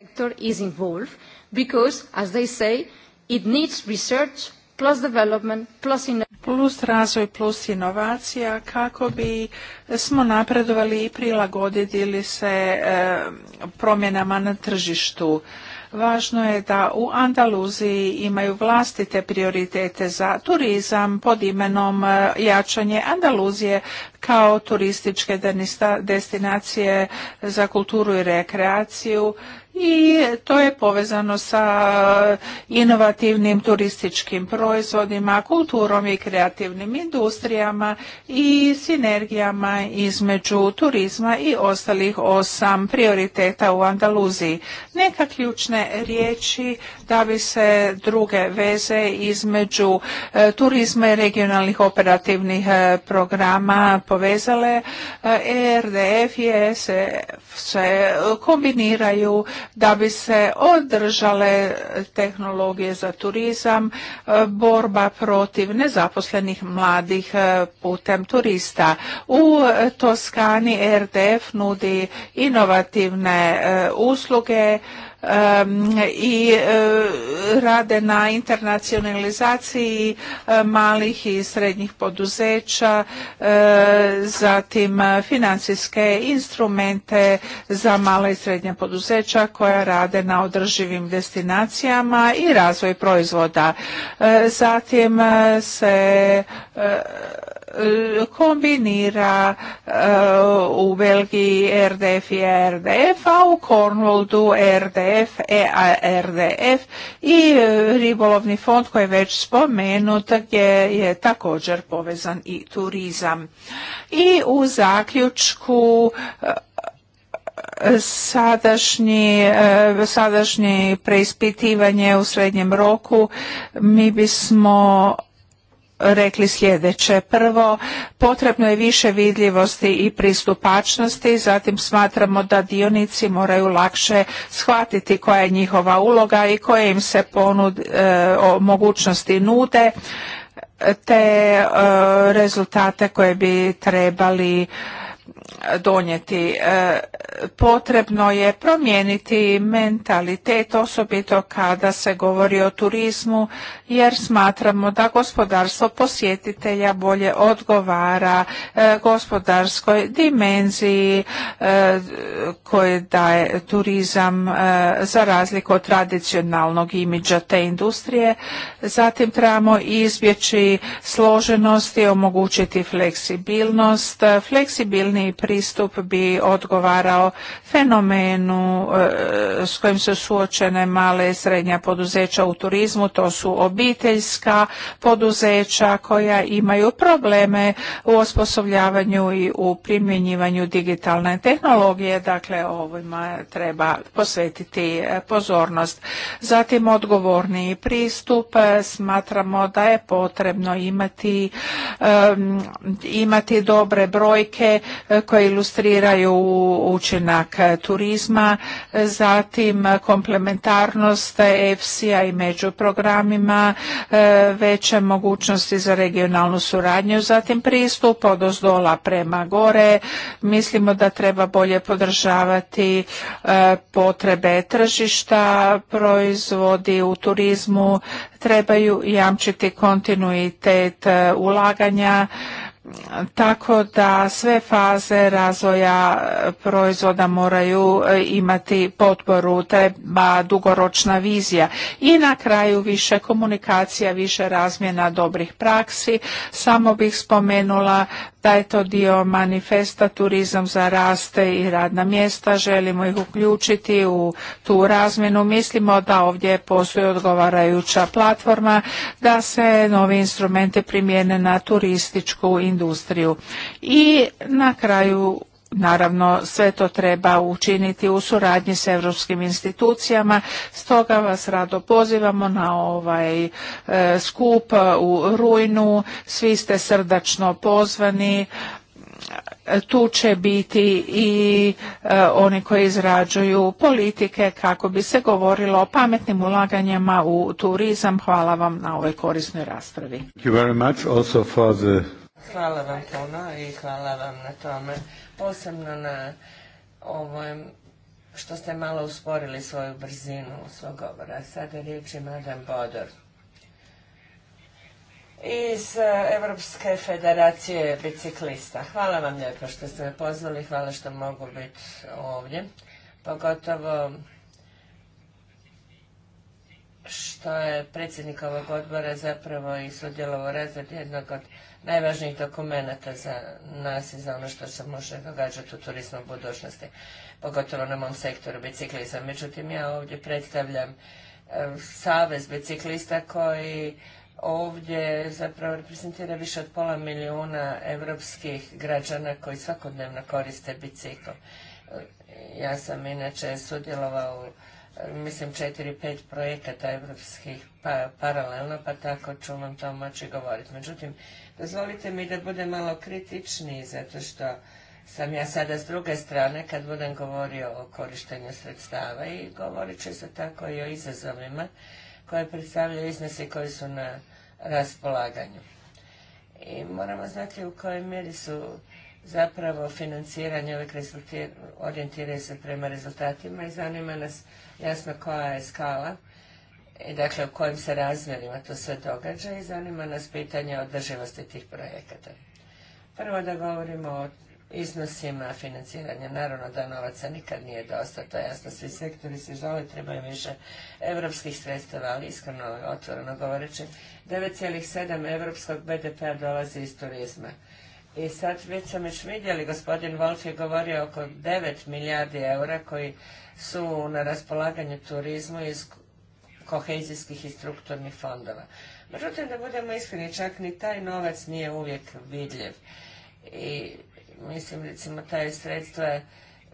sector is involved because, as they say, it needs research plus development plus plus razvoj plus inovacija kako bi smo napredovali i prilagodili se e, promjenama na tržištu. Važno je da u Andaluziji imaju vlastite prioritete za turizam pod imenom e, jačanje Andaluzije kao turističke destinacije za kulturu i rekreaciju i to je povezano sa inovativnim turističkim proizvodima, kulturom i kreativnim industrijama i sinergijama između turizma i ostalih osam prioriteta u Andaluziji. Neka ključne riječi da bi se druge veze između e, turizma i regionalnih operativnih e, programa povezale. ERDF i ESF se kombiniraju da bi se održale tehnologije za turizam, e, borba protiv nezaposlenih mladih e, putem turista. U Toskani RDF nudi inovativne e, usluge i e, rade na internacionalizaciji e, malih i srednjih poduzeća, e, zatim financijske instrumente za mala i srednja poduzeća koja rade na održivim destinacijama i razvoj proizvoda. Zatim se E, kombinira e, u Belgiji RDF i RDF, a u Cornwallu RDF, EARDF i e, ribolovni fond koji je već spomenut gdje je također povezan i turizam. I u zaključku sadašnji, sadašnje preispitivanje u srednjem roku mi bismo rekli sljedeće. Prvo, potrebno je više vidljivosti i pristupačnosti, zatim smatramo da dionici moraju lakše shvatiti koja je njihova uloga i koje im se ponud, e, o, mogućnosti nude te e, rezultate koje bi trebali donijeti. E, potrebno je promijeniti mentalitet, osobito kada se govori o turizmu, jer smatramo da gospodarstvo posjetitelja bolje odgovara e, gospodarskoj dimenziji e, koje daje turizam za razliku od tradicionalnog imidža te industrije. Zatim trebamo izbjeći složenosti, omogućiti fleksibilnost. Fleksibilniji pristup bi odgovarao fenomenu e, s kojim su suočene male i srednja poduzeća u turizmu, to su obiteljska poduzeća koja imaju probleme u osposobljavanju i u primjenjivanju digitalne tehnologije, dakle ovima treba posvetiti e, pozornost. Zatim odgovorni pristup e, smatramo da je potrebno imati, imati dobre brojke koje ilustriraju učinak turizma, zatim komplementarnost EFSI-a i među programima, e, veće mogućnosti za regionalnu suradnju, zatim pristup od ozdola prema gore. Mislimo da treba bolje podržavati e, potrebe tržišta, proizvodi u turizmu, trebaju jamčiti kontinuitet e, ulaganja, tako da sve faze razvoja e, proizvoda moraju e, imati potporu, treba dugoročna vizija i na kraju više komunikacija, više razmjena dobrih praksi. Samo bih spomenula da je to dio manifesta Turizam za raste i radna mjesta. Želimo ih uključiti u tu razmjenu. Mislimo da ovdje postoji odgovarajuća platforma da se novi instrumente primijene na turističku industriju. I na kraju Naravno, sve to treba učiniti u suradnji s europskim institucijama, stoga vas rado pozivamo na ovaj e, skup u rujnu, svi ste srdačno pozvani, tu će biti i e, oni koji izrađuju politike kako bi se govorilo o pametnim ulaganjima u turizam. Hvala vam na ovoj korisnoj raspravi. Hvala vam puno i hvala vam na tome posebno na ovom što ste malo usporili svoju brzinu svog govora. Sada riječ je Madame Bodor. Iz Europske federacije biciklista. Hvala vam lijepo što ste me pozvali, hvala što mogu biti ovdje. Pogotovo što je predsjednik ovog odbora zapravo i sudjelovao u jednog od najvažnijih dokumenata za nas i za ono što se može događati u turizmu u budućnosti, pogotovo na mom sektoru biciklizam. Međutim, ja ovdje predstavljam e, savez biciklista koji ovdje zapravo reprezentira više od pola milijuna europskih građana koji svakodnevno koriste bicikl. E, ja sam inače sudjelovao u mislim, četiri, pet projekata europskih pa, paralelno, pa tako ću vam to moći govoriti. Međutim, dozvolite mi da budem malo kritičniji, zato što sam ja sada s druge strane, kad budem govorio o korištenju sredstava i govorit ću se tako i o izazovima koje predstavljaju iznose koji su na raspolaganju. I moramo znati u kojoj mjeri su zapravo financiranje uvijek orijentiraju se prema rezultatima i zanima nas jasno koja je skala i e, dakle u kojim se razmjerima to sve događa i zanima nas pitanje održivosti tih projekata. Prvo da govorimo o iznosima financiranja. Naravno da novaca nikad nije dosta, to jasno. Svi sektori se žale, trebaju više evropskih sredstava, ali iskreno otvoreno govoreći, 9,7 europskog BDP-a dolazi iz turizma. I sad već sam još vidjeli, gospodin Wolf je govorio oko 9 milijardi eura koji su na raspolaganju turizmu iz kohezijskih i strukturnih fondova. Međutim, da budemo iskreni, čak ni taj novac nije uvijek vidljiv. I mislim, recimo, taj sredstva je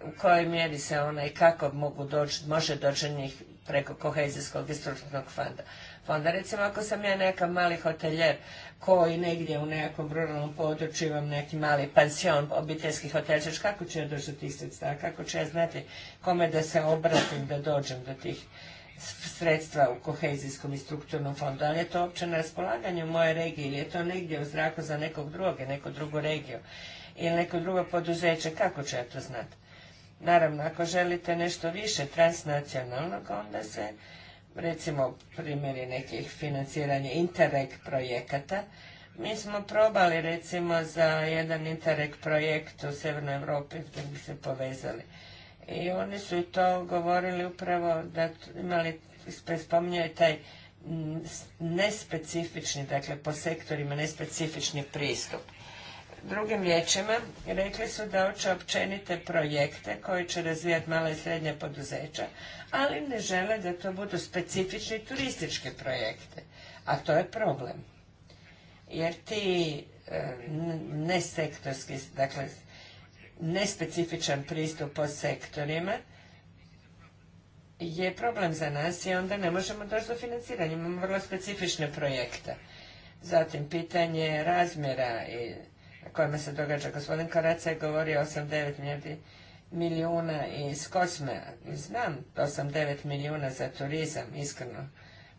u kojoj mjeri se ona i kako mogu doći, može doći njih preko kohezijskog i strukturnog fonda. Pa onda recimo ako sam ja nekakav mali hoteljer koji negdje u nekakvom ruralnom području imam neki mali pansion obiteljski hotelčić, kako ću ja doći do tih sredstava, kako ću ja znati kome da se obratim da dođem do tih sredstva u kohezijskom i strukturnom fondu, ali je to uopće na raspolaganju moje regije ili je to negdje u zraku za nekog drugog, neku drugu regiju ili neko drugo poduzeće, kako ću ja to znati? Naravno, ako želite nešto više transnacionalnog, onda se recimo primjeri nekih financiranja Interreg projekata, mi smo probali recimo za jedan Interreg projekt u sjevernoj Europi da bi se povezali. I oni su i to govorili upravo da imali, spominjali taj nespecifični, dakle po sektorima nespecifični pristup. Drugim riječima, rekli su da hoće općenite projekte koje će razvijati mala i srednja poduzeća, ali ne žele da to budu specifični turistički projekte, a to je problem. Jer ti e, nesektorski, dakle, nespecifičan pristup po sektorima je problem za nas i onda ne možemo doći do financiranja. Imamo vrlo specifične projekte. Zatim pitanje razmjera i kojima se događa. Gospodin Karaca je govorio 8-9 milijuna iz Kosme. Znam 8-9 milijuna za turizam, iskreno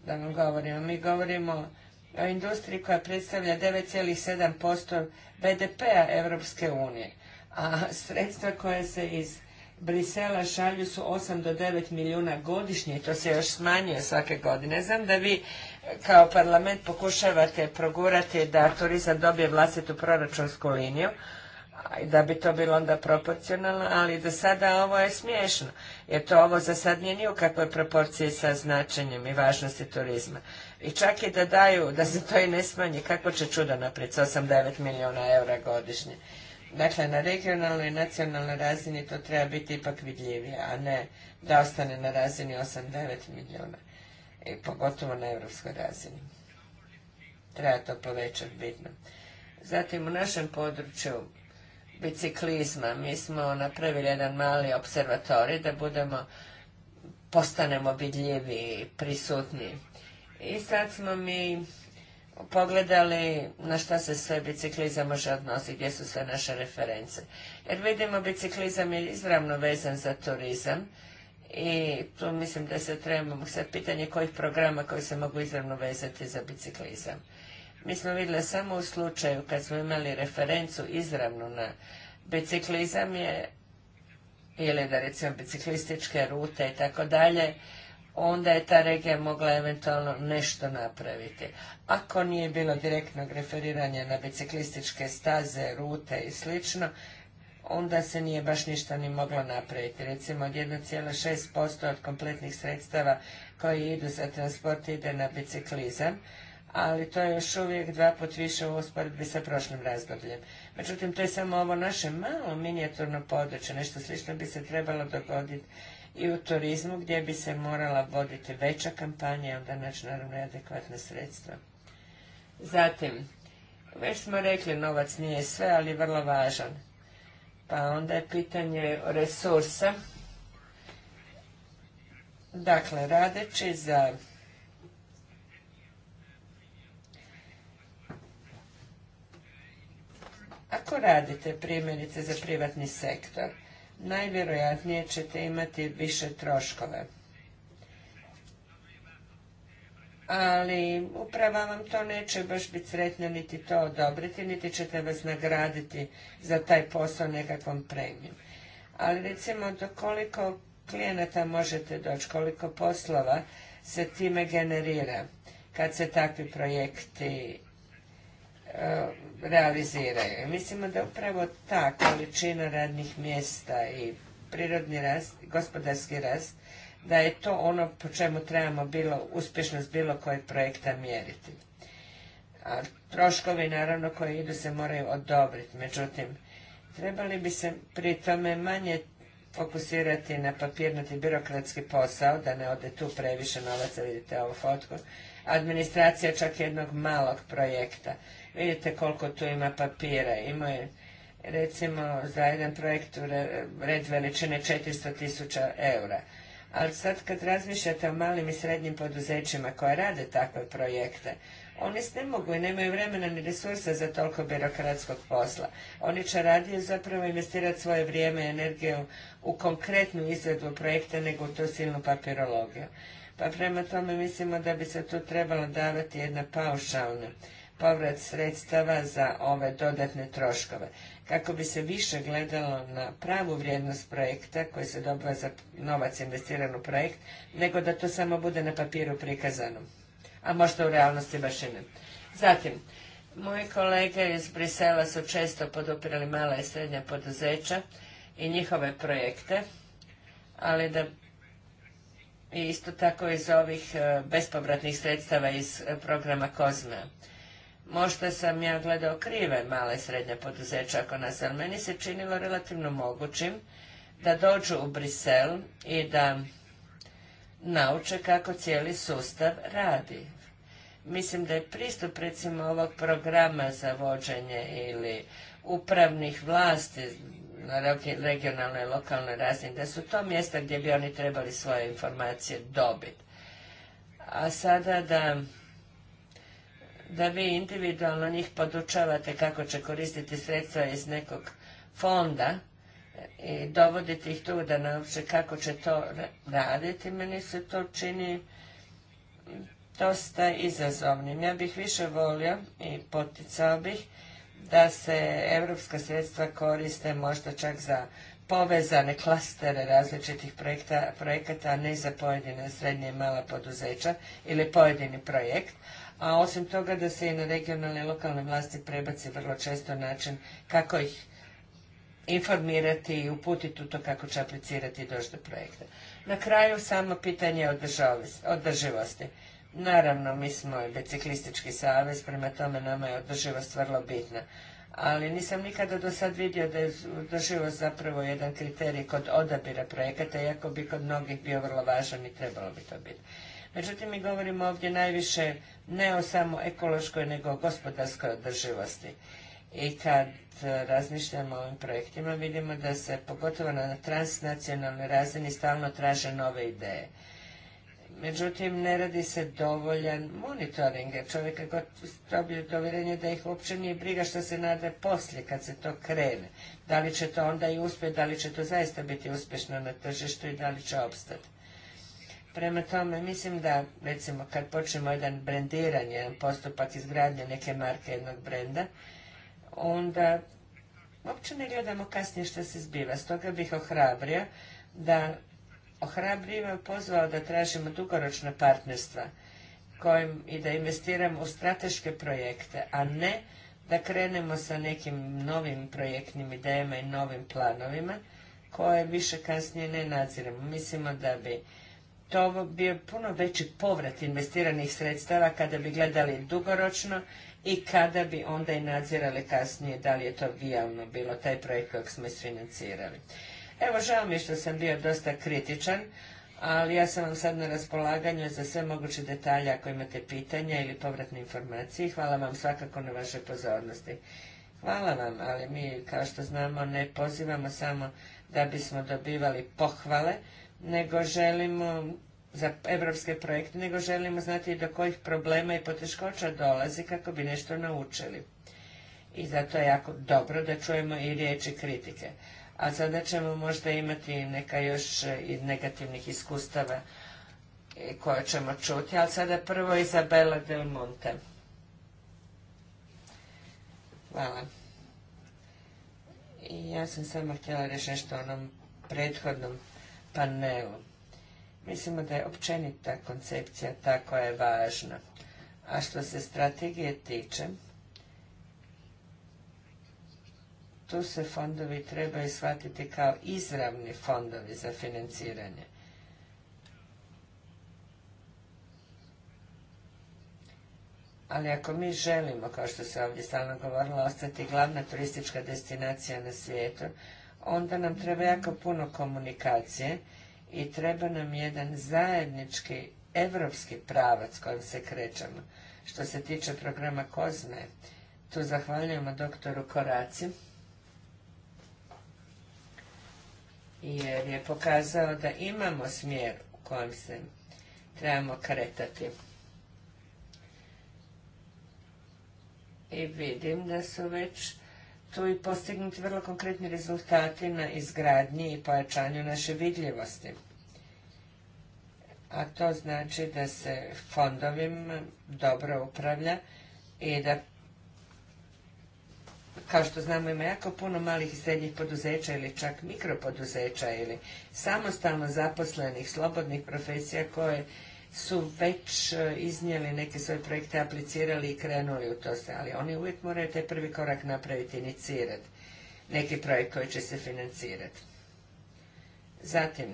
da vam govorimo. Mi govorimo o industriji koja predstavlja 9,7% BDP-a Evropske unije, a sredstva koja se iz Brisela šalju su 8 do 9 milijuna godišnje i to se još smanjuje svake godine. Znam da vi kao parlament pokušavate progurati da turizam dobije vlastitu proračunsku liniju, da bi to bilo onda proporcionalno, ali do sada ovo je smiješno, jer to ovo za sad nije ni u kakvoj proporciji sa značenjem i važnosti turizma. I čak i da daju, da se to i ne smanji, kako će čuda naprijed s 8-9 milijuna eura godišnje. Dakle, na regionalnoj i nacionalnoj razini to treba biti ipak vidljivije, a ne da ostane na razini 8-9 milijuna i e, pogotovo na europskoj razini. Treba to povećati bitno. Zatim u našem području biciklizma mi smo napravili jedan mali observatorij da budemo, postanemo vidljiviji, prisutniji. I sad smo mi pogledali na šta se sve biciklizam može odnositi, gdje su sve naše reference. Jer vidimo biciklizam je izravno vezan za turizam i tu mislim da se trebamo sad pitanje kojih programa koji se mogu izravno vezati za biciklizam. Mi smo vidjeli samo u slučaju kad smo imali referencu izravnu na biciklizam je ili da recimo biciklističke rute i tako dalje, onda je ta regija mogla eventualno nešto napraviti. Ako nije bilo direktnog referiranja na biciklističke staze, rute i slično, onda se nije baš ništa ni moglo napraviti. Recimo od 1,6% od kompletnih sredstava koji idu za transport ide na biciklizam, ali to je još uvijek dva put više u usporedbi sa prošlim razdobljem. Međutim, to je samo ovo naše malo minijaturno područje, nešto slično bi se trebalo dogoditi i u turizmu gdje bi se morala voditi veća kampanja i onda naći naravno adekvatna sredstva. Zatim, već smo rekli, novac nije sve, ali vrlo važan. Pa onda je pitanje resursa. Dakle, radeći za Ako radite primjerice za privatni sektor, najvjerojatnije ćete imati više troškove. ali uprava vam to neće baš biti sretna niti to odobriti, niti ćete vas nagraditi za taj posao nekakvom premijom. Ali recimo do koliko klijenata možete doći, koliko poslova se time generira kad se takvi projekti e, realiziraju. Mislimo da upravo ta količina radnih mjesta i prirodni rast, gospodarski rast da je to ono po čemu trebamo bilo, uspješnost bilo kojeg projekta mjeriti. A troškovi naravno koji idu se moraju odobriti, međutim, trebali bi se pri tome manje fokusirati na papirnati birokratski posao, da ne ode tu previše novaca, vidite ovu fotku, administracija čak jednog malog projekta. Vidite koliko tu ima papira. Ima je, recimo, za jedan projekt red veličine 400 tisuća eura. Ali sad kad razmišljate o malim i srednjim poduzećima koja rade takve projekte, oni ne mogu i nemaju vremena ni resursa za toliko birokratskog posla. Oni će radije zapravo investirati svoje vrijeme i energiju u konkretnu izvedbu projekta nego u tu silnu papirologiju. Pa prema tome mislimo da bi se tu trebalo davati jedna paušalna povrat sredstava za ove dodatne troškove, kako bi se više gledalo na pravu vrijednost projekta koji se dobiva za novac investiran u projekt, nego da to samo bude na papiru prikazano, a možda u realnosti baš i ne. Zatim, moji kolege iz Brisela su često podupirali mala i srednja poduzeća i njihove projekte, ali da i isto tako iz ovih e, bespovratnih sredstava iz e, programa COSME. Možda sam ja gledao krive male i srednje poduzeća ako nas, ali meni se činilo relativno mogućim da dođu u Brisel i da nauče kako cijeli sustav radi. Mislim da je pristup recimo ovog programa za vođenje ili upravnih vlasti na regionalnoj i lokalnoj razini, da su to mjesta gdje bi oni trebali svoje informacije dobiti. A sada da da vi individualno njih podučavate kako će koristiti sredstva iz nekog fonda i dovoditi ih tu da nauče kako će to raditi, meni se to čini dosta izazovnim. Ja bih više volio i poticao bih da se evropska sredstva koriste možda čak za povezane klastere različitih projekata, a ne za pojedine srednje i mala poduzeća ili pojedini projekt, a osim toga da se i na regionalne i lokalne vlasti prebaci vrlo često način kako ih informirati i uputiti u to kako će aplicirati i doći do projekta. Na kraju samo pitanje održivosti. Naravno, mi smo i biciklistički savez, prema tome nama je održivost vrlo bitna. Ali nisam nikada do sad vidio da je održivost zapravo jedan kriterij kod odabira projekata, iako bi kod mnogih bio vrlo važan i trebalo bi to biti. Međutim, mi govorimo ovdje najviše ne o samo ekološkoj, nego o gospodarskoj održivosti. I kad e, razmišljamo o ovim projektima, vidimo da se pogotovo na transnacionalnoj razini stalno traže nove ideje. Međutim, ne radi se dovoljan monitoring, jer čovjek kako dobije dovjerenje da ih uopće nije briga što se nade poslije kad se to krene. Da li će to onda i uspjeti, da li će to zaista biti uspješno na tržištu i da li će opstati. Prema tome, mislim da, recimo, kad počnemo jedan brendiranje, jedan postupak izgradnje neke marke jednog brenda, onda uopće ne gledamo kasnije što se zbiva. Stoga bih ohrabrio da ohrabrivo pozvao da tražimo dugoročna partnerstva i da investiramo u strateške projekte, a ne da krenemo sa nekim novim projektnim idejama i novim planovima koje više kasnije ne nadziremo. Mislimo da bi to bio puno veći povrat investiranih sredstava kada bi gledali dugoročno i kada bi onda i nadzirali kasnije da li je to vijalno bilo taj projekt kojeg smo isfinancirali. Evo, žao mi što sam bio dosta kritičan, ali ja sam vam sad na raspolaganju za sve moguće detalje ako imate pitanja ili povratne informacije. Hvala vam svakako na vašoj pozornosti. Hvala vam, ali mi, kao što znamo, ne pozivamo samo da bismo dobivali pohvale, nego želimo za europske projekte, nego želimo znati do kojih problema i poteškoća dolazi kako bi nešto naučili. I zato je jako dobro da čujemo i riječi kritike. A sada ćemo možda imati neka još e, i negativnih iskustava e, koje ćemo čuti, ali sada prvo Izabela Del Monte. Hvala. I ja sam samo htjela reći nešto o onom prethodnom panelu. Mislimo da je općenita koncepcija ta koja je važna. A što se strategije tiče, tu se fondovi trebaju shvatiti kao izravni fondovi za financiranje. Ali ako mi želimo, kao što se ovdje stalno govorilo, ostati glavna turistička destinacija na svijetu, onda nam treba jako puno komunikacije i treba nam jedan zajednički evropski pravac kojim se krećemo. Što se tiče programa Kozme, tu zahvaljujemo doktoru Koraci, jer je pokazao da imamo smjer u kojem se trebamo kretati. I vidim da su već tu i postignuti vrlo konkretni rezultati na izgradnji i pojačanju naše vidljivosti. A to znači da se fondovima dobro upravlja i da kao što znamo ima jako puno malih i srednjih poduzeća ili čak mikropoduzeća ili samostalno zaposlenih slobodnih profesija koje su već e, iznijeli neke svoje projekte, aplicirali i krenuli u to ali oni uvijek moraju taj prvi korak napraviti, inicirati neki projekt koji će se financirati. Zatim,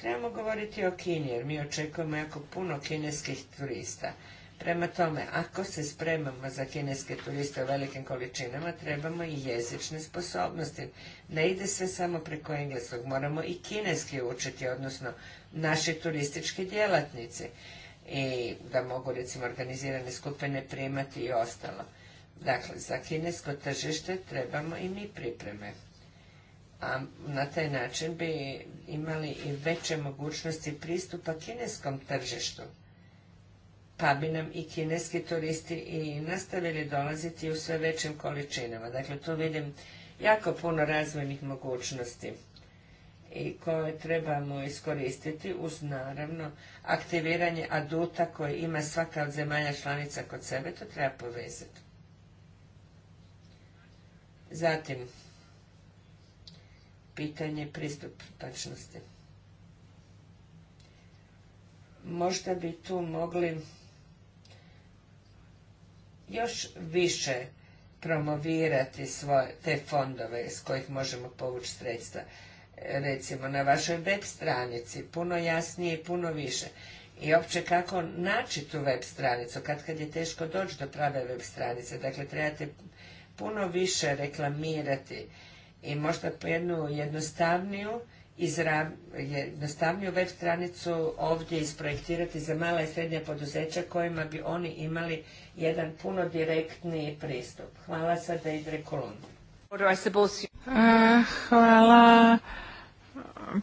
trebamo govoriti o Kini, jer mi očekujemo jako puno kineskih turista. Prema tome, ako se spremamo za kineske turiste u velikim količinama, trebamo i jezične sposobnosti. Ne ide sve samo preko engleskog, moramo i kineski učiti, odnosno naši turistički djelatnici. I da mogu, recimo, organizirane skupine primati i ostalo. Dakle, za kinesko tržište trebamo i mi pripreme. A na taj način bi imali i veće mogućnosti pristupa kineskom tržištu pa bi nam i kineski turisti i nastavili dolaziti u sve većim količinama. Dakle, tu vidim jako puno razvojnih mogućnosti i koje trebamo iskoristiti uz naravno aktiviranje aduta koje ima svaka od zemalja članica kod sebe, to treba povezati. Zatim, pitanje pristupačnosti. Možda bi tu mogli još više promovirati svoje, te fondove s kojih možemo povući sredstva. Recimo na vašoj web stranici, puno jasnije i puno više. I opće kako naći tu web stranicu, kad kad je teško doći do prave web stranice. Dakle, trebate puno više reklamirati i možda jednu jednostavniju jednostavniju web stranicu ovdje isprojektirati za mala i srednja poduzeća kojima bi oni imali jedan puno direktniji pristup. Hvala sada Idre Kolun. Eh, hvala.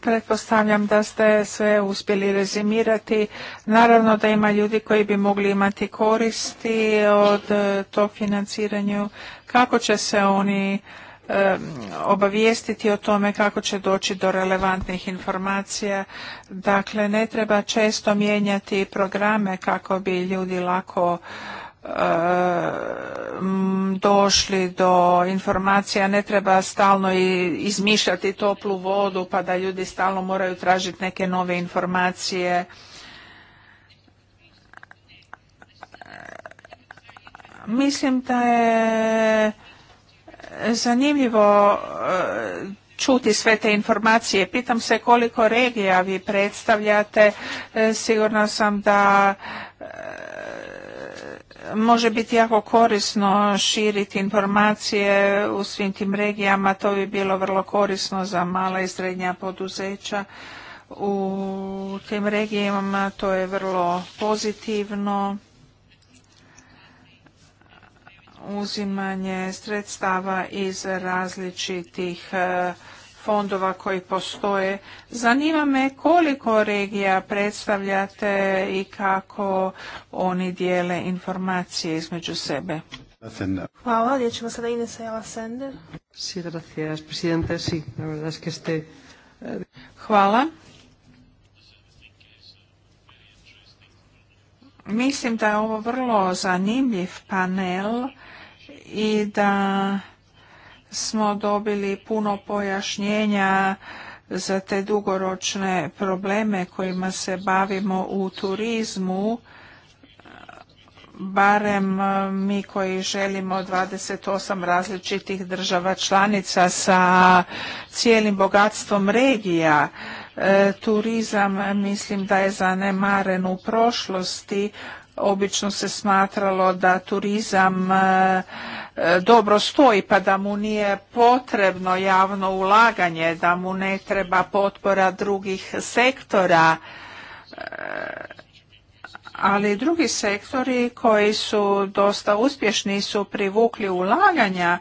Pretpostavljam da ste sve uspjeli rezimirati. Naravno da ima ljudi koji bi mogli imati koristi od eh, to financiranju. Kako će se oni obavijestiti o tome kako će doći do relevantnih informacija. Dakle, ne treba često mijenjati programe kako bi ljudi lako došli do informacija, ne treba stalno izmišljati toplu vodu pa da ljudi stalno moraju tražiti neke nove informacije. Mislim da je zanimljivo eh, čuti sve te informacije. Pitam se koliko regija vi predstavljate. Eh, Sigurno sam da eh, može biti jako korisno širiti informacije u svim tim regijama. To bi bilo vrlo korisno za mala i srednja poduzeća u tim regijama. To je vrlo pozitivno uzimanje sredstava iz različitih e, fondova koji postoje. Zanima me koliko regija predstavljate i kako oni dijele informacije između sebe. Hvala, riječ sada Ines Sender. Eh, Hvala. Mislim da je ovo vrlo zanimljiv panel i da smo dobili puno pojašnjenja za te dugoročne probleme kojima se bavimo u turizmu barem e, mi koji želimo 28 različitih država članica sa cijelim bogatstvom regija. E, turizam mislim da je zanemaren u prošlosti, obično se smatralo da turizam e, e, dobro stoji pa da mu nije potrebno javno ulaganje, da mu ne treba potpora drugih sektora e, ali drugi sektori koji su dosta uspješni su privukli ulaganja.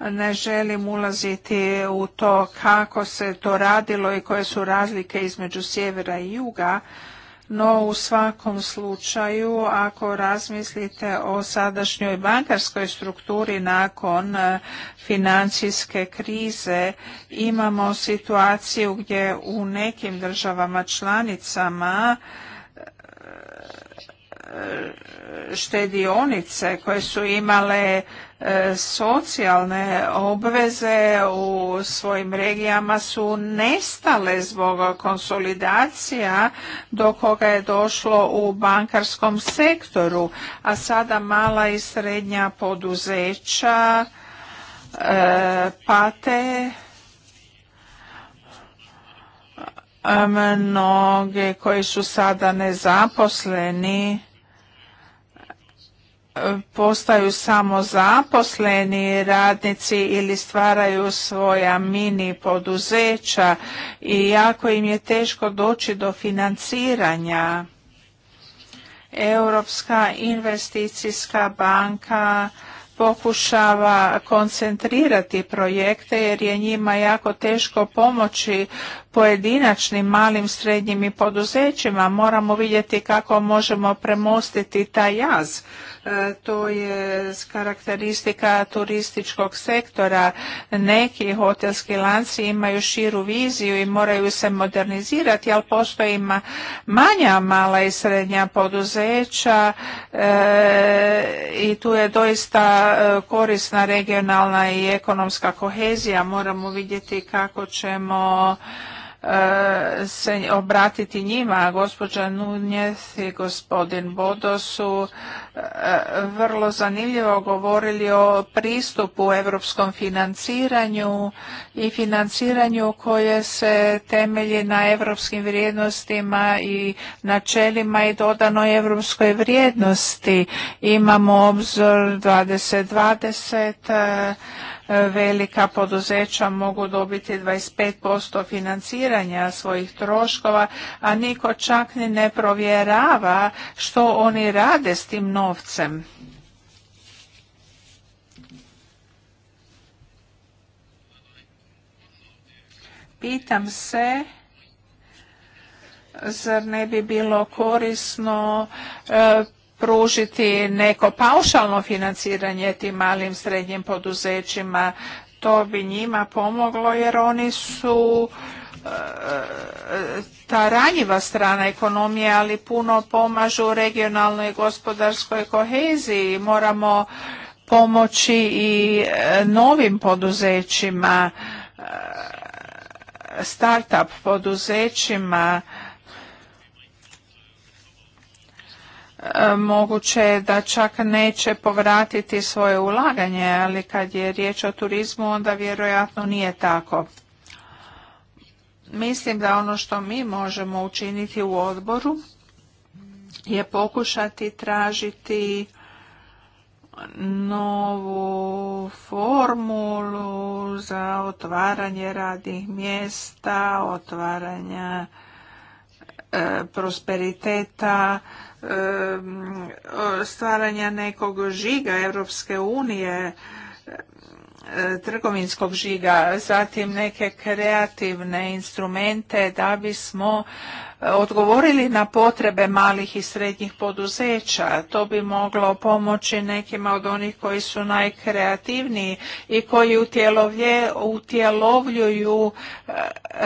Ne želim ulaziti u to kako se to radilo i koje su razlike između sjevera i juga, no u svakom slučaju ako razmislite o sadašnjoj bankarskoj strukturi nakon e, financijske krize imamo situaciju gdje u nekim državama članicama e, e, štedionice koje su imale E, socijalne obveze u svojim regijama su nestale zbog konsolidacija do koga je došlo u bankarskom sektoru, a sada mala i srednja poduzeća e, pate e, mnoge koji su sada nezaposleni postaju samo zaposleni radnici ili stvaraju svoja mini poduzeća i jako im je teško doći do financiranja. Europska investicijska banka pokušava koncentrirati projekte jer je njima jako teško pomoći pojedinačnim malim srednjim i poduzećima moramo vidjeti kako možemo premostiti taj jaz e, to je karakteristika turističkog sektora. Neki hotelski lanci imaju širu viziju i moraju se modernizirati, ali postoji manja mala i srednja poduzeća e, i tu je doista E, korisna regionalna i ekonomska kohezija. Moramo vidjeti kako ćemo E, se obratiti njima. Gospođa Nunjez i gospodin Bodo su e, vrlo zanimljivo govorili o pristupu europskom financiranju i financiranju koje se temelji na europskim vrijednostima i načelima i dodanoj europskoj vrijednosti. Imamo obzor 2020 velika poduzeća mogu dobiti 25% financiranja svojih troškova, a niko čak ni ne provjerava što oni rade s tim novcem. Pitam se zar ne bi bilo korisno e, pružiti neko paušalno financiranje tim malim srednjim poduzećima. To bi njima pomoglo jer oni su e, ta ranjiva strana ekonomije, ali puno pomažu regionalnoj gospodarskoj koheziji. Moramo pomoći i e, novim poduzećima, e, start-up poduzećima, E, moguće je da čak neće povratiti svoje ulaganje, ali kad je riječ o turizmu onda vjerojatno nije tako. Mislim da ono što mi možemo učiniti u odboru je pokušati tražiti novu formulu za otvaranje radnih mjesta, otvaranja e, prosperiteta stvaranja nekog žiga Europske unije E, trgovinskog žiga, zatim neke kreativne instrumente da bismo e, odgovorili na potrebe malih i srednjih poduzeća. To bi moglo pomoći nekima od onih koji su najkreativniji i koji utjelovljuju e,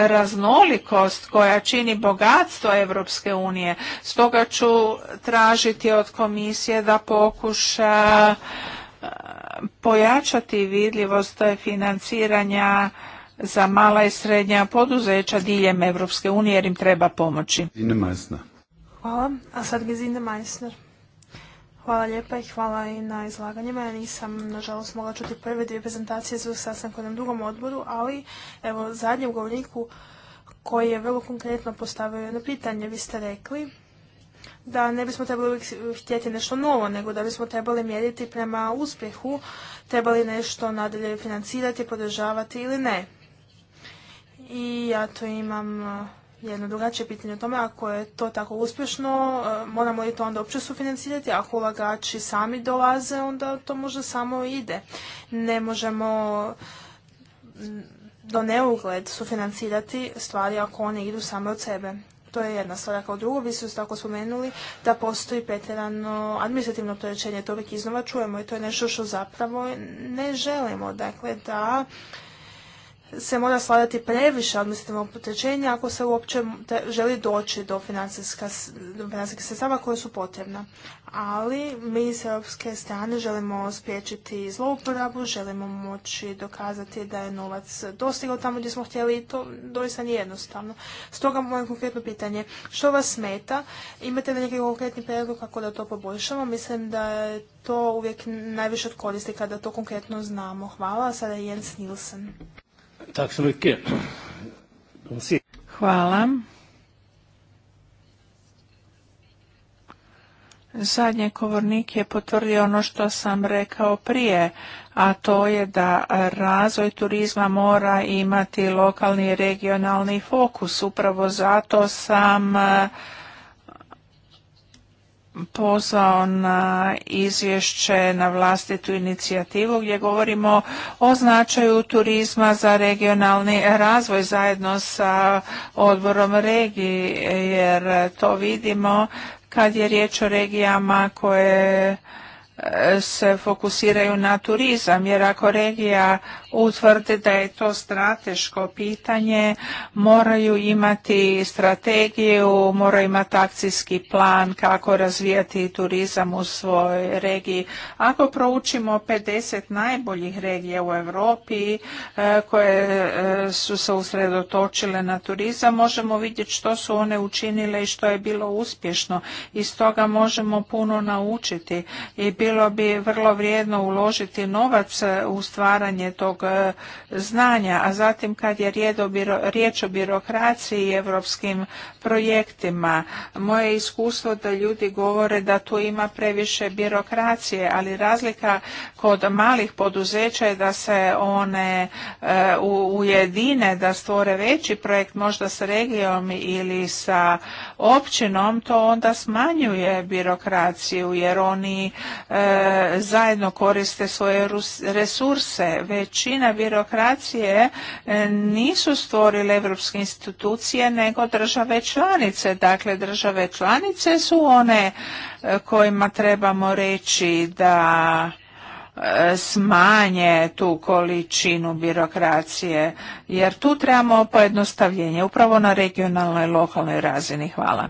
raznolikost koja čini bogatstvo Europske unije. Stoga ću tražiti od komisije da pokuša pojačati vidljivost financiranja za mala i srednja poduzeća diljem Europske unije jer im treba pomoći. Hvala. A sad Meissner. Hvala lijepa i hvala i na izlaganjima. Ja nisam, nažalost, mogla čuti prve dvije prezentacije za sastanak na drugom odboru, ali evo zadnjem govorniku koji je vrlo konkretno postavio jedno pitanje. Vi ste rekli da ne bismo trebali uvijek htjeti nešto novo, nego da bismo trebali mjeriti prema uspjehu, trebali nešto nadalje financirati, podržavati ili ne. I ja to imam uh, jedno drugačije pitanje o tome, ako je to tako uspješno, uh, moramo li to onda uopće sufinancirati, ako ulagači sami dolaze, onda to možda samo ide. Ne možemo mm, do neugled sufinancirati stvari ako one idu same od sebe to je jedna stvar. Kao drugo, vi ste tako spomenuli da postoji pretjerano administrativno opterećenje, to uvijek iznova čujemo i to je nešto što zapravo ne želimo. Dakle, da se mora sladati previše administrativnog potrećenja ako se uopće želi doći do financijskih sredstava koje su potrebna. Ali mi s europske strane želimo spriječiti zlouporabu, želimo moći dokazati da je novac dostigao tamo gdje smo htjeli i to doista nije jednostavno. Stoga moje konkretno pitanje, što vas smeta? Imate li neki konkretni prijedlog kako da to poboljšamo? Mislim da je to uvijek najviše od koristi kada to konkretno znamo. Hvala. Sada Jens Nilsen. Hvala. Zadnje, govornik je potvrdio ono što sam rekao prije, a to je da razvoj turizma mora imati lokalni i regionalni fokus. Upravo zato sam pozvao na izvješće na vlastitu inicijativu gdje govorimo o značaju turizma za regionalni razvoj zajedno sa odborom regiji jer to vidimo kad je riječ o regijama koje se fokusiraju na turizam, jer ako regija utvrdi da je to strateško pitanje, moraju imati strategiju, moraju imati akcijski plan kako razvijati turizam u svojoj regiji. Ako proučimo 50 najboljih regija u Europi e, koje e, su se usredotočile na turizam, možemo vidjeti što su one učinile i što je bilo uspješno. Iz toga možemo puno naučiti i bilo bilo bi vrlo vrijedno uložiti novac e, u stvaranje tog e, znanja, a zatim kad je riječ o birokraciji i europskim projektima. Moje iskustvo da ljudi govore da tu ima previše birokracije, ali razlika kod malih poduzeća je da se one e, ujedine, da stvore veći projekt možda s regijom ili sa općinom, to onda smanjuje birokraciju jer oni e, zajedno koriste svoje resurse. Većina birokracije e, nisu stvorile evropske institucije nego države članice. Dakle, države članice su one e, kojima trebamo reći da E, smanje tu količinu birokracije, jer tu trebamo pojednostavljenje, upravo na regionalnoj i lokalnoj razini. Hvala.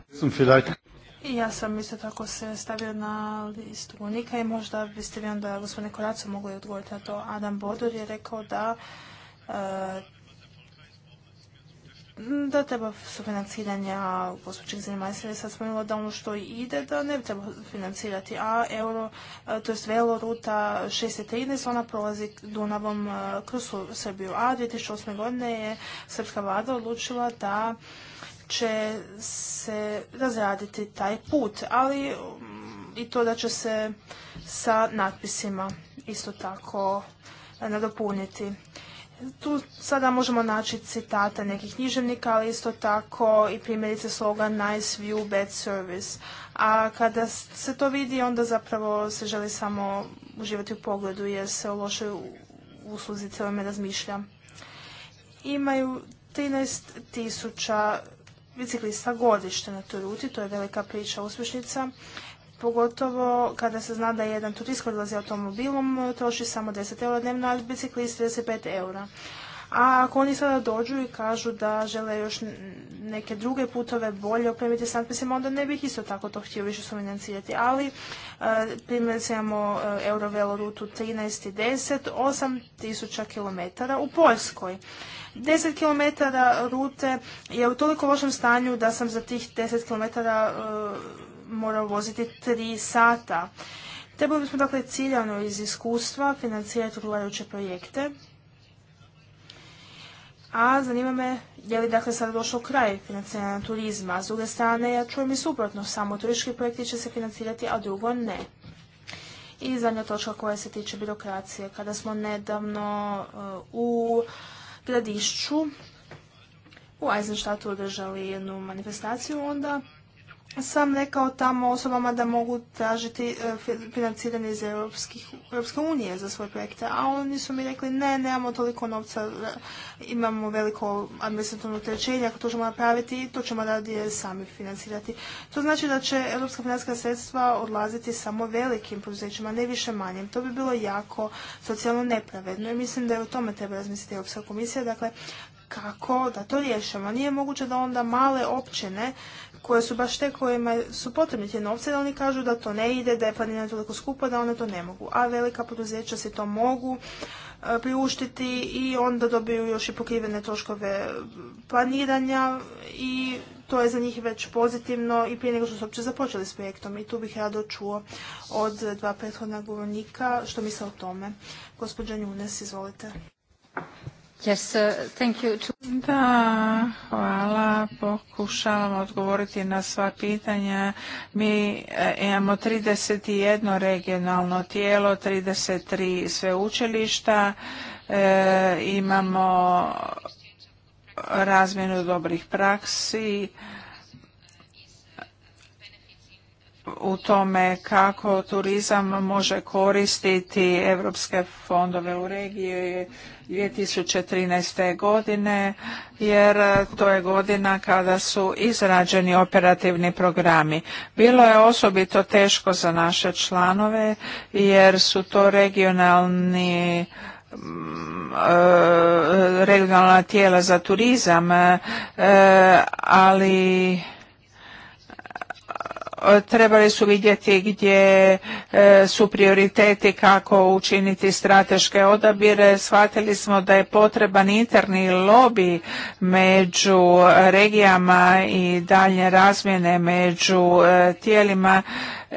Ja sam isto tako se stavio na listu unika i možda biste vi onda gospodine Koracu mogli odgovoriti na to. Adam Bodur je rekao da e, da treba sufinanciranja gospođeg zemalja Sad sad imali da ono što ide da ne treba financirati, a euro, to je velo ruta 613, ona prolazi Dunavom kroz Srbiju, a 2008. godine je srpska vlada odlučila da će se razraditi taj put, ali mm, i to da će se sa natpisima isto tako nadopuniti tu sada možemo naći citata nekih književnika, ali isto tako i primjerice slogan Nice view, bad service. A kada se to vidi, onda zapravo se želi samo uživati u pogledu, jer se o lošoj usluzi cijelome razmišlja. Imaju 13 tisuća biciklista godište na toj ruti, to je velika priča uspješnica Pogotovo kada se zna da jedan turist koji odlazi automobilom e, troši samo 10 eura dnevno, a biciklist 35 eura. A ako oni sada dođu i kažu da žele još neke druge putove bolje opremiti s mislim onda ne bih isto tako to htio više sufinancirati. Ali e, primjerice imamo e, Eurovelo rutu 13 i 10, 8000 km u Poljskoj. 10 km rute je u toliko lošem stanju da sam za tih 10 km mora voziti tri sata. Trebali bismo dakle ciljano iz iskustva financirati odgovarajuće projekte. A zanima me je li dakle sada došlo kraj financiranja turizma. S druge strane, ja čujem i suprotno, samo turistički projekti će se financirati, a drugo ne. I zadnja točka koja se tiče birokracije. Kada smo nedavno uh, u gradišću u Eisenstadtu održali jednu manifestaciju, onda sam rekao tamo osobama da mogu tražiti e, financiranje iz Europskih, Europske unije za svoje projekte, a oni su mi rekli ne, nemamo toliko novca, e, imamo veliko administrativno trećenje, ako to ćemo napraviti, to ćemo radije sami financirati. To znači da će europska financijska sredstva odlaziti samo velikim poduzećima, ne više manjim. To bi bilo jako socijalno nepravedno i mislim da je o tome treba razmisliti Europska komisija. Dakle, kako da to riješimo. Nije moguće da onda male općine koje su baš te kojima su potrebni te novce, da oni kažu da to ne ide, da je planina toliko skupa, da one to ne mogu. A velika poduzeća se to mogu e, priuštiti i onda dobiju još i pokrivene troškove planiranja i to je za njih već pozitivno i prije nego što su uopće započeli s projektom. I tu bih rado čuo od dva prethodna govornika što misle o tome. Gospođa Njunes, izvolite. Yes, uh, Da, hvala. Pokušavam odgovoriti na sva pitanja. Mi e, imamo 31 regionalno tijelo, 33 sveučilišta, e, imamo razmjenu dobrih praksi, u tome kako turizam može koristiti europske fondove u regiji 2013. godine jer to je godina kada su izrađeni operativni programi. Bilo je osobito teško za naše članove jer su to regionalni mm, e, regionalna tijela za turizam, e, ali trebali su vidjeti gdje e, su prioriteti kako učiniti strateške odabire. Shvatili smo da je potreban interni lobby među regijama i dalje razmjene među e, tijelima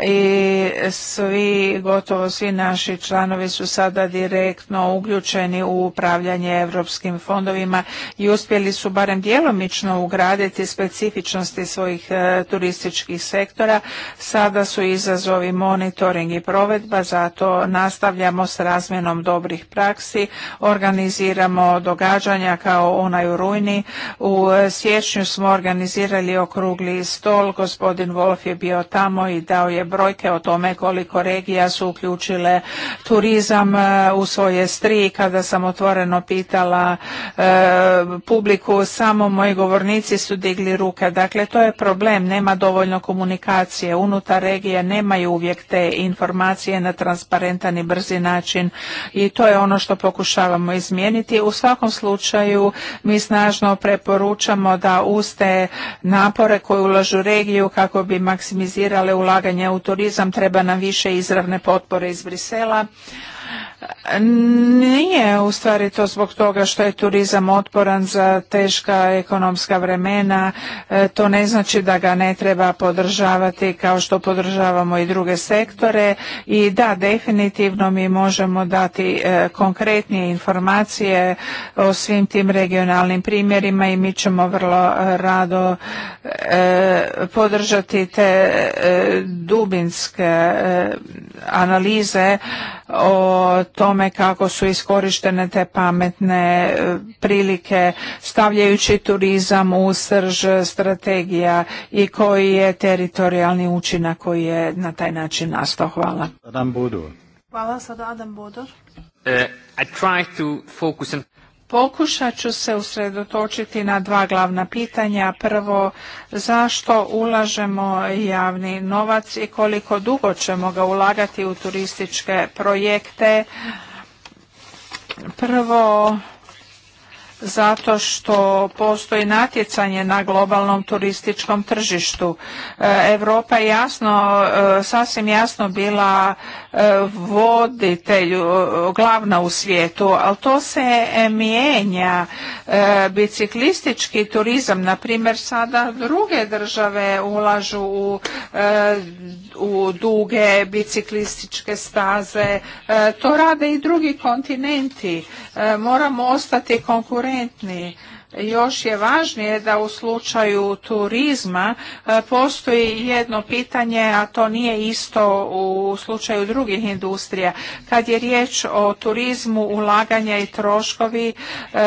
i svi, gotovo svi naši članovi su sada direktno uključeni u upravljanje europskim fondovima i uspjeli su barem djelomično ugraditi specifičnosti svojih e, turističkih sektora. Sada su izazovi monitoring i provedba, zato nastavljamo s razmjenom dobrih praksi, organiziramo događanja kao onaj u Rujni. U e, siječnju smo organizirali okrugli stol, gospodin Wolf je bio tamo i dao je brojke o tome koliko regija su uključile turizam e, u svoje stri. Kada sam otvoreno pitala e, publiku, samo moji govornici su digli ruke. Dakle, to je problem, nema dovoljno komunikacije. Unutar regije nemaju uvijek te informacije na transparentan i brzi način i to je ono što pokušavamo izmijeniti. U svakom slučaju mi snažno preporučamo da te napore koje ulažu regiju kako bi maksimizirale ulaganje u turizam, treba nam više izravne potpore iz Brisela, nije u stvari to zbog toga što je turizam otporan za teška ekonomska vremena, e, to ne znači da ga ne treba podržavati kao što podržavamo i druge sektore i da definitivno mi možemo dati e, konkretnije informacije o svim tim regionalnim primjerima i mi ćemo vrlo e, rado podržati te dubinske analize o tome kako su iskorištene te pametne e, prilike stavljajući turizam u srž strategija i koji je teritorijalni učinak koji je na taj način nastao. Hvala. Adam Bodor. Hvala, sada Adam Bodor. Uh, to Pokušat ću se usredotočiti na dva glavna pitanja. Prvo, zašto ulažemo javni novac i koliko dugo ćemo ga ulagati u turističke projekte? Prvo, zato što postoji natjecanje na globalnom turističkom tržištu. E, Europa je jasno, e, sasvim jasno bila E, voditelju e, glavna u svijetu, ali to se mijenja. E, biciklistički turizam, na primjer, sada druge države ulažu u, u duge biciklističke staze. To rade i drugi kontinenti. Moramo ostati konkurentni. Još je važnije da u slučaju turizma e, postoji jedno pitanje, a to nije isto u slučaju drugih industrija. Kad je riječ o turizmu, ulaganja i troškovi e,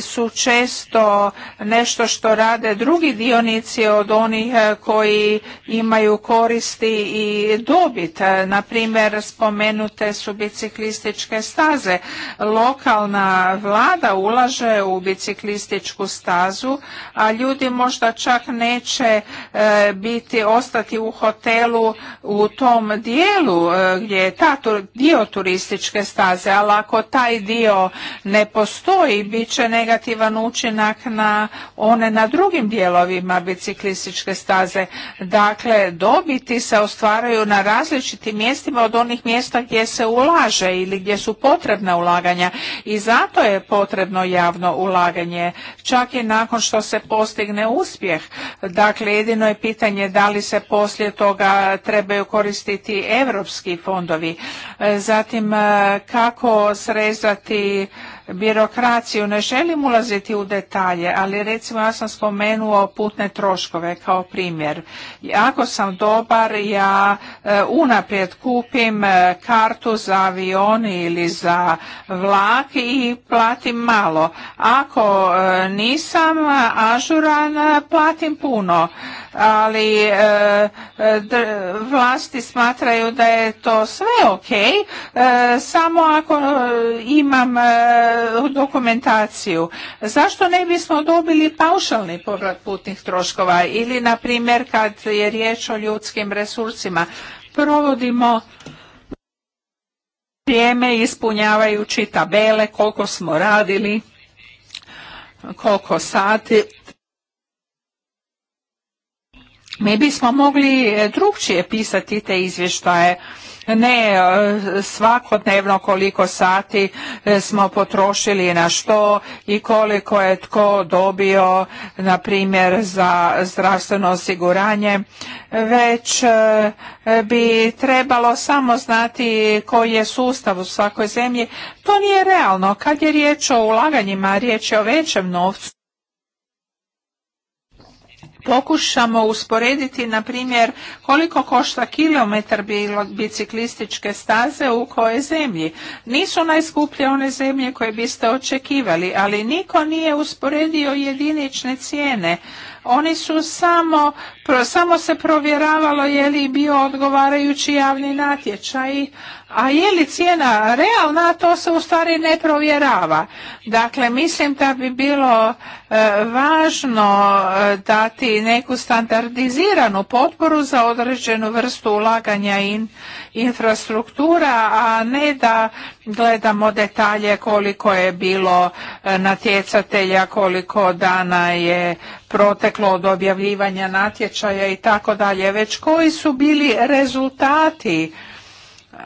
su često nešto što rade drugi dionici od onih e, koji imaju koristi i dobit. Naprimjer, spomenute su biciklističke staze. Lokalna vlada ulaže u biciklističku stazu, a ljudi možda čak neće e, biti ostati u hotelu u tom dijelu e, gdje je ta dio turističke staze, ali ako taj dio ne postoji, bit će negativan učinak na one na drugim dijelovima biciklističke staze. Dakle, dobiti se ostvaraju na različitim mjestima od onih mjesta gdje se ulaže ili gdje su potrebna ulaganja i zato je potrebno javno ulaganje ulaganje čak i nakon što se postigne uspjeh. Dakle, jedino je pitanje da li se poslije toga trebaju koristiti europski fondovi. E, zatim, e, kako srezati birokraciju. Ne želim ulaziti u detalje, ali recimo ja sam spomenuo putne troškove kao primjer. Ako sam dobar, ja e, unaprijed kupim e, kartu za avion ili za vlak i platim malo. Ako e, nisam ažuran, platim puno. Ali vlasti smatraju da je to sve ok, samo ako imam dokumentaciju. Zašto ne bismo dobili paušalni povrat putnih troškova ili, na primjer, kad je riječ o ljudskim resursima, provodimo vrijeme ispunjavajući tabele koliko smo radili, koliko sati. Mi bismo mogli drugčije pisati te izvještaje ne e, svakodnevno koliko sati e, smo potrošili na što i koliko je tko dobio, na primjer, za zdravstveno osiguranje, već e, bi trebalo samo znati koji je sustav u svakoj zemlji. To nije realno. Kad je riječ o ulaganjima, riječ je o većem novcu pokušamo usporediti na primjer koliko košta kilometar biciklističke staze u kojoj zemlji. Nisu najskuplje one zemlje koje biste očekivali, ali niko nije usporedio jedinične cijene. Oni su samo, pro, samo se provjeravalo je li bio odgovarajući javni natječaj, a je li cijena realna, to se u stvari ne provjerava. Dakle, mislim da bi bilo e, važno e, dati neku standardiziranu potporu za određenu vrstu ulaganja in infrastruktura, a ne da gledamo detalje koliko je bilo e, natjecatelja, koliko dana je proteklo od objavljivanja natječaja i tako dalje, već koji su bili rezultati e,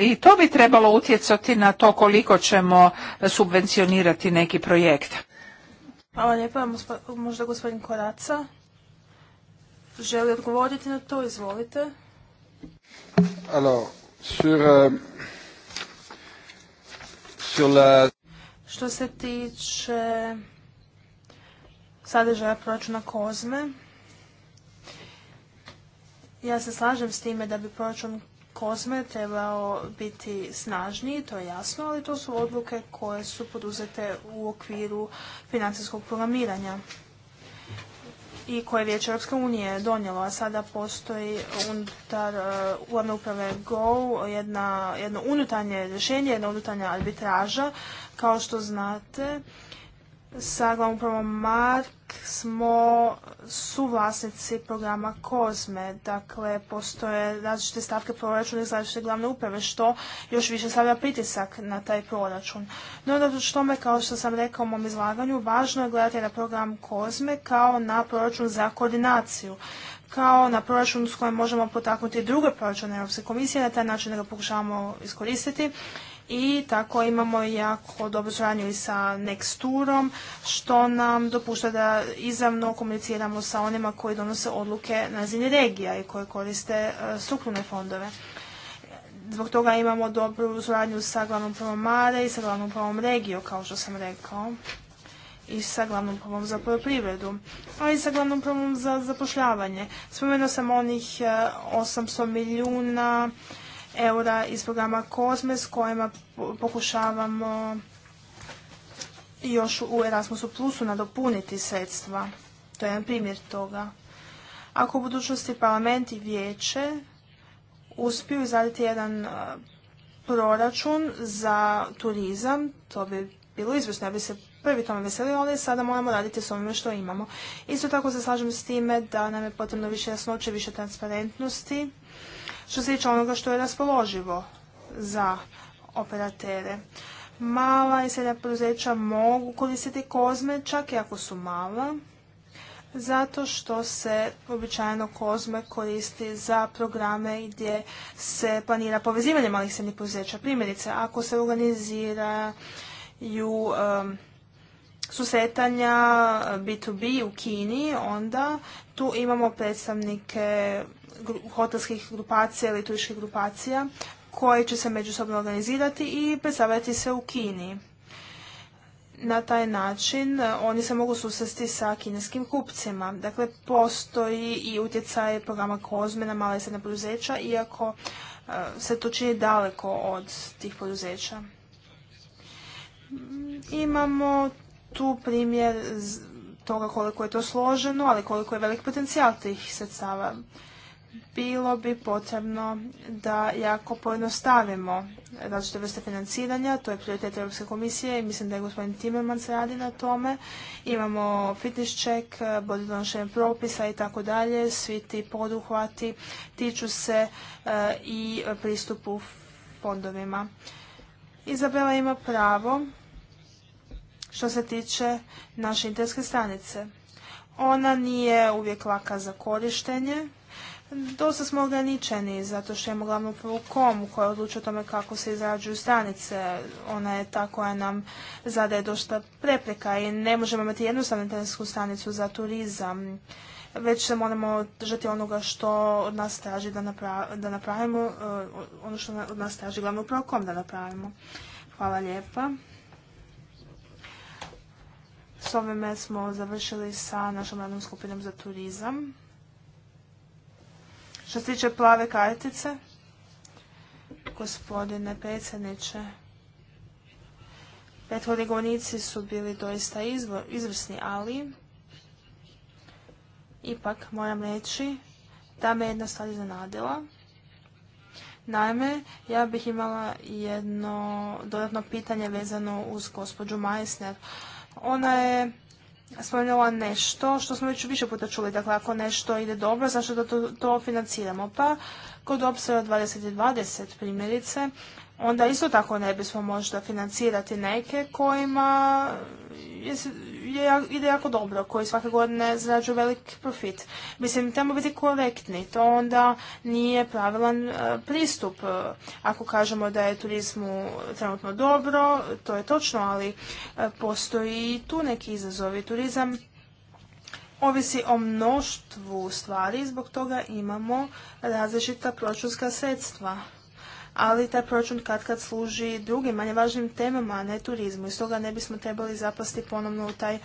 i to bi trebalo utjecati na to koliko ćemo subvencionirati neki projekt. Hvala lijepa. Možda gospodin Koraca želi odgovoriti na to. Izvolite. Euh, Što se tiče sadržaja proračuna Kozme, ja se slažem s time da bi proračun Kozme trebao biti snažniji, to je jasno, ali to su odluke koje su poduzete u okviru financijskog programiranja i koje je Vijeće Europske unije donijelo, a sada postoji unutar ulavne e, uprave GO jedna, jedno unutarnje rješenje, jedna unutarnja arbitraža. Kao što znate, sa glavom prvom Mark smo suvlasnici programa Kozme. Dakle, postoje različite stavke proračuna iz različite glavne uprave, što još više stavlja pritisak na taj proračun. No, da tome, kao što sam rekao u mom izlaganju, važno je gledati na program Kozme kao na proračun za koordinaciju kao na proračun s kojim možemo potaknuti druge proračune Europske komisije, na taj način da ga pokušavamo iskoristiti i tako imamo jako dobro suradnju i sa Nexturom, što nam dopušta da izravno komuniciramo sa onima koji donose odluke na razini regija i koje koriste e, strukturne fondove. Zbog toga imamo dobru suradnju sa glavnom prvom Mare i sa glavnom prvom regiju, kao što sam rekao i sa glavnom problemom za poljoprivredu, a i sa glavnom problemom za zapošljavanje. Spomenuo sam onih 800 e, milijuna eura iz programa Kozme s kojima pokušavamo još u Erasmusu Plusu nadopuniti sredstva. To je jedan primjer toga. Ako u budućnosti parlament i vijeće uspiju izraditi jedan e, proračun za turizam, to bi bilo izvrsno. Ja bi se prvi pa to me veseli, ali sada moramo raditi s ovime što imamo. Isto tako se slažem s time da nam je potrebno više jasnoće, više transparentnosti što se tiče onoga što je raspoloživo za operatere. Mala i srednja poduzeća mogu koristiti kozme, čak i ako su mala, zato što se običajno kozme koristi za programe gdje se planira povezivanje malih srednjih poduzeća. Primjerice, ako se organiziraju um, susretanja B2B u Kini, onda tu imamo predstavnike hotelskih grupacija ili turističkih grupacija koje će se međusobno organizirati i predstavljati se u Kini. Na taj način e, oni se mogu susresti sa kineskim kupcima. Dakle, postoji i utjecaj programa Kozme na male i srednje poduzeća, iako e, se to čini daleko od tih poduzeća. Imamo tu primjer toga koliko je to složeno, ali koliko je velik potencijal tih sredstava. Bilo bi potrebno da jako pojednostavimo različite vrste financiranja, to je prioritet Europske komisije i mislim da je gospodin Timmermans radi na tome. Imamo fitness check, eh, body donošenje propisa i tako dalje, svi ti poduhvati tiču se eh, i pristupu fondovima. Izabela ima pravo što se tiče naše internetske stranice. Ona nije uvijek laka za korištenje. Dosta smo ograničeni zato što imamo glavnu prukom komu koja odlučuje o tome kako se izrađuju stranice. Ona je ta koja nam zadaje dosta prepreka i ne možemo imati jednostavnu internetsku stranicu za turizam već se moramo držati onoga što od nas traži da, napravimo, e, ono što od nas traži glavnu prukom da napravimo. Hvala lijepa. S ovime smo završili sa našom radnom skupinom za turizam. Što se tiče plave kartice, gospodine predsjedniče, prethodni govornici su bili doista izvrsni, ali ipak moram reći da me jedna stvar iznenadila. Naime, ja bih imala jedno dodatno pitanje vezano uz gospođu Majsner ona je spomenula nešto što smo već više puta čuli. Dakle, ako nešto ide dobro, zašto da to, financiramo? Pa kod obsega 2020 primjerice, onda isto tako ne bismo možda financirati neke kojima je, ide jako dobro, koji svake godine zarađuju velik profit. Mislim, trebamo biti korektni, to onda nije pravilan e, pristup. E, ako kažemo da je turizmu trenutno dobro, to je točno, ali e, postoji i tu neki izazovi. Turizam ovisi o mnoštvu stvari, zbog toga imamo različita proračunska sredstva ali taj proračun kad kad služi drugim manje važnim temama, a ne turizmu. I stoga ne bismo trebali zapasti ponovno u taj e,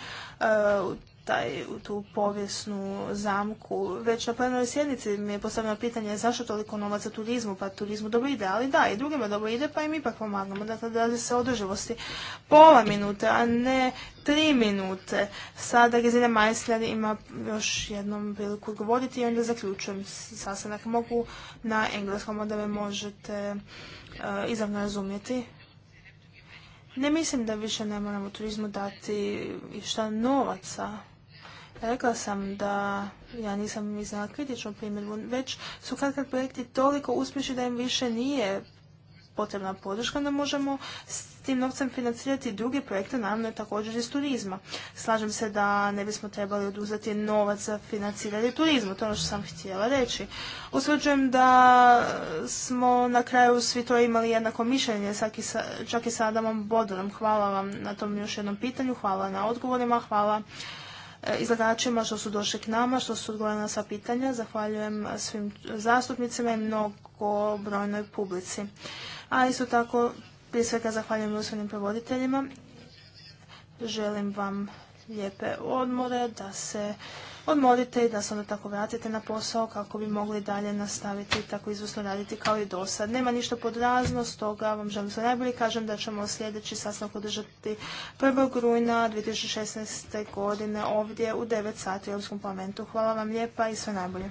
taj, tu povijesnu zamku. Već na plenoj sjednici mi je postavljeno pitanje zašto toliko novaca turizmu, pa turizmu dobro ide, ali da, i drugima dobro ide, pa im ipak pomagamo. Dakle, da se održivosti pola minute, a ne tri minute. Sada Gizina Majsler ima još jednom priliku govoriti i onda zaključujem sastanak. Mogu na engleskom, onda me možete e, izravno razumjeti. Ne mislim da više ne moramo turizmu dati šta novaca. Rekla sam da ja nisam iznala kritičnu primjedbu, već su kad projekti toliko uspješni da im više nije potrebna podrška, da možemo s tim novcem financirati druge projekte, naravno također iz turizma. Slažem se da ne bismo trebali oduzeti novac za financiranje turizma, to je ono što sam htjela reći. Usvrđujem da smo na kraju svi to imali jednako mišljenje, čak i sa Adamom Bodorom. Hvala vam na tom još jednom pitanju, hvala na odgovorima, hvala E, izgledačima što su došli k nama, što su odgovorili na sva pitanja. Zahvaljujem e, svim zastupnicima i mnogo brojnoj publici. A isto tako, prije svega zahvaljujem usmenim provoditeljima. Želim vam lijepe odmore, da se odmorite da se onda tako vratite na posao kako bi mogli dalje nastaviti tako izvrsno raditi kao i do sad. Nema ništa podrazno, stoga vam želim sve najbolje kažem da ćemo sljedeći sastanak održati 1. rujna 2016. godine ovdje u 9 sati u Europskom parlamentu. Hvala vam lijepa i sve najbolje.